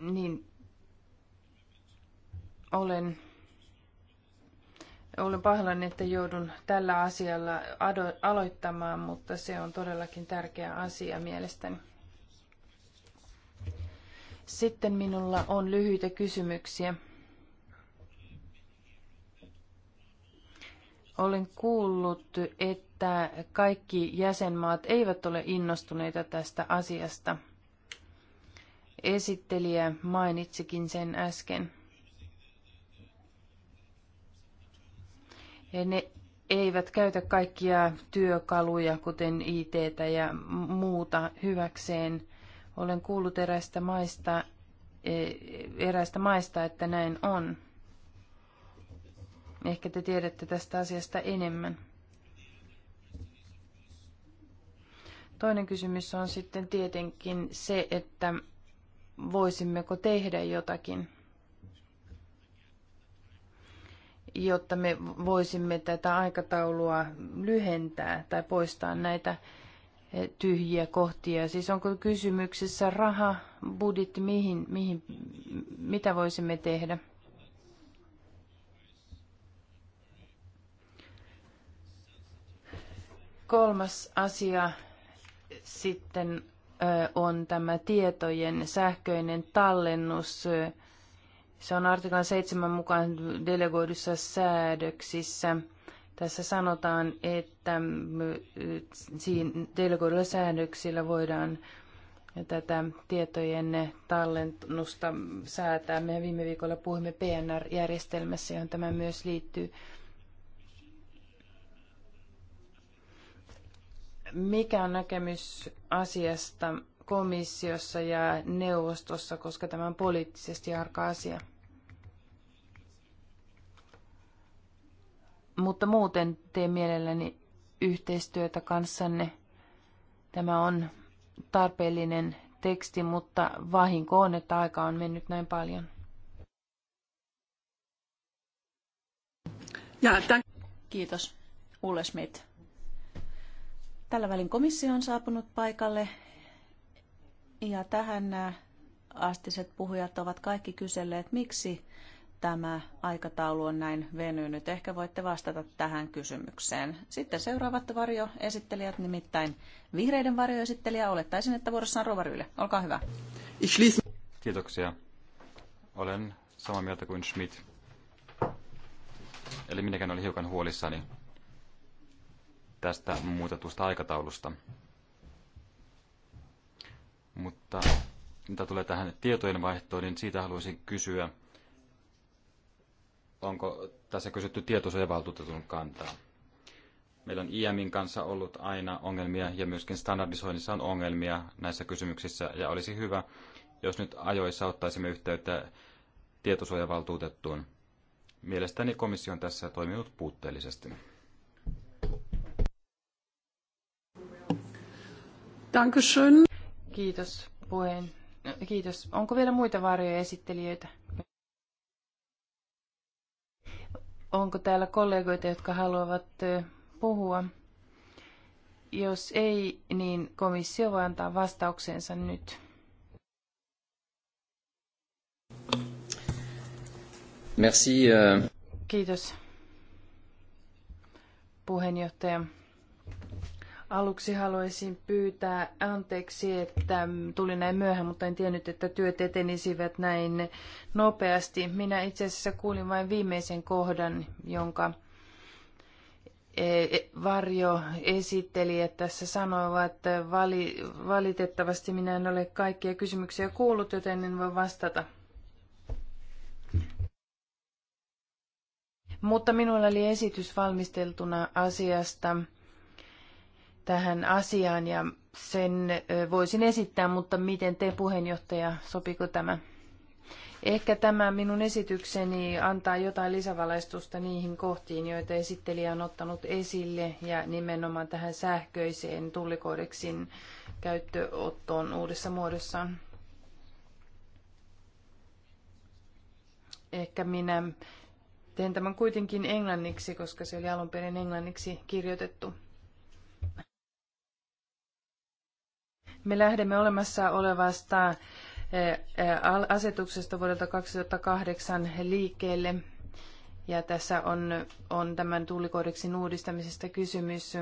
Speaker 3: Niin olen, olen pahoillani, että joudun tällä asialla ado, aloittamaan, mutta se on todellakin tärkeä asia mielestäni. Sitten minulla on lyhyitä kysymyksiä. Olen kuullut, että kaikki jäsenmaat eivät ole innostuneita tästä asiasta. Esittelijä mainitsikin sen äsken. Ja ne eivät käytä kaikkia työkaluja, kuten it- ja muuta hyväkseen. Olen kuullut eräistä maista, e, eräistä maista, että näin on. Ehkä te tiedätte tästä asiasta enemmän. Toinen kysymys on sitten tietenkin se, että voisimmeko tehdä jotakin, jotta me voisimme tätä aikataulua lyhentää tai poistaa näitä eh, tyhjiä kohtia. Siis onko kysymyksessä raha, budjetti, mihin, mihin, mitä voisimme tehdä? Kolmas asia sitten on tämä tietojen sähköinen tallennus. Se on artiklan 7 mukaan delegoidussa säädöksissä. Tässä sanotaan, että siinä delegoidulla säädöksillä voidaan tätä tietojen tallennusta säätää. Me viime viikolla puhuimme PNR-järjestelmässä, johon tämä myös liittyy. mikä on näkemys asiasta komissiossa ja neuvostossa, koska tämä on poliittisesti arka asia. Mutta muuten teen mielelläni yhteistyötä kanssanne. Tämä on tarpeellinen teksti, mutta vahinko on, että aika on mennyt näin paljon.
Speaker 1: Ja, Kiitos, Ulle Smith. Tällä välin komissio on saapunut paikalle ja tähän astiset puhujat ovat kaikki kyselleet, miksi tämä aikataulu on näin venynyt. Ehkä voitte vastata tähän kysymykseen. Sitten seuraavat varjoesittelijät, nimittäin vihreiden varjoesittelijä. Olettaisin, että vuorossa on Rova Ryyle. Olkaa hyvä.
Speaker 2: Kiitoksia. Olen samaa mieltä kuin Schmidt. Eli minäkään olin hiukan huolissani tästä muutetusta aikataulusta. Mutta mitä tulee tähän vaihtoon, niin siitä haluaisin kysyä, onko tässä kysytty tietosuojavaltuutetun kantaa. Meillä on IEMin kanssa ollut aina ongelmia ja myöskin standardisoinnissa on ongelmia näissä kysymyksissä ja olisi hyvä, jos nyt ajoissa ottaisimme yhteyttä tietosuojavaltuutettuun. Mielestäni komissio on tässä toiminut puutteellisesti.
Speaker 1: Dankeschön.
Speaker 3: Kiitos puheen. Kiitos. Onko vielä muita esittelijöitä? Onko täällä kollegoita, jotka haluavat puhua? Jos ei, niin komissio voi antaa vastauksensa nyt. Merci. Kiitos, puheenjohtaja. Aluksi haluaisin pyytää anteeksi, että tuli näin myöhään, mutta en tiennyt, että työt etenisivät näin nopeasti. Minä itse asiassa kuulin vain viimeisen kohdan, jonka e, e, varjo esitteli, että tässä sanoivat, että vali, valitettavasti minä en ole kaikkia kysymyksiä kuullut, joten en voi vastata. Mutta minulla oli esitys valmisteltuna asiasta tähän asiaan ja sen voisin esittää, mutta miten te puheenjohtaja, sopiko tämä? Ehkä tämä minun esitykseni antaa jotain lisävalaistusta niihin kohtiin, joita esittelijä on ottanut esille ja nimenomaan tähän sähköiseen tullikoodeksin käyttöottoon uudessa muodossaan. Ehkä minä teen tämän kuitenkin englanniksi, koska se oli alun perin englanniksi kirjoitettu. Me lähdemme olemassa olevasta eh, eh, asetuksesta vuodelta 2008 liikkeelle. Ja tässä on, on tämän tuulikoodeksin uudistamisesta kysymys.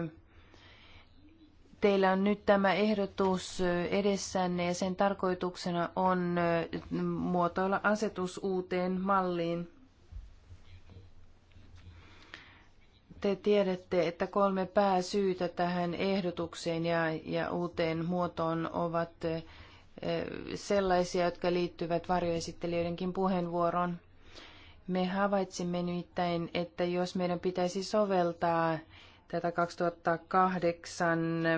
Speaker 3: Teillä on nyt tämä ehdotus edessänne ja sen tarkoituksena on eh, muotoilla asetus uuteen malliin. te tiedätte, että kolme pääsyytä tähän ehdotukseen ja, ja uuteen muotoon ovat eh, sellaisia, jotka liittyvät varjoesittelijöidenkin puheenvuoroon. Me havaitsimme nimittäin, että jos meidän pitäisi soveltaa tätä 2008 eh,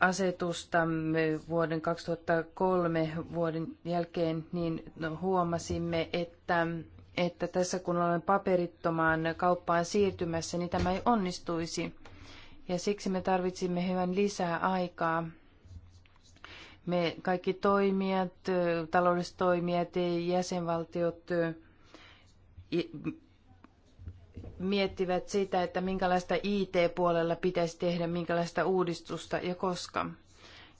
Speaker 3: asetusta eh, vuoden 2003 vuoden jälkeen, niin huomasimme, että että tässä kun olen paperittomaan kauppaan siirtymässä, niin tämä ei onnistuisi. Ja siksi me tarvitsimme hyvän lisää aikaa. Me kaikki toimijat, taloudelliset toimijat ja jäsenvaltiot miettivät sitä, että minkälaista IT-puolella pitäisi tehdä, minkälaista uudistusta ja koska.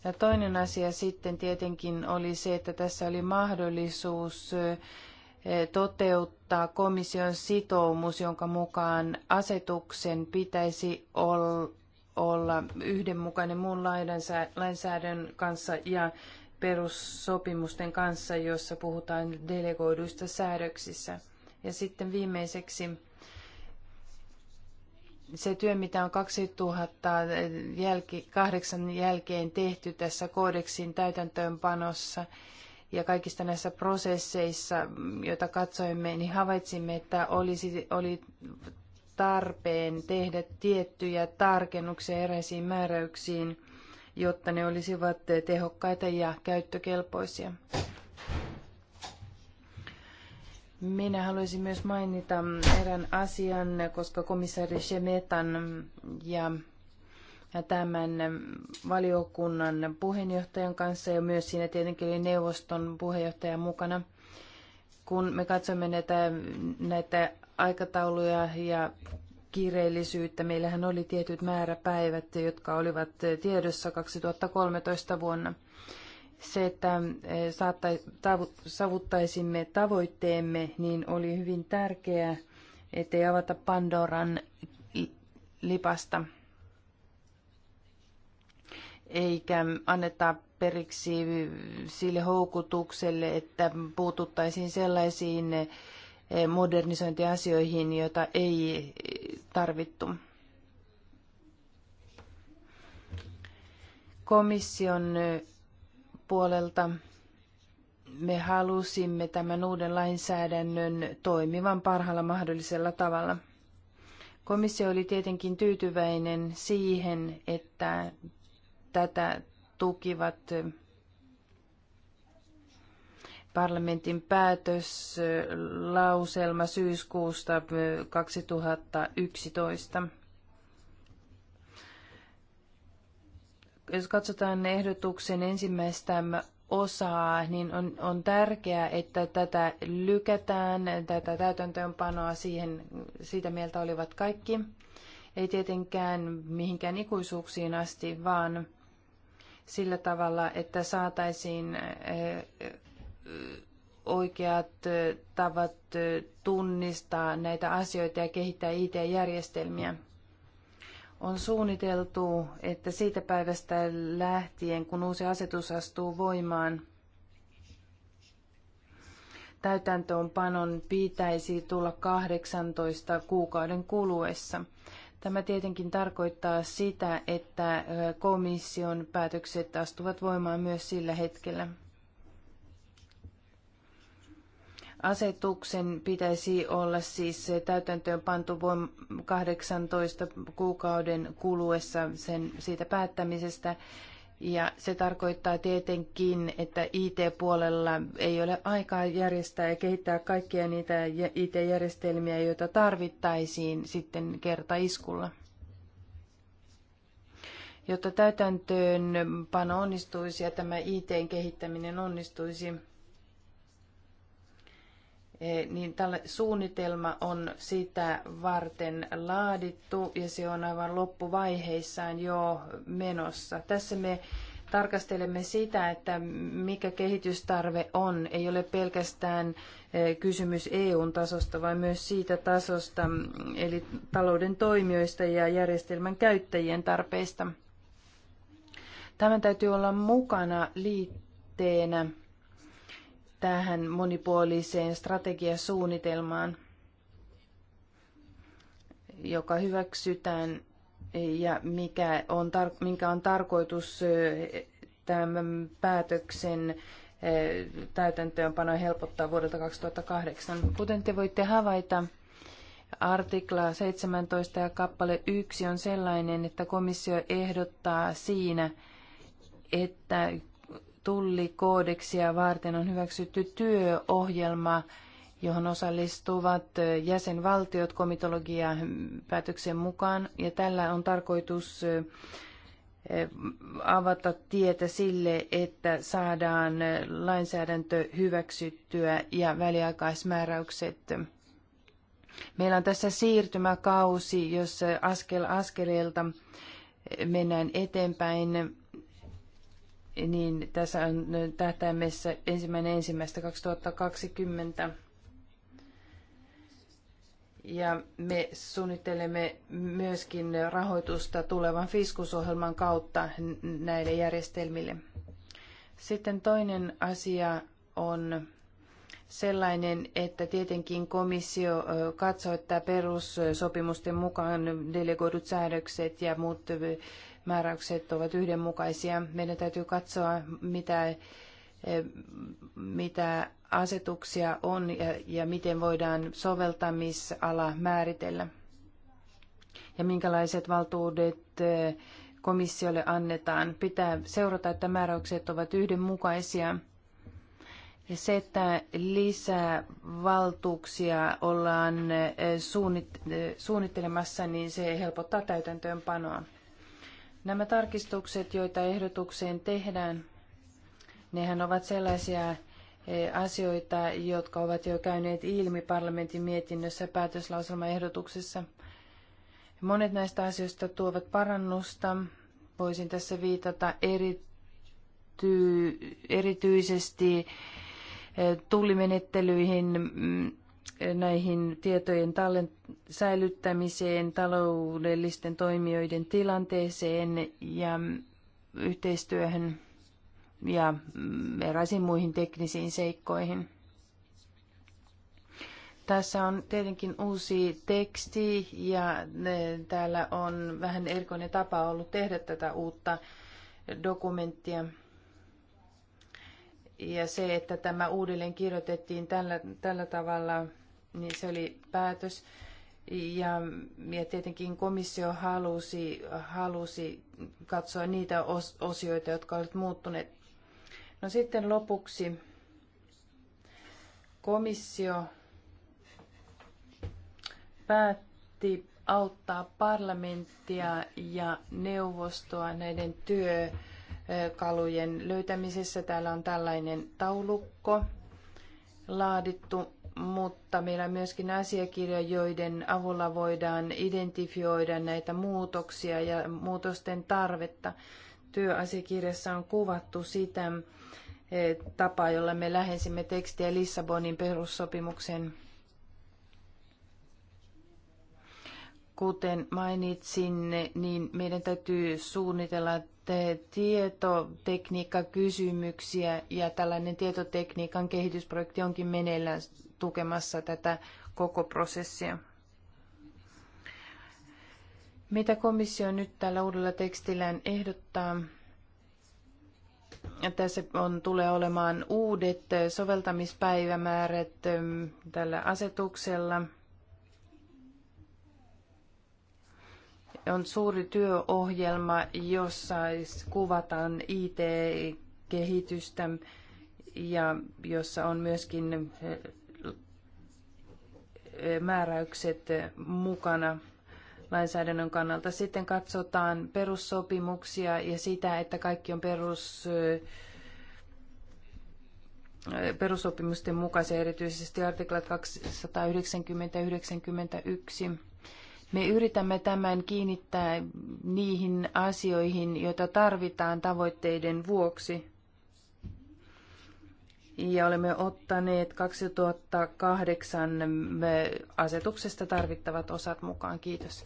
Speaker 3: Ja toinen asia sitten tietenkin oli se, että tässä oli mahdollisuus toteuttaa komission sitoumus, jonka mukaan asetuksen pitäisi olla yhdenmukainen muun lainsäädännön kanssa ja perussopimusten kanssa, jossa puhutaan delegoiduista säädöksissä. Ja sitten viimeiseksi se työ, mitä on 2008 jälkeen tehty tässä koodeksin täytäntöönpanossa, ja kaikista näissä prosesseissa, joita katsoimme, niin havaitsimme, että olisi, oli tarpeen tehdä tiettyjä tarkennuksia eräisiin määräyksiin, jotta ne olisivat tehokkaita ja käyttökelpoisia. Minä haluaisin myös mainita erään asian, koska komissaari Shemetan ja tämän valiokunnan puheenjohtajan kanssa ja myös siinä tietenkin oli neuvoston puheenjohtaja mukana. Kun me katsomme näitä, näitä aikatauluja ja kiireellisyyttä, meillähän oli tietyt määräpäivät, jotka olivat tiedossa 2013 vuonna. Se, että e, saavuttaisimme tavoitteemme, niin oli hyvin tärkeää, ettei avata Pandoran lipasta eikä anneta periksi sille houkutukselle, että puututtaisiin sellaisiin eh, modernisointiasioihin, joita ei tarvittu. Komission puolelta me halusimme tämän uuden lainsäädännön toimivan parhaalla mahdollisella tavalla. Komissio oli tietenkin tyytyväinen siihen, että tätä tukivat parlamentin päätöslauselma syyskuusta 2011. Jos katsotaan ehdotuksen ensimmäistä osaa, niin on, on tärkeää, että tätä lykätään, tätä täytäntöönpanoa siihen, siitä mieltä olivat kaikki. Ei tietenkään mihinkään ikuisuuksiin asti, vaan sillä tavalla, että saataisiin eh, eh, oikeat eh, tavat tunnistaa näitä asioita ja kehittää IT-järjestelmiä. On suunniteltu, että siitä päivästä lähtien, kun uusi asetus astuu voimaan, täytäntöönpanon pitäisi tulla 18 kuukauden kuluessa. Tämä tietenkin tarkoittaa sitä, että komission päätökset astuvat voimaan myös sillä hetkellä. Asetuksen pitäisi olla siis täytäntöön pantu 18 kuukauden kuluessa sen siitä päättämisestä ja se tarkoittaa tietenkin, että IT-puolella ei ole aikaa järjestää ja kehittää kaikkia niitä IT-järjestelmiä, joita tarvittaisiin sitten kertaiskulla. Jotta täytäntöönpano onnistuisi ja tämä it kehittäminen onnistuisi, Eh, niin tälle suunnitelma on sitä varten laadittu ja se on aivan loppuvaiheissaan jo menossa. Tässä me tarkastelemme sitä, että mikä kehitystarve on. Ei ole pelkästään eh, kysymys eu tasosta, vaan myös siitä tasosta, mm, eli talouden toimijoista ja järjestelmän käyttäjien tarpeista. Tämän täytyy olla mukana liitteenä tähän monipuoliseen strategiasuunnitelmaan, joka hyväksytään ja mikä on tar- minkä on tarkoitus tämän päätöksen täytäntöönpanoa helpottaa vuodelta 2008. Kuten te voitte havaita, artikla 17 ja kappale 1 on sellainen, että komissio ehdottaa siinä, että tullikoodeksia varten on hyväksytty työohjelma, johon osallistuvat jäsenvaltiot komitologiapäätöksen mukaan, ja tällä on tarkoitus avata tietä sille, että saadaan lainsäädäntö hyväksyttyä ja väliaikaismääräykset. Meillä on tässä siirtymäkausi, jossa askel askeleelta mennään eteenpäin niin tässä on tähtäimessä ensimmäinen ensimmäistä 2020. Ja me suunnittelemme myöskin rahoitusta tulevan fiskusohjelman kautta näille järjestelmille. Sitten toinen asia on sellainen, että tietenkin komissio katsoo, että perussopimusten mukaan delegoidut säädökset ja muut määräykset ovat yhdenmukaisia. Meidän täytyy katsoa, mitä, eh, mitä asetuksia on ja, ja miten voidaan soveltamisala määritellä. Ja minkälaiset valtuudet eh, komissiolle annetaan. Pitää seurata, että määräykset ovat yhdenmukaisia. Ja se, että lisää valtuuksia ollaan eh, suunnittelemassa, niin se helpottaa täytäntöönpanoa. Nämä tarkistukset, joita ehdotukseen tehdään, nehän ovat sellaisia e, asioita, jotka ovat jo käyneet ilmi parlamentin mietinnössä ja päätöslauselmaehdotuksessa. Monet näistä asioista tuovat parannusta. Voisin tässä viitata erity, erityisesti e, tullimenettelyihin mm, näihin tietojen säilyttämiseen, taloudellisten toimijoiden tilanteeseen ja yhteistyöhön ja eräisiin muihin teknisiin seikkoihin. Tässä on tietenkin uusi teksti ja e, täällä on vähän erikoinen tapa ollut tehdä tätä uutta dokumenttia. Ja se, että tämä uudelleen kirjoitettiin tällä, tällä tavalla, niin se oli päätös. Ja, ja tietenkin komissio halusi, halusi katsoa niitä os, osioita, jotka olivat muuttuneet. No sitten lopuksi komissio päätti auttaa parlamenttia ja neuvostoa näiden työ kalujen löytämisessä. Täällä on tällainen taulukko laadittu, mutta meillä on myöskin asiakirja, joiden avulla voidaan identifioida näitä muutoksia ja muutosten tarvetta. Työasiakirjassa on kuvattu sitä tapaa, jolla me lähensimme tekstiä Lissabonin perussopimuksen kuten mainitsin, niin meidän täytyy suunnitella tietotekniikkakysymyksiä ja tällainen tietotekniikan kehitysprojekti onkin meneillään tukemassa tätä koko prosessia. Mitä komissio nyt tällä uudella tekstillään ehdottaa? Tässä on, tulee olemaan uudet soveltamispäivämäärät tällä asetuksella – on suuri työohjelma, jossa siis kuvataan IT-kehitystä ja jossa on myöskin eh, määräykset mukana lainsäädännön kannalta. Sitten katsotaan perussopimuksia ja sitä, että kaikki on perus, eh, perussopimusten mukaisia, erityisesti artiklat 290 ja 91. Me yritämme tämän kiinnittää niihin asioihin, joita tarvitaan tavoitteiden vuoksi. Ja olemme ottaneet 2008 asetuksesta tarvittavat osat mukaan.
Speaker 1: Kiitos.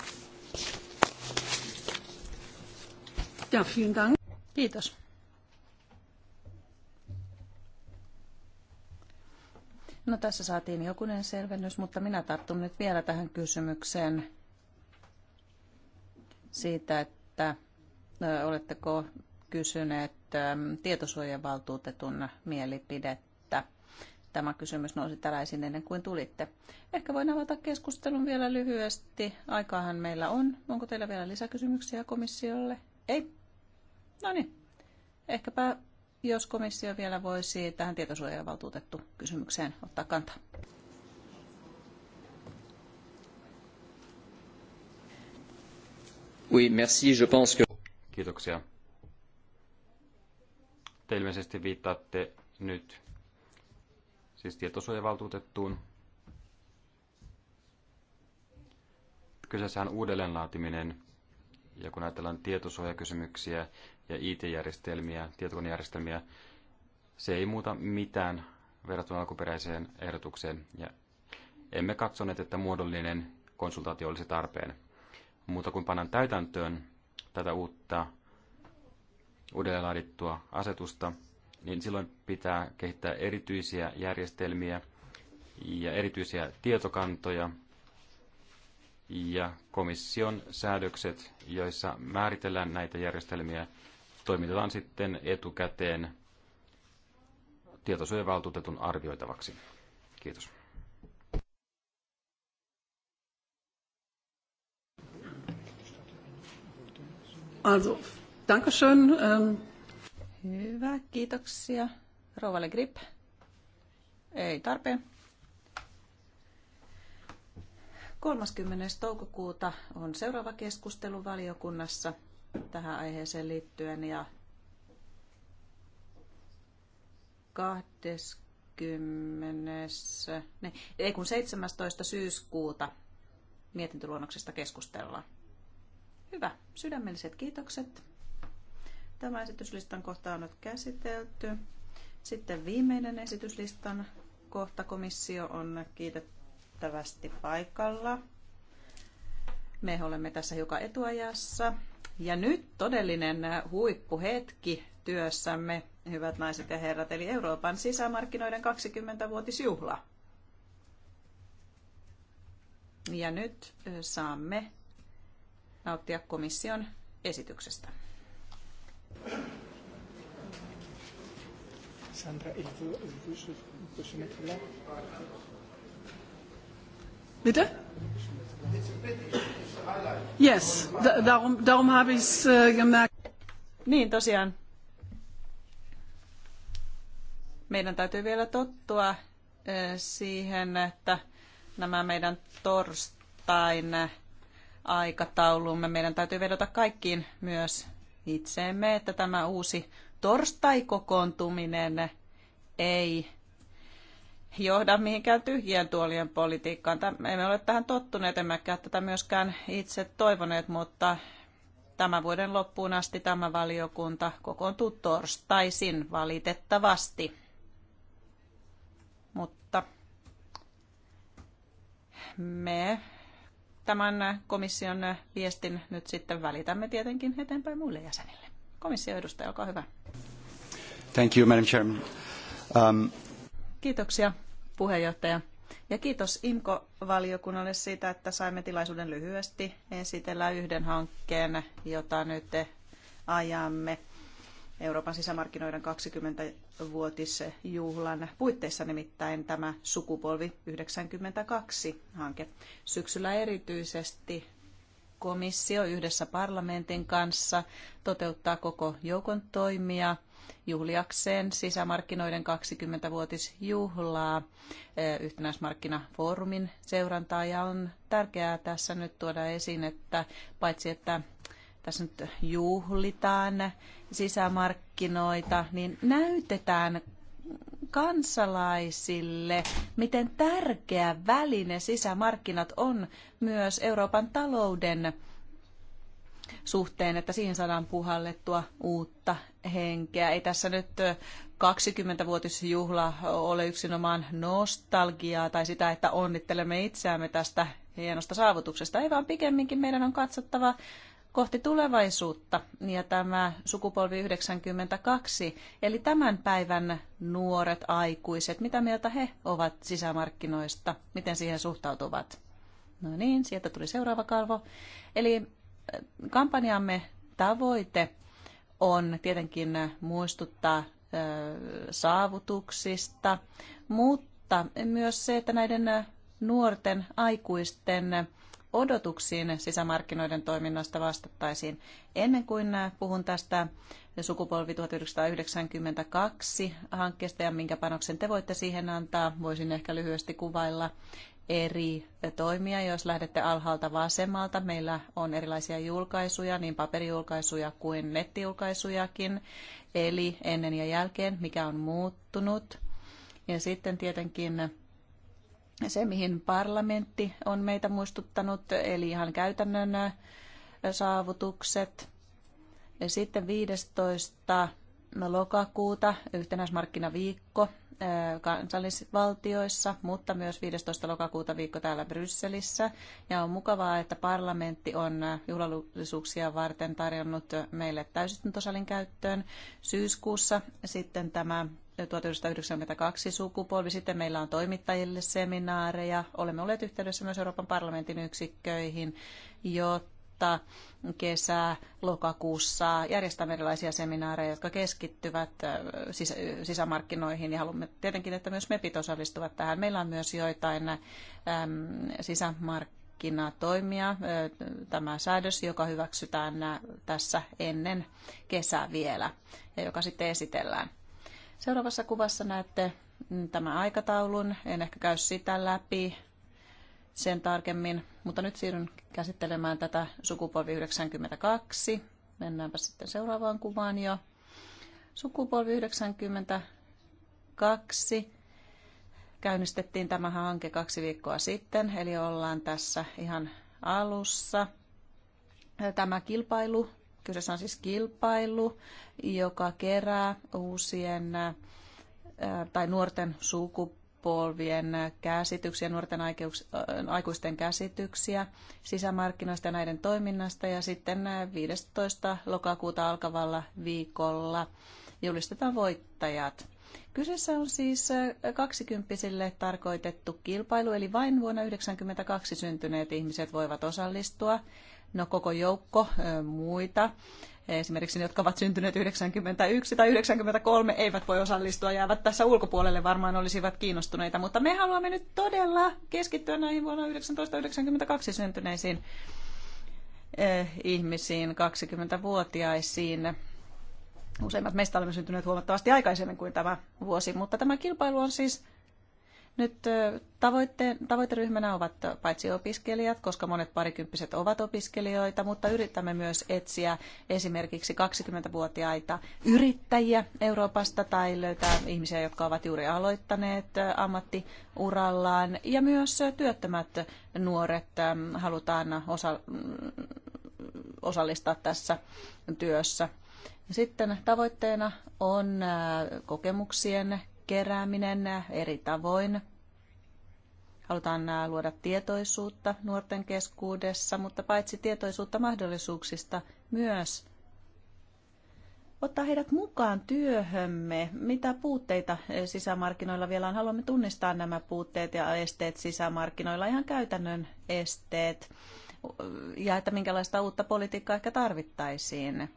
Speaker 1: Ja, vielen Kiitos. No tässä saatiin jokunen selvennys, mutta minä tarttun nyt vielä tähän kysymykseen siitä, että oletteko kysyneet tietosuojavaltuutetun mielipidettä. Tämä kysymys nousi tällaisiin ennen kuin tulitte. Ehkä voin avata keskustelun vielä lyhyesti. Aikaahan meillä on. Onko teillä vielä lisäkysymyksiä komissiolle? Ei? No niin. Ehkäpä jos komissio vielä voisi tähän tietosuojavaltuutettu kysymykseen ottaa kantaa.
Speaker 2: Oui, merci, je pense que... Kiitoksia. Te ilmeisesti viittaatte nyt siis tietosuojavaltuutettuun. Kyseessähän uudelleenlaatiminen, ja kun ajatellaan tietosuojakysymyksiä ja IT-järjestelmiä, tietokonejärjestelmiä, se ei muuta mitään verrattuna alkuperäiseen ehdotukseen, ja emme katsoneet, että muodollinen konsultaatio olisi tarpeen muuta kuin pannaan täytäntöön tätä uutta uudelleen laadittua asetusta, niin silloin pitää kehittää erityisiä järjestelmiä ja erityisiä tietokantoja ja komission säädökset, joissa määritellään näitä järjestelmiä, toimitetaan sitten etukäteen tietosuojavaltuutetun arvioitavaksi. Kiitos.
Speaker 1: Also, Dankeschön. Ähm. Hyvä, kiitoksia. Rovale Grip. Ei tarpeen. 30. toukokuuta on seuraava keskustelu valiokunnassa tähän aiheeseen liittyen ja 20. Ne, ei kun 17. syyskuuta mietintöluonnoksesta keskustellaan. Hyvä. Sydämelliset kiitokset. Tämä esityslistan kohta on nyt käsitelty. Sitten viimeinen esityslistan kohta komissio on kiitettävästi paikalla. Me olemme tässä hiukan etuajassa. Ja nyt todellinen huippuhetki työssämme, hyvät naiset ja herrat, eli Euroopan sisämarkkinoiden 20-vuotisjuhla. Ja nyt saamme nauttia komission esityksestä. Sandra, il il se, il se mettre là. Bitte? Yes, darum, darum habe ich es äh, gemerkt. Niin, tosiaan. Meidän täytyy vielä tottua äh, siihen, että nämä meidän torstain aikatauluumme. Meidän täytyy vedota kaikkiin myös itseemme, että tämä uusi torstai torstai-kokoontuminen ei johda mihinkään tyhjien tuolien politiikkaan. Emme ole tähän tottuneet, emmekä tätä myöskään itse toivoneet, mutta tämän vuoden loppuun asti tämä valiokunta kokoontuu torstaisin valitettavasti. Mutta me tämän komission viestin nyt sitten välitämme tietenkin eteenpäin muille jäsenille. Komission edustaja, olkaa hyvä.
Speaker 2: Thank you, Madam Chairman. Um...
Speaker 1: Kiitoksia, puheenjohtaja. Ja kiitos IMKO-valiokunnalle siitä, että saimme tilaisuuden lyhyesti esitellä yhden hankkeen, jota nyt ajamme Euroopan sisämarkkinoiden 20-vuotisjuhlan puitteissa nimittäin tämä sukupolvi 92-hanke. Syksyllä erityisesti komissio yhdessä parlamentin kanssa toteuttaa koko joukon toimia juhliakseen sisämarkkinoiden 20-vuotisjuhlaa, eh, yhtenäismarkkinafoorumin seurantaa ja on tärkeää tässä nyt tuoda esiin, että paitsi että tässä nyt juhlitaan sisämarkkinoita, niin näytetään kansalaisille, miten tärkeä väline sisämarkkinat on myös Euroopan talouden suhteen, että siihen saadaan puhallettua uutta henkeä. Ei tässä nyt 20-vuotisjuhla ole yksinomaan nostalgiaa tai sitä, että onnittelemme itseämme tästä hienosta saavutuksesta, ei vaan pikemminkin meidän on katsottava kohti tulevaisuutta ja tämä sukupolvi 92, eli tämän päivän nuoret aikuiset, mitä mieltä he ovat sisämarkkinoista, miten siihen suhtautuvat? No niin, sieltä tuli seuraava kalvo. Eli äh, kampanjamme tavoite on tietenkin muistuttaa äh, saavutuksista, mutta myös se, että näiden äh, nuorten aikuisten odotuksiin sisämarkkinoiden toiminnasta vastattaisiin. Ennen kuin puhun tästä sukupolvi 1992 hankkeesta ja minkä panoksen te voitte siihen antaa, voisin ehkä lyhyesti kuvailla eri toimia. Jos lähdette alhaalta vasemmalta, meillä on erilaisia julkaisuja, niin paperijulkaisuja kuin nettijulkaisujakin, eli ennen ja jälkeen, mikä on muuttunut. Ja sitten tietenkin se, mihin parlamentti on meitä muistuttanut, eli ihan käytännön äh, saavutukset. ja Sitten 15. lokakuuta yhtenäismarkkinaviikko äh, kansallisvaltioissa, mutta myös 15. lokakuuta viikko täällä Brysselissä. Ja on mukavaa, että parlamentti on äh, juhlallisuuksia varten tarjonnut meille täysistuntosalin käyttöön syyskuussa sitten tämä 1992 sukupolvi. Sitten meillä on toimittajille seminaareja. Olemme olleet yhteydessä myös Euroopan parlamentin yksikköihin, jotta kesä, lokakuussa järjestämme erilaisia seminaareja, jotka keskittyvät äh, sisämarkkinoihin ja haluamme tietenkin, että myös MEPit osallistuvat tähän. Meillä on myös joitain äm, sisämarkkinoita toimia. Äh, tämä säädös, joka hyväksytään äh, tässä ennen kesää vielä ja joka sitten esitellään. Seuraavassa kuvassa näette mm, tämän aikataulun. En ehkä käy sitä läpi sen tarkemmin, mutta nyt siirryn käsittelemään tätä sukupolvi 92. Mennäänpä sitten seuraavaan kuvaan jo. Sukupolvi 92 käynnistettiin tämä hanke kaksi viikkoa sitten, eli ollaan tässä ihan alussa. Tämä kilpailu Kyseessä on siis kilpailu, joka kerää uusien tai nuorten sukupolvien käsityksiä, nuorten aikuisten käsityksiä sisämarkkinoista ja näiden toiminnasta. Ja sitten 15. lokakuuta alkavalla viikolla julistetaan voittajat. Kyseessä on siis kaksikymppisille tarkoitettu kilpailu, eli vain vuonna 1992 syntyneet ihmiset voivat osallistua. No koko joukko muita, esimerkiksi ne, jotka ovat syntyneet 91 tai 93, eivät voi osallistua, jäävät tässä ulkopuolelle, varmaan olisivat kiinnostuneita. Mutta me haluamme nyt todella keskittyä näihin vuonna 1992 syntyneisiin ihmisiin, 20-vuotiaisiin. Useimmat meistä olemme syntyneet huomattavasti aikaisemmin kuin tämä vuosi, mutta tämä kilpailu on siis nyt tavoitteen, tavoiteryhmänä ovat paitsi opiskelijat, koska monet parikymppiset ovat opiskelijoita, mutta yritämme myös etsiä esimerkiksi 20-vuotiaita yrittäjiä Euroopasta tai löytää ihmisiä, jotka ovat juuri aloittaneet ammattiurallaan. Ja myös työttömät nuoret halutaan osa, mm, osallistaa tässä työssä. Sitten tavoitteena on kokemuksien kerääminen eri tavoin. Halutaan äh, luoda tietoisuutta nuorten keskuudessa, mutta paitsi tietoisuutta mahdollisuuksista, myös ottaa heidät mukaan työhömme. Mitä puutteita äh, sisämarkkinoilla vielä on? Haluamme tunnistaa nämä puutteet ja esteet sisämarkkinoilla, ihan käytännön esteet, ja että minkälaista uutta politiikkaa ehkä tarvittaisiin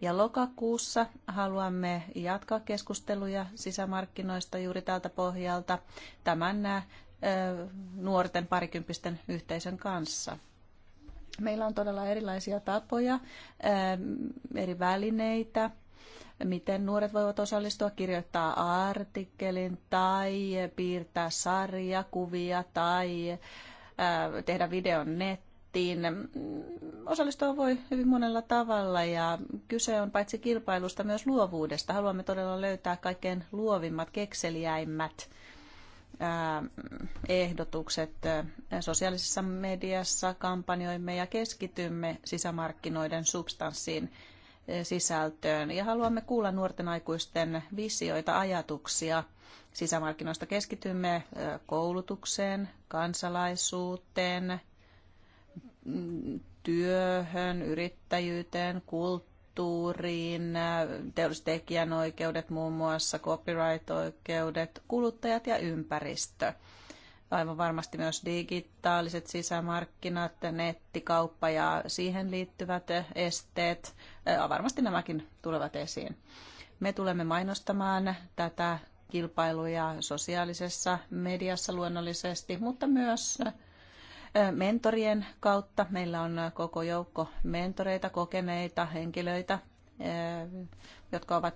Speaker 1: ja lokakuussa haluamme jatkaa keskusteluja sisämarkkinoista juuri tältä pohjalta tämän ö, äh, nuorten parikymppisten yhteisön kanssa. Meillä on todella erilaisia tapoja, äh, eri välineitä, miten nuoret voivat osallistua, kirjoittaa artikkelin tai piirtää sarjakuvia tai äh, tehdä videon nettiin debattiin. Mm, osallistua voi hyvin monella tavalla ja kyse on paitsi kilpailusta myös luovuudesta. Haluamme todella löytää kaikkein luovimmat, kekseliäimmät ehdotukset sosiaalisessa mediassa, kampanjoimme ja keskitymme sisämarkkinoiden substanssiin sisältöön ja haluamme kuulla nuorten aikuisten visioita, ajatuksia sisämarkkinoista. Keskitymme koulutukseen, kansalaisuuteen, työhön, yrittäjyyteen, kulttuuriin, teollistekijänoikeudet muun muassa, copyright-oikeudet, kuluttajat ja ympäristö. Aivan varmasti myös digitaaliset sisämarkkinat, nettikauppa ja siihen liittyvät esteet. Varmasti nämäkin tulevat esiin. Me tulemme mainostamaan tätä kilpailuja sosiaalisessa mediassa luonnollisesti, mutta myös mentorien kautta. Meillä on koko joukko mentoreita, kokeneita henkilöitä, jotka ovat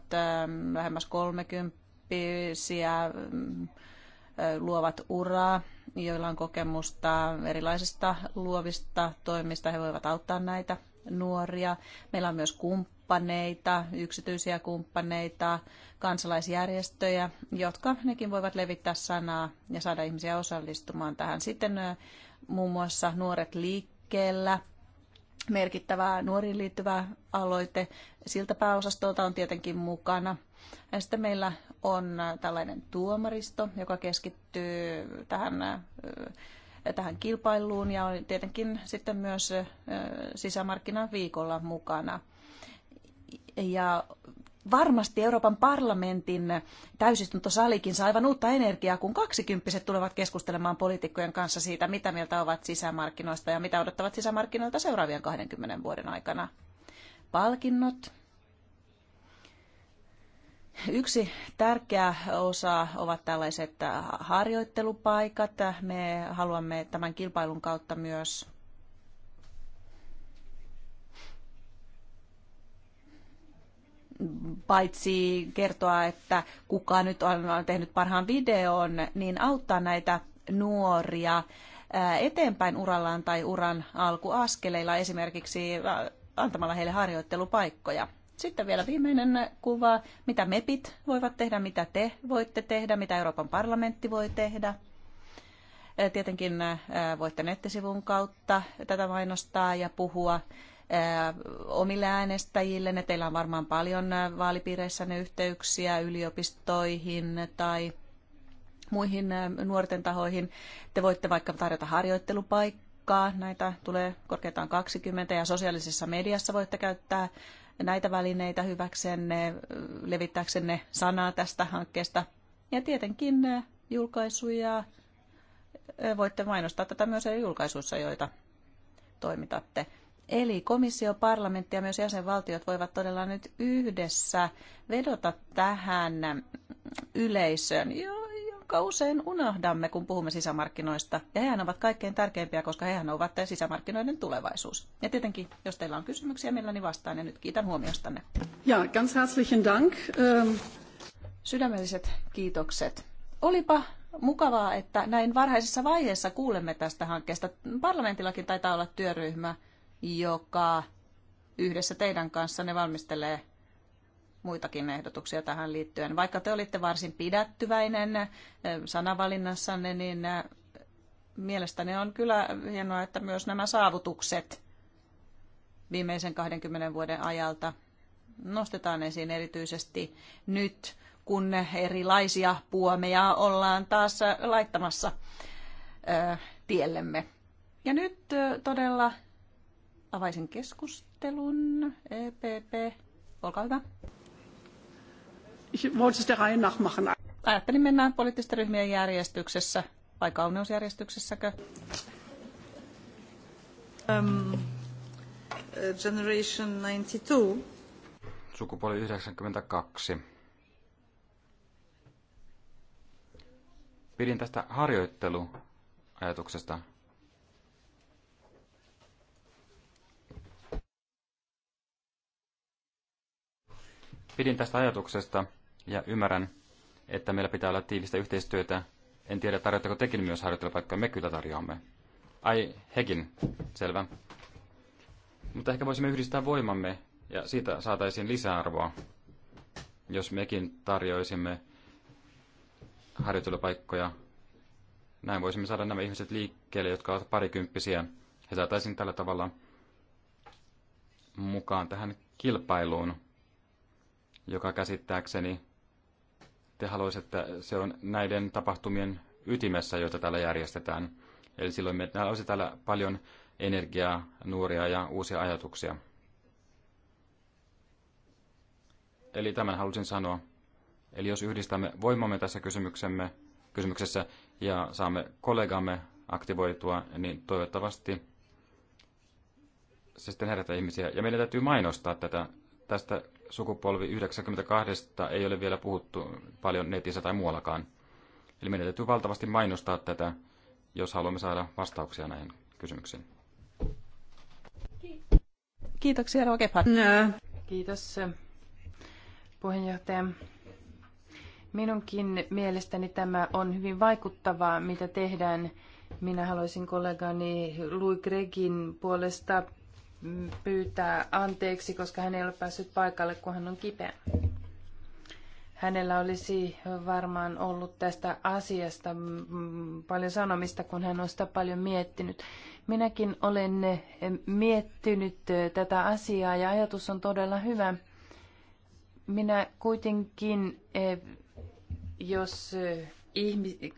Speaker 1: lähemmäs kolmekymppisiä, luovat uraa, joilla on kokemusta erilaisista luovista toimista. He voivat auttaa näitä nuoria. Meillä on myös kumppaneita, yksityisiä kumppaneita, kansalaisjärjestöjä, jotka nekin voivat levittää sanaa ja saada ihmisiä osallistumaan tähän. Sitten muun muassa Nuoret liikkeellä, merkittävää nuoriin liittyvä aloite. Siltä pääosastolta on tietenkin mukana. Ja sitten meillä on äh, tällainen tuomaristo, joka keskittyy tähän, äh, tähän kilpailuun ja on tietenkin sitten myös äh, sisämarkkinan viikolla mukana. Ja varmasti Euroopan parlamentin täysistuntosalikin saa aivan uutta energiaa, kun kaksikymppiset tulevat keskustelemaan poliitikkojen kanssa siitä, mitä mieltä ovat sisämarkkinoista ja mitä odottavat sisämarkkinoilta seuraavien 20 vuoden aikana. Palkinnot. Yksi tärkeä osa ovat tällaiset harjoittelupaikat. Me haluamme tämän kilpailun kautta myös paitsi kertoa, että kuka nyt on tehnyt parhaan videon, niin auttaa näitä nuoria eteenpäin urallaan tai uran alkuaskeleilla esimerkiksi antamalla heille harjoittelupaikkoja. Sitten vielä viimeinen kuva, mitä MEPit voivat tehdä, mitä te voitte tehdä, mitä Euroopan parlamentti voi tehdä. Tietenkin voitte nettisivun kautta tätä mainostaa ja puhua omille äänestäjille. Ne teillä on varmaan paljon vaalipiireissä ne yhteyksiä yliopistoihin tai muihin nuorten tahoihin. Te voitte vaikka tarjota harjoittelupaikkaa, näitä tulee korkeintaan 20, ja sosiaalisessa mediassa voitte käyttää näitä välineitä hyväksenne, levittääksenne sanaa tästä hankkeesta. Ja tietenkin julkaisuja, voitte mainostaa tätä myös eri julkaisuissa, joita toimitatte. Eli komissio, parlamentti ja myös jäsenvaltiot voivat todella nyt yhdessä vedota tähän yleisöön, jonka usein unohdamme, kun puhumme sisämarkkinoista. Ja hehän ovat kaikkein tärkeimpiä, koska hehän ovat sisämarkkinoiden tulevaisuus. Ja tietenkin, jos teillä on kysymyksiä, mielelläni vastaan. Ja nyt kiitän huomiostanne. Ja, ganz herzlichen Dank. Ähm. Sydämelliset kiitokset. Olipa mukavaa, että näin varhaisessa vaiheessa kuulemme tästä hankkeesta. Parlamentillakin taitaa olla työryhmä joka yhdessä teidän kanssa ne valmistelee muitakin ehdotuksia tähän liittyen. Vaikka te olitte varsin pidättyväinen eh, sanavalinnassanne, niin eh, mielestäni on kyllä hienoa, että myös nämä saavutukset viimeisen 20 vuoden ajalta nostetaan esiin erityisesti nyt, kun erilaisia puomeja ollaan taas eh, laittamassa tiellemme. Ja nyt todella avaisin keskustelun. EPP, olkaa hyvä. Ich wollte der Reihe nachmachen. Ajattelin mennä poliittisten ryhmien järjestyksessä vai kauneusjärjestyksessäkö? Um, uh, generation 92.
Speaker 2: Sukupuoli 92. Pidin tästä harjoitteluajatuksesta pidin tästä ajatuksesta ja ymmärrän, että meillä pitää olla tiivistä yhteistyötä. En tiedä, tarjotteko tekin myös harjoittelupaikkoja. Me kyllä tarjoamme. Ai, hekin. Selvä. Mutta ehkä voisimme yhdistää voimamme ja siitä saataisiin lisäarvoa, jos mekin tarjoisimme harjoittelupaikkoja. Näin voisimme saada nämä ihmiset liikkeelle, jotka ovat parikymppisiä. He saataisiin tällä tavalla mukaan tähän kilpailuun joka käsittääkseni te haluaisitte, että se on näiden tapahtumien ytimessä, joita täällä järjestetään. Eli silloin meillä olisi täällä paljon energiaa, nuoria ja uusia ajatuksia. Eli tämän halusin sanoa. Eli jos yhdistämme voimamme tässä kysymyksemme, kysymyksessä ja saamme kollegamme aktivoitua, niin toivottavasti se sitten herättää ihmisiä. Ja meidän täytyy mainostaa tätä. Tästä sukupolvi 92 ei ole vielä puhuttu paljon netissä tai muuallakaan. Eli meidän täytyy valtavasti mainostaa tätä, jos haluamme saada vastauksia näihin kysymyksiin.
Speaker 3: Kiitoksia, no. Kiitos, puheenjohtaja. Minunkin mielestäni tämä on hyvin vaikuttavaa, mitä tehdään. Minä haluaisin kollegani Louis Gregin puolesta pyytää anteeksi, koska hän ei ole päässyt paikalle, kun hän on kipeä. Hänellä olisi varmaan ollut tästä asiasta paljon sanomista, kun hän on sitä paljon miettinyt. Minäkin olen eh, miettinyt eh, tätä asiaa ja ajatus on todella hyvä. Minä kuitenkin, eh, jos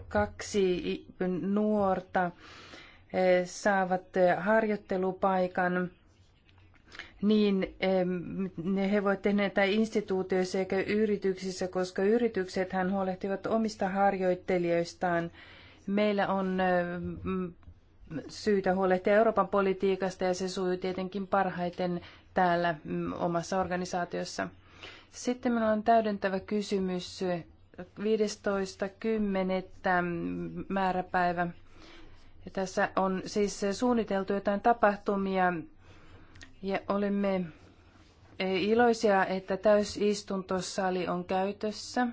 Speaker 3: kaksi nuorta saavat harjoittelupaikan, niin ne he voivat tehdä näitä instituutioissa eikä yrityksissä, koska yrityksethän huolehtivat omista harjoittelijoistaan. Meillä on syytä huolehtia Euroopan politiikasta ja se sujuu tietenkin parhaiten täällä omassa organisaatiossa. Sitten minulla on täydentävä kysymys 15.10. määräpäivä. Ja tässä on siis suunniteltu jotain tapahtumia ja olemme e, iloisia, että täysistuntosali on käytössä.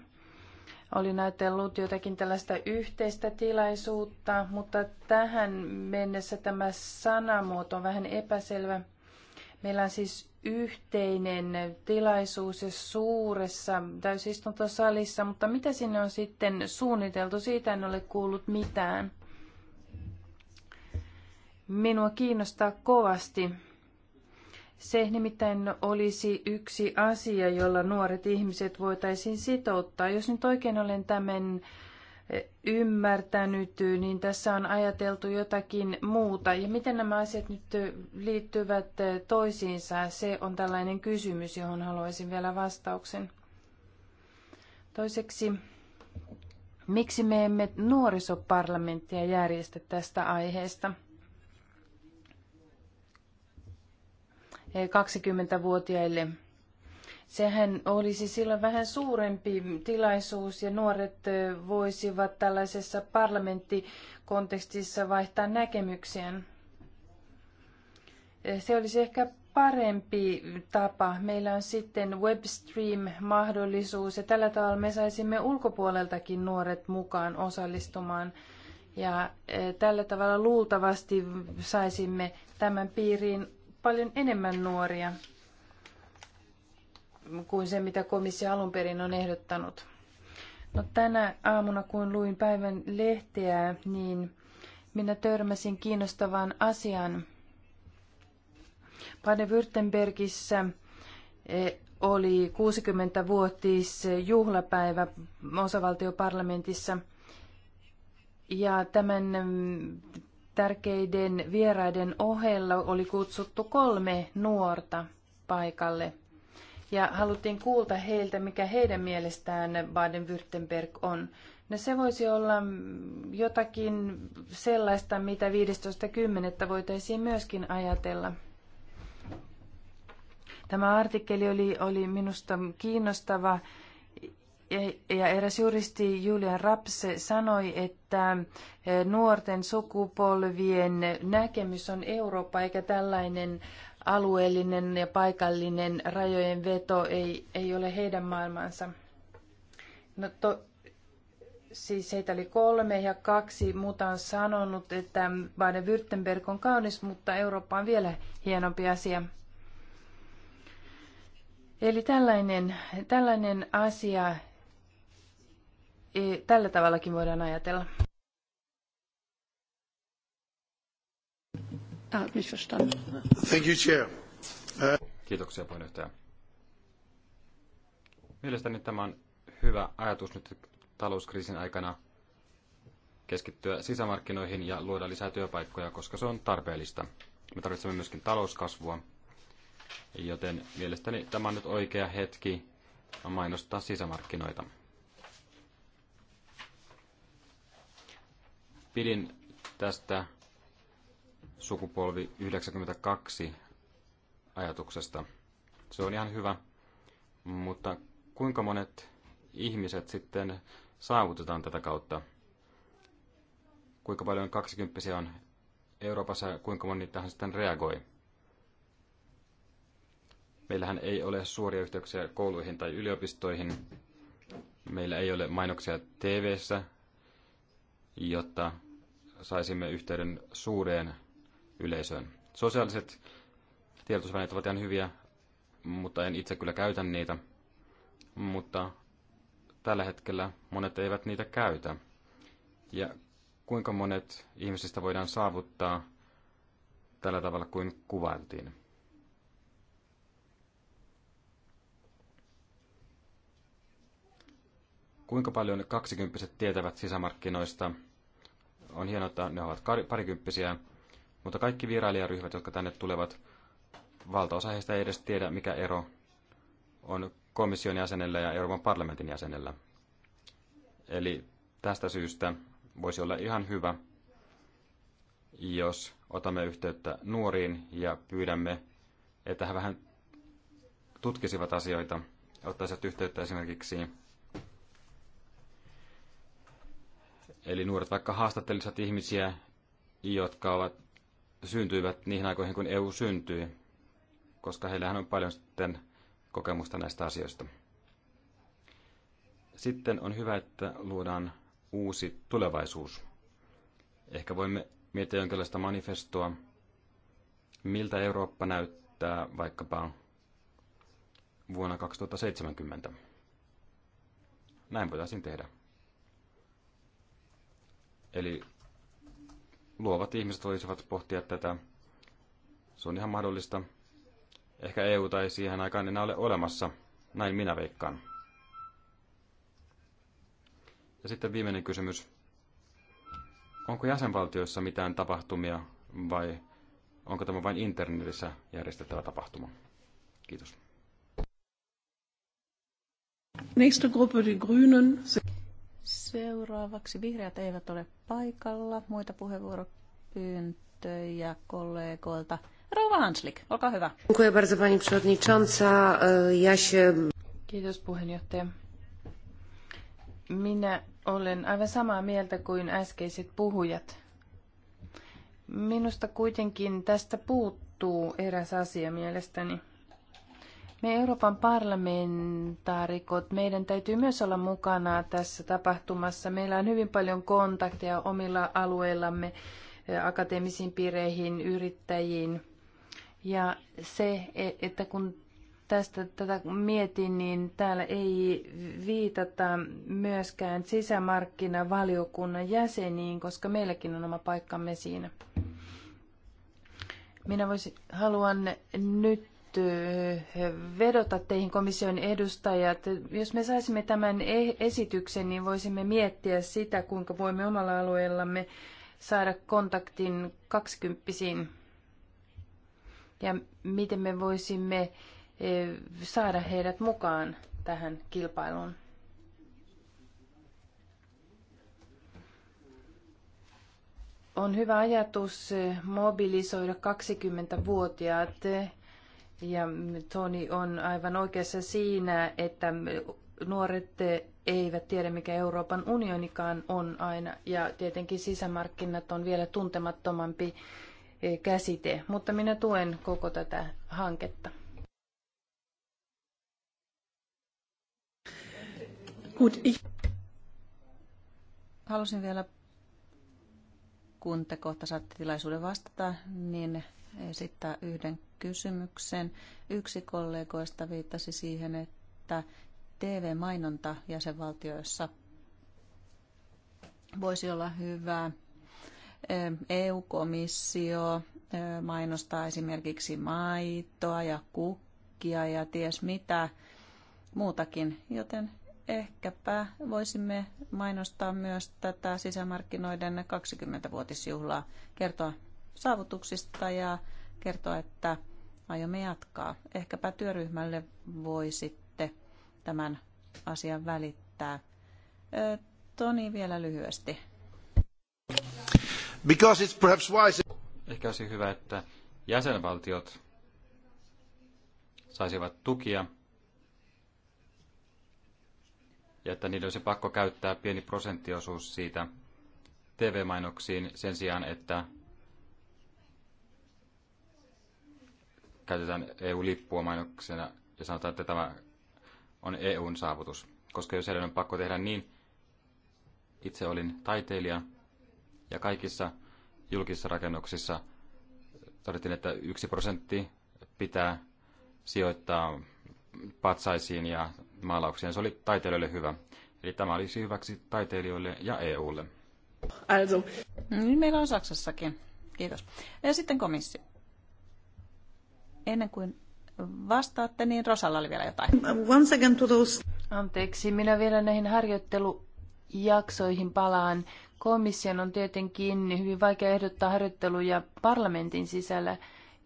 Speaker 3: Olin ajatellut jotakin tällaista yhteistä tilaisuutta, mutta tähän mennessä tämä sanamuoto on vähän epäselvä. Meillä on siis yhteinen tilaisuus ja suuressa täysistuntosalissa, mutta mitä sinne on sitten suunniteltu? Siitä en ole kuullut mitään. Minua kiinnostaa kovasti se nimittäin olisi yksi asia, jolla nuoret ihmiset voitaisiin sitouttaa. Jos nyt oikein olen tämän eh, ymmärtänyt, niin tässä on ajateltu jotakin muuta. Ja miten nämä asiat nyt eh, liittyvät eh, toisiinsa, se on tällainen kysymys, johon haluaisin vielä vastauksen. Toiseksi, miksi me emme nuorisoparlamenttia järjestä tästä aiheesta? 20-vuotiaille. Sehän olisi silloin vähän suurempi tilaisuus ja nuoret voisivat tällaisessa parlamenttikontekstissa vaihtaa näkemyksiään. Se olisi ehkä parempi tapa. Meillä on sitten webstream-mahdollisuus ja tällä tavalla me saisimme ulkopuoleltakin nuoret mukaan osallistumaan. Ja tällä tavalla luultavasti saisimme tämän piiriin paljon enemmän nuoria kuin se, mitä komissio alun perin on ehdottanut. No, tänä aamuna, kun luin päivän lehteä, niin minä törmäsin kiinnostavan asian. Baden-Württembergissä eh, oli 60-vuotis juhlapäivä osavaltioparlamentissa. Ja tämän tärkeiden vieraiden ohella oli kutsuttu kolme nuorta paikalle. Ja haluttiin kuulta heiltä, mikä heidän mielestään Baden-Württemberg on. No se voisi olla jotakin sellaista, mitä 15.10. voitaisiin myöskin ajatella. Tämä artikkeli oli, oli minusta kiinnostava ja eräs juristi Julian Rapse sanoi, että eh, nuorten sukupolvien näkemys on Eurooppa eikä tällainen alueellinen ja paikallinen rajojen veto ei, ei ole heidän maailmansa. No to, siis heitä oli kolme ja kaksi muuta on sanonut, että Baden-Württemberg on kaunis, mutta Eurooppa on vielä hienompi asia. Eli tällainen, tällainen asia tällä tavallakin voidaan ajatella. Ah,
Speaker 2: Thank you, Chair. Uh, Kiitoksia puheenjohtaja. Mielestäni tämä on hyvä ajatus nyt talouskriisin aikana keskittyä sisämarkkinoihin ja luoda lisää työpaikkoja, koska se on tarpeellista. Me tarvitsemme myöskin talouskasvua, joten mielestäni tämä on nyt oikea hetki mainostaa sisämarkkinoita. Pidin tästä sukupolvi 92 ajatuksesta. Se on ihan hyvä, mutta kuinka monet ihmiset sitten saavutetaan tätä kautta? Kuinka paljon kaksikymppisiä on Euroopassa ja kuinka moni tähän sitten reagoi? Meillähän ei ole suoria yhteyksiä kouluihin tai yliopistoihin. Meillä ei ole mainoksia tv jotta saisimme yhteyden suureen yleisöön. Sosiaaliset tiedotusvälineet ovat ihan hyviä, mutta en itse kyllä käytä niitä. Mutta tällä hetkellä monet eivät niitä käytä. Ja kuinka monet ihmisistä voidaan saavuttaa tällä tavalla kuin kuvailtiin. Kuinka paljon kaksikymppiset tietävät sisämarkkinoista – on hienoa, että ne ovat parikymppisiä, mutta kaikki vierailijaryhmät, jotka tänne tulevat, valtaosa heistä ei edes tiedä, mikä ero on komission jäsenellä ja Euroopan parlamentin jäsenellä. Eli tästä syystä voisi olla ihan hyvä, jos otamme yhteyttä nuoriin ja pyydämme, että he vähän tutkisivat asioita, ottaisivat yhteyttä esimerkiksi Eli nuoret vaikka haastattelisivat ihmisiä, jotka ovat, syntyivät niihin aikoihin, kun EU syntyi, koska heillähän on paljon sitten kokemusta näistä asioista. Sitten on hyvä, että luodaan uusi tulevaisuus. Ehkä voimme miettiä jonkinlaista manifestoa, miltä Eurooppa näyttää vaikkapa vuonna 2070. Näin voitaisiin tehdä. Eli luovat ihmiset voisivat pohtia tätä. Se on ihan mahdollista. Ehkä EU tai siihen aikaan enää ole olemassa. Näin minä veikkaan. Ja sitten viimeinen kysymys. Onko jäsenvaltioissa mitään tapahtumia vai onko tämä vain internetissä järjestettävä tapahtuma? Kiitos.
Speaker 1: Nächste Gruppe, die
Speaker 2: Grünen.
Speaker 1: Seuraavaksi vihreät eivät ole paikalla. Muita puheenvuoropyyntöjä kollegoilta. Rouva Hanslik, olkaa hyvä.
Speaker 3: E, ja
Speaker 1: Kiitos puheenjohtaja.
Speaker 3: Minä olen aivan samaa mieltä kuin äskeiset puhujat. Minusta kuitenkin tästä puuttuu eräs asia mielestäni. Me Euroopan parlamentaarikot, meidän täytyy myös olla mukana tässä tapahtumassa. Meillä on hyvin paljon kontakteja omilla alueillamme eh, akateemisiin piireihin, yrittäjiin. Ja se, e, että kun tästä tätä mietin, niin täällä ei viitata myöskään sisämarkkinavaliokunnan jäseniin, koska meilläkin on oma paikkamme siinä. Minä voisin, haluan nyt vedota teihin komission edustajat. Jos me saisimme tämän e- esityksen, niin voisimme miettiä sitä, kuinka voimme omalla alueellamme saada kontaktin kaksikymppisiin ja miten me voisimme e, saada heidät mukaan tähän kilpailuun. On hyvä ajatus mobilisoida 20-vuotiaat ja Toni on aivan oikeassa siinä, että nuoret eivät tiedä, mikä Euroopan unionikaan on aina. Ja tietenkin sisämarkkinat on vielä tuntemattomampi eh, käsite, mutta minä tuen koko tätä
Speaker 1: hanketta. Halusin vielä, kun te kohta saatte tilaisuuden vastata, niin esittää yhden kysymyksen. Yksi kollegoista viittasi siihen, että TV-mainonta jäsenvaltioissa voisi olla hyvä. EU-komissio e, mainostaa esimerkiksi maitoa ja kukkia ja ties mitä muutakin, joten ehkäpä voisimme mainostaa myös tätä sisämarkkinoiden 20-vuotisjuhlaa, kertoa saavutuksista ja kertoa, että aiomme jatkaa. Ehkäpä työryhmälle voi sitten tämän asian välittää. Toni vielä lyhyesti.
Speaker 2: Because it's perhaps wise... Ehkä olisi hyvä, että jäsenvaltiot saisivat tukia ja että niiden olisi pakko käyttää pieni prosenttiosuus siitä TV-mainoksiin sen sijaan, että käytetään EU-lippua mainoksena ja sanotaan, että tämä on EUn saavutus. Koska jos heidän on pakko tehdä niin, itse olin taiteilija ja kaikissa julkisissa rakennuksissa todettiin, että yksi prosentti pitää sijoittaa patsaisiin ja maalauksiin. Se oli taiteilijoille hyvä. Eli tämä olisi hyväksi taiteilijoille ja EUlle. Also.
Speaker 1: Niin meillä on Saksassakin. Kiitos. Ja sitten komissio. Ennen kuin vastaatte, niin Rosalla oli vielä jotain. Once again to those... Anteeksi,
Speaker 3: minä vielä näihin harjoittelujaksoihin palaan. Komission on tietenkin hyvin vaikea ehdottaa harjoitteluja parlamentin sisällä.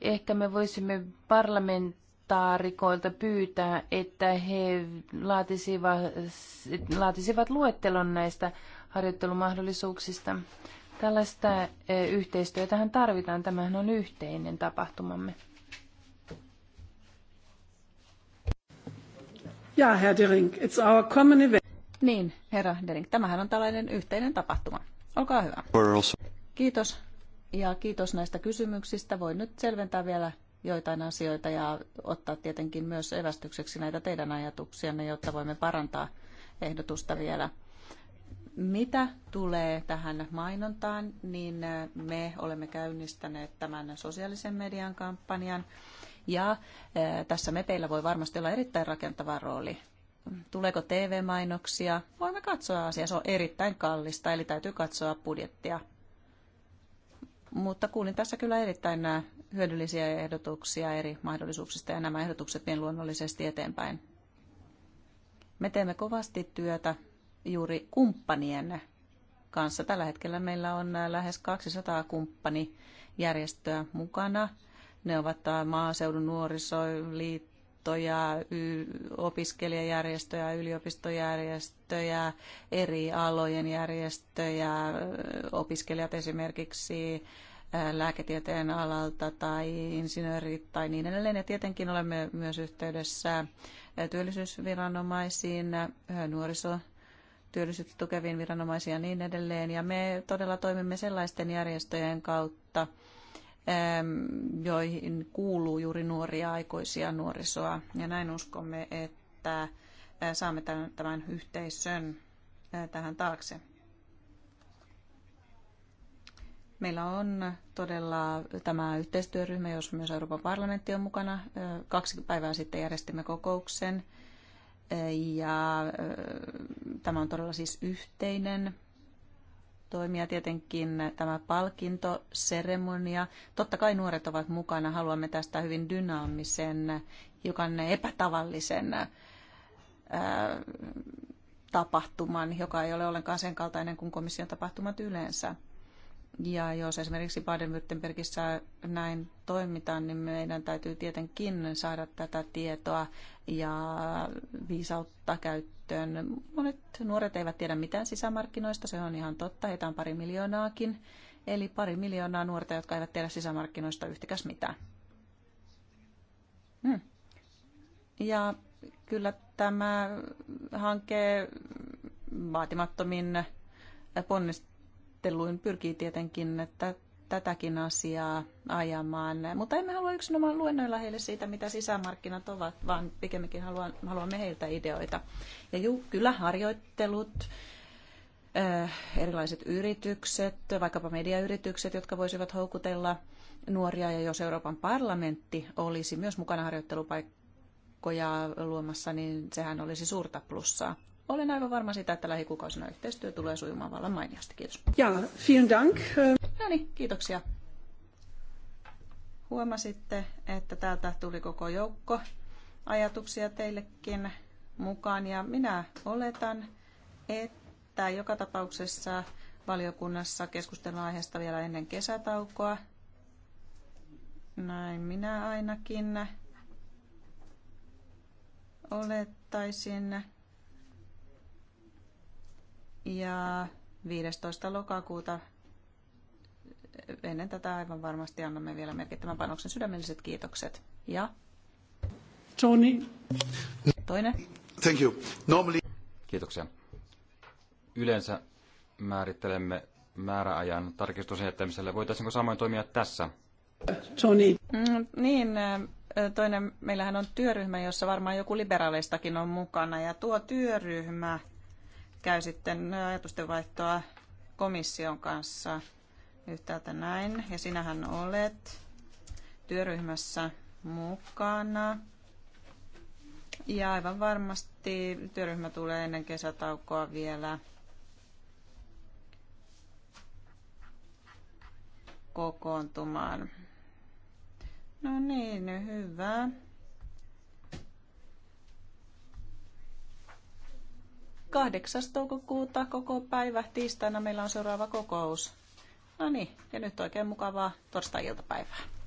Speaker 3: Ehkä me voisimme parlamentaarikoilta pyytää, että he laatisivat, laatisivat luettelon näistä harjoittelumahdollisuuksista. Tällaista eh, yhteistyötähän tarvitaan. Tämähän on yhteinen tapahtumamme.
Speaker 1: Ja, Herr Dering, it's our common event. Niin, herra Dering, tämähän on tällainen yhteinen tapahtuma. Olkaa hyvä. Kiitos. Ja kiitos näistä kysymyksistä. Voin nyt selventää vielä joitain asioita ja ottaa tietenkin myös evästykseksi näitä teidän ajatuksianne, jotta voimme parantaa ehdotusta vielä. Mitä tulee tähän mainontaan, niin me olemme käynnistäneet tämän sosiaalisen median kampanjan ja eh, tässä mepeillä voi varmasti olla erittäin rakentava rooli. Tuleeko TV-mainoksia? Voimme katsoa asiaa. Se on erittäin kallista, eli täytyy katsoa budjettia. Mutta kuulin tässä kyllä erittäin nämä eh, hyödyllisiä ehdotuksia eri mahdollisuuksista ja nämä ehdotukset vien luonnollisesti eteenpäin. Me teemme kovasti työtä juuri kumppanien kanssa. Tällä hetkellä meillä on eh, lähes 200 kumppanijärjestöä mukana ne ovat maaseudun nuorisoliittoja, opiskelijajärjestöjä, yliopistojärjestöjä, eri alojen järjestöjä, opiskelijat esimerkiksi lääketieteen alalta tai insinöörit tai niin edelleen. Ja tietenkin olemme myös yhteydessä työllisyysviranomaisiin, nuoriso työllisyyttä tukeviin viranomaisiin ja niin edelleen. Ja me todella toimimme sellaisten järjestöjen kautta, Ähm, joihin kuuluu juuri nuoria aikuisia nuorisoa. Ja näin uskomme, että äh, saamme tämän yhteisön äh, tähän taakse. Meillä on todella tämä yhteistyöryhmä, jos myös Euroopan parlamentti on mukana. Äh, kaksi päivää sitten järjestimme kokouksen. Ja tämä on todella siis yhteinen toimia. Tietenkin tämä palkintoseremonia. Totta kai nuoret ovat mukana. Haluamme tästä hyvin dynaamisen, hiukan epätavallisen ää, tapahtuman, joka ei ole ollenkaan sen kaltainen kuin komission tapahtumat yleensä. Ja jos esimerkiksi Baden-Württembergissä näin toimitaan, niin meidän täytyy tietenkin saada tätä tietoa ja viisautta käyttöön. Monet nuoret eivät tiedä mitään sisämarkkinoista, se on ihan totta, heitä on pari miljoonaakin. Eli pari miljoonaa nuorta, jotka eivät tiedä sisämarkkinoista yhtäkäs mitään. Hmm. Ja kyllä tämä hanke vaatimattomin ponnistus ajatteluin pyrkii tietenkin että tätäkin asiaa ajamaan, mutta emme halua yksinomaan luennoilla heille siitä, mitä sisämarkkinat ovat, vaan pikemminkin haluan, haluamme heiltä ideoita. Ja ju, kyllä harjoittelut, äh, erilaiset yritykset, vaikkapa mediayritykset, jotka voisivat houkutella nuoria, ja jos Euroopan parlamentti olisi myös mukana harjoittelupaikkoja luomassa, niin sehän olisi suurta plussaa olen aivan varma sitä, että lähikuukausina yhteistyö tulee sujumaan vallan mainiasti. Kiitos. Ja, vielen dank. No niin, kiitoksia. Huomasitte, että täältä tuli koko joukko ajatuksia teillekin mukaan ja minä oletan, että joka tapauksessa valiokunnassa keskustellaan aiheesta vielä ennen kesätaukoa. Näin minä ainakin olettaisin. Ja 15. lokakuuta ennen tätä aivan varmasti annamme vielä merkittävän panoksen sydämelliset kiitokset. Ja? Tony. Toinen.
Speaker 2: Thank you. Normally... Kiitoksia. Yleensä määrittelemme määräajan tarkistuksen jättämiselle. Voitaisiinko samoin toimia tässä?
Speaker 1: Tony. Mm, niin, toinen, meillähän on työryhmä, jossa varmaan joku liberaalistakin on mukana. Ja tuo työryhmä käy sitten ajatustenvaihtoa komission kanssa yhtäältä näin. Ja sinähän olet työryhmässä mukana. Ja aivan varmasti työryhmä tulee ennen kesätaukoa vielä kokoontumaan. No niin, hyvä. 8. toukokuuta koko päivä. Tiistaina meillä on seuraava kokous. No niin, ja nyt oikein mukavaa torstai-iltapäivää.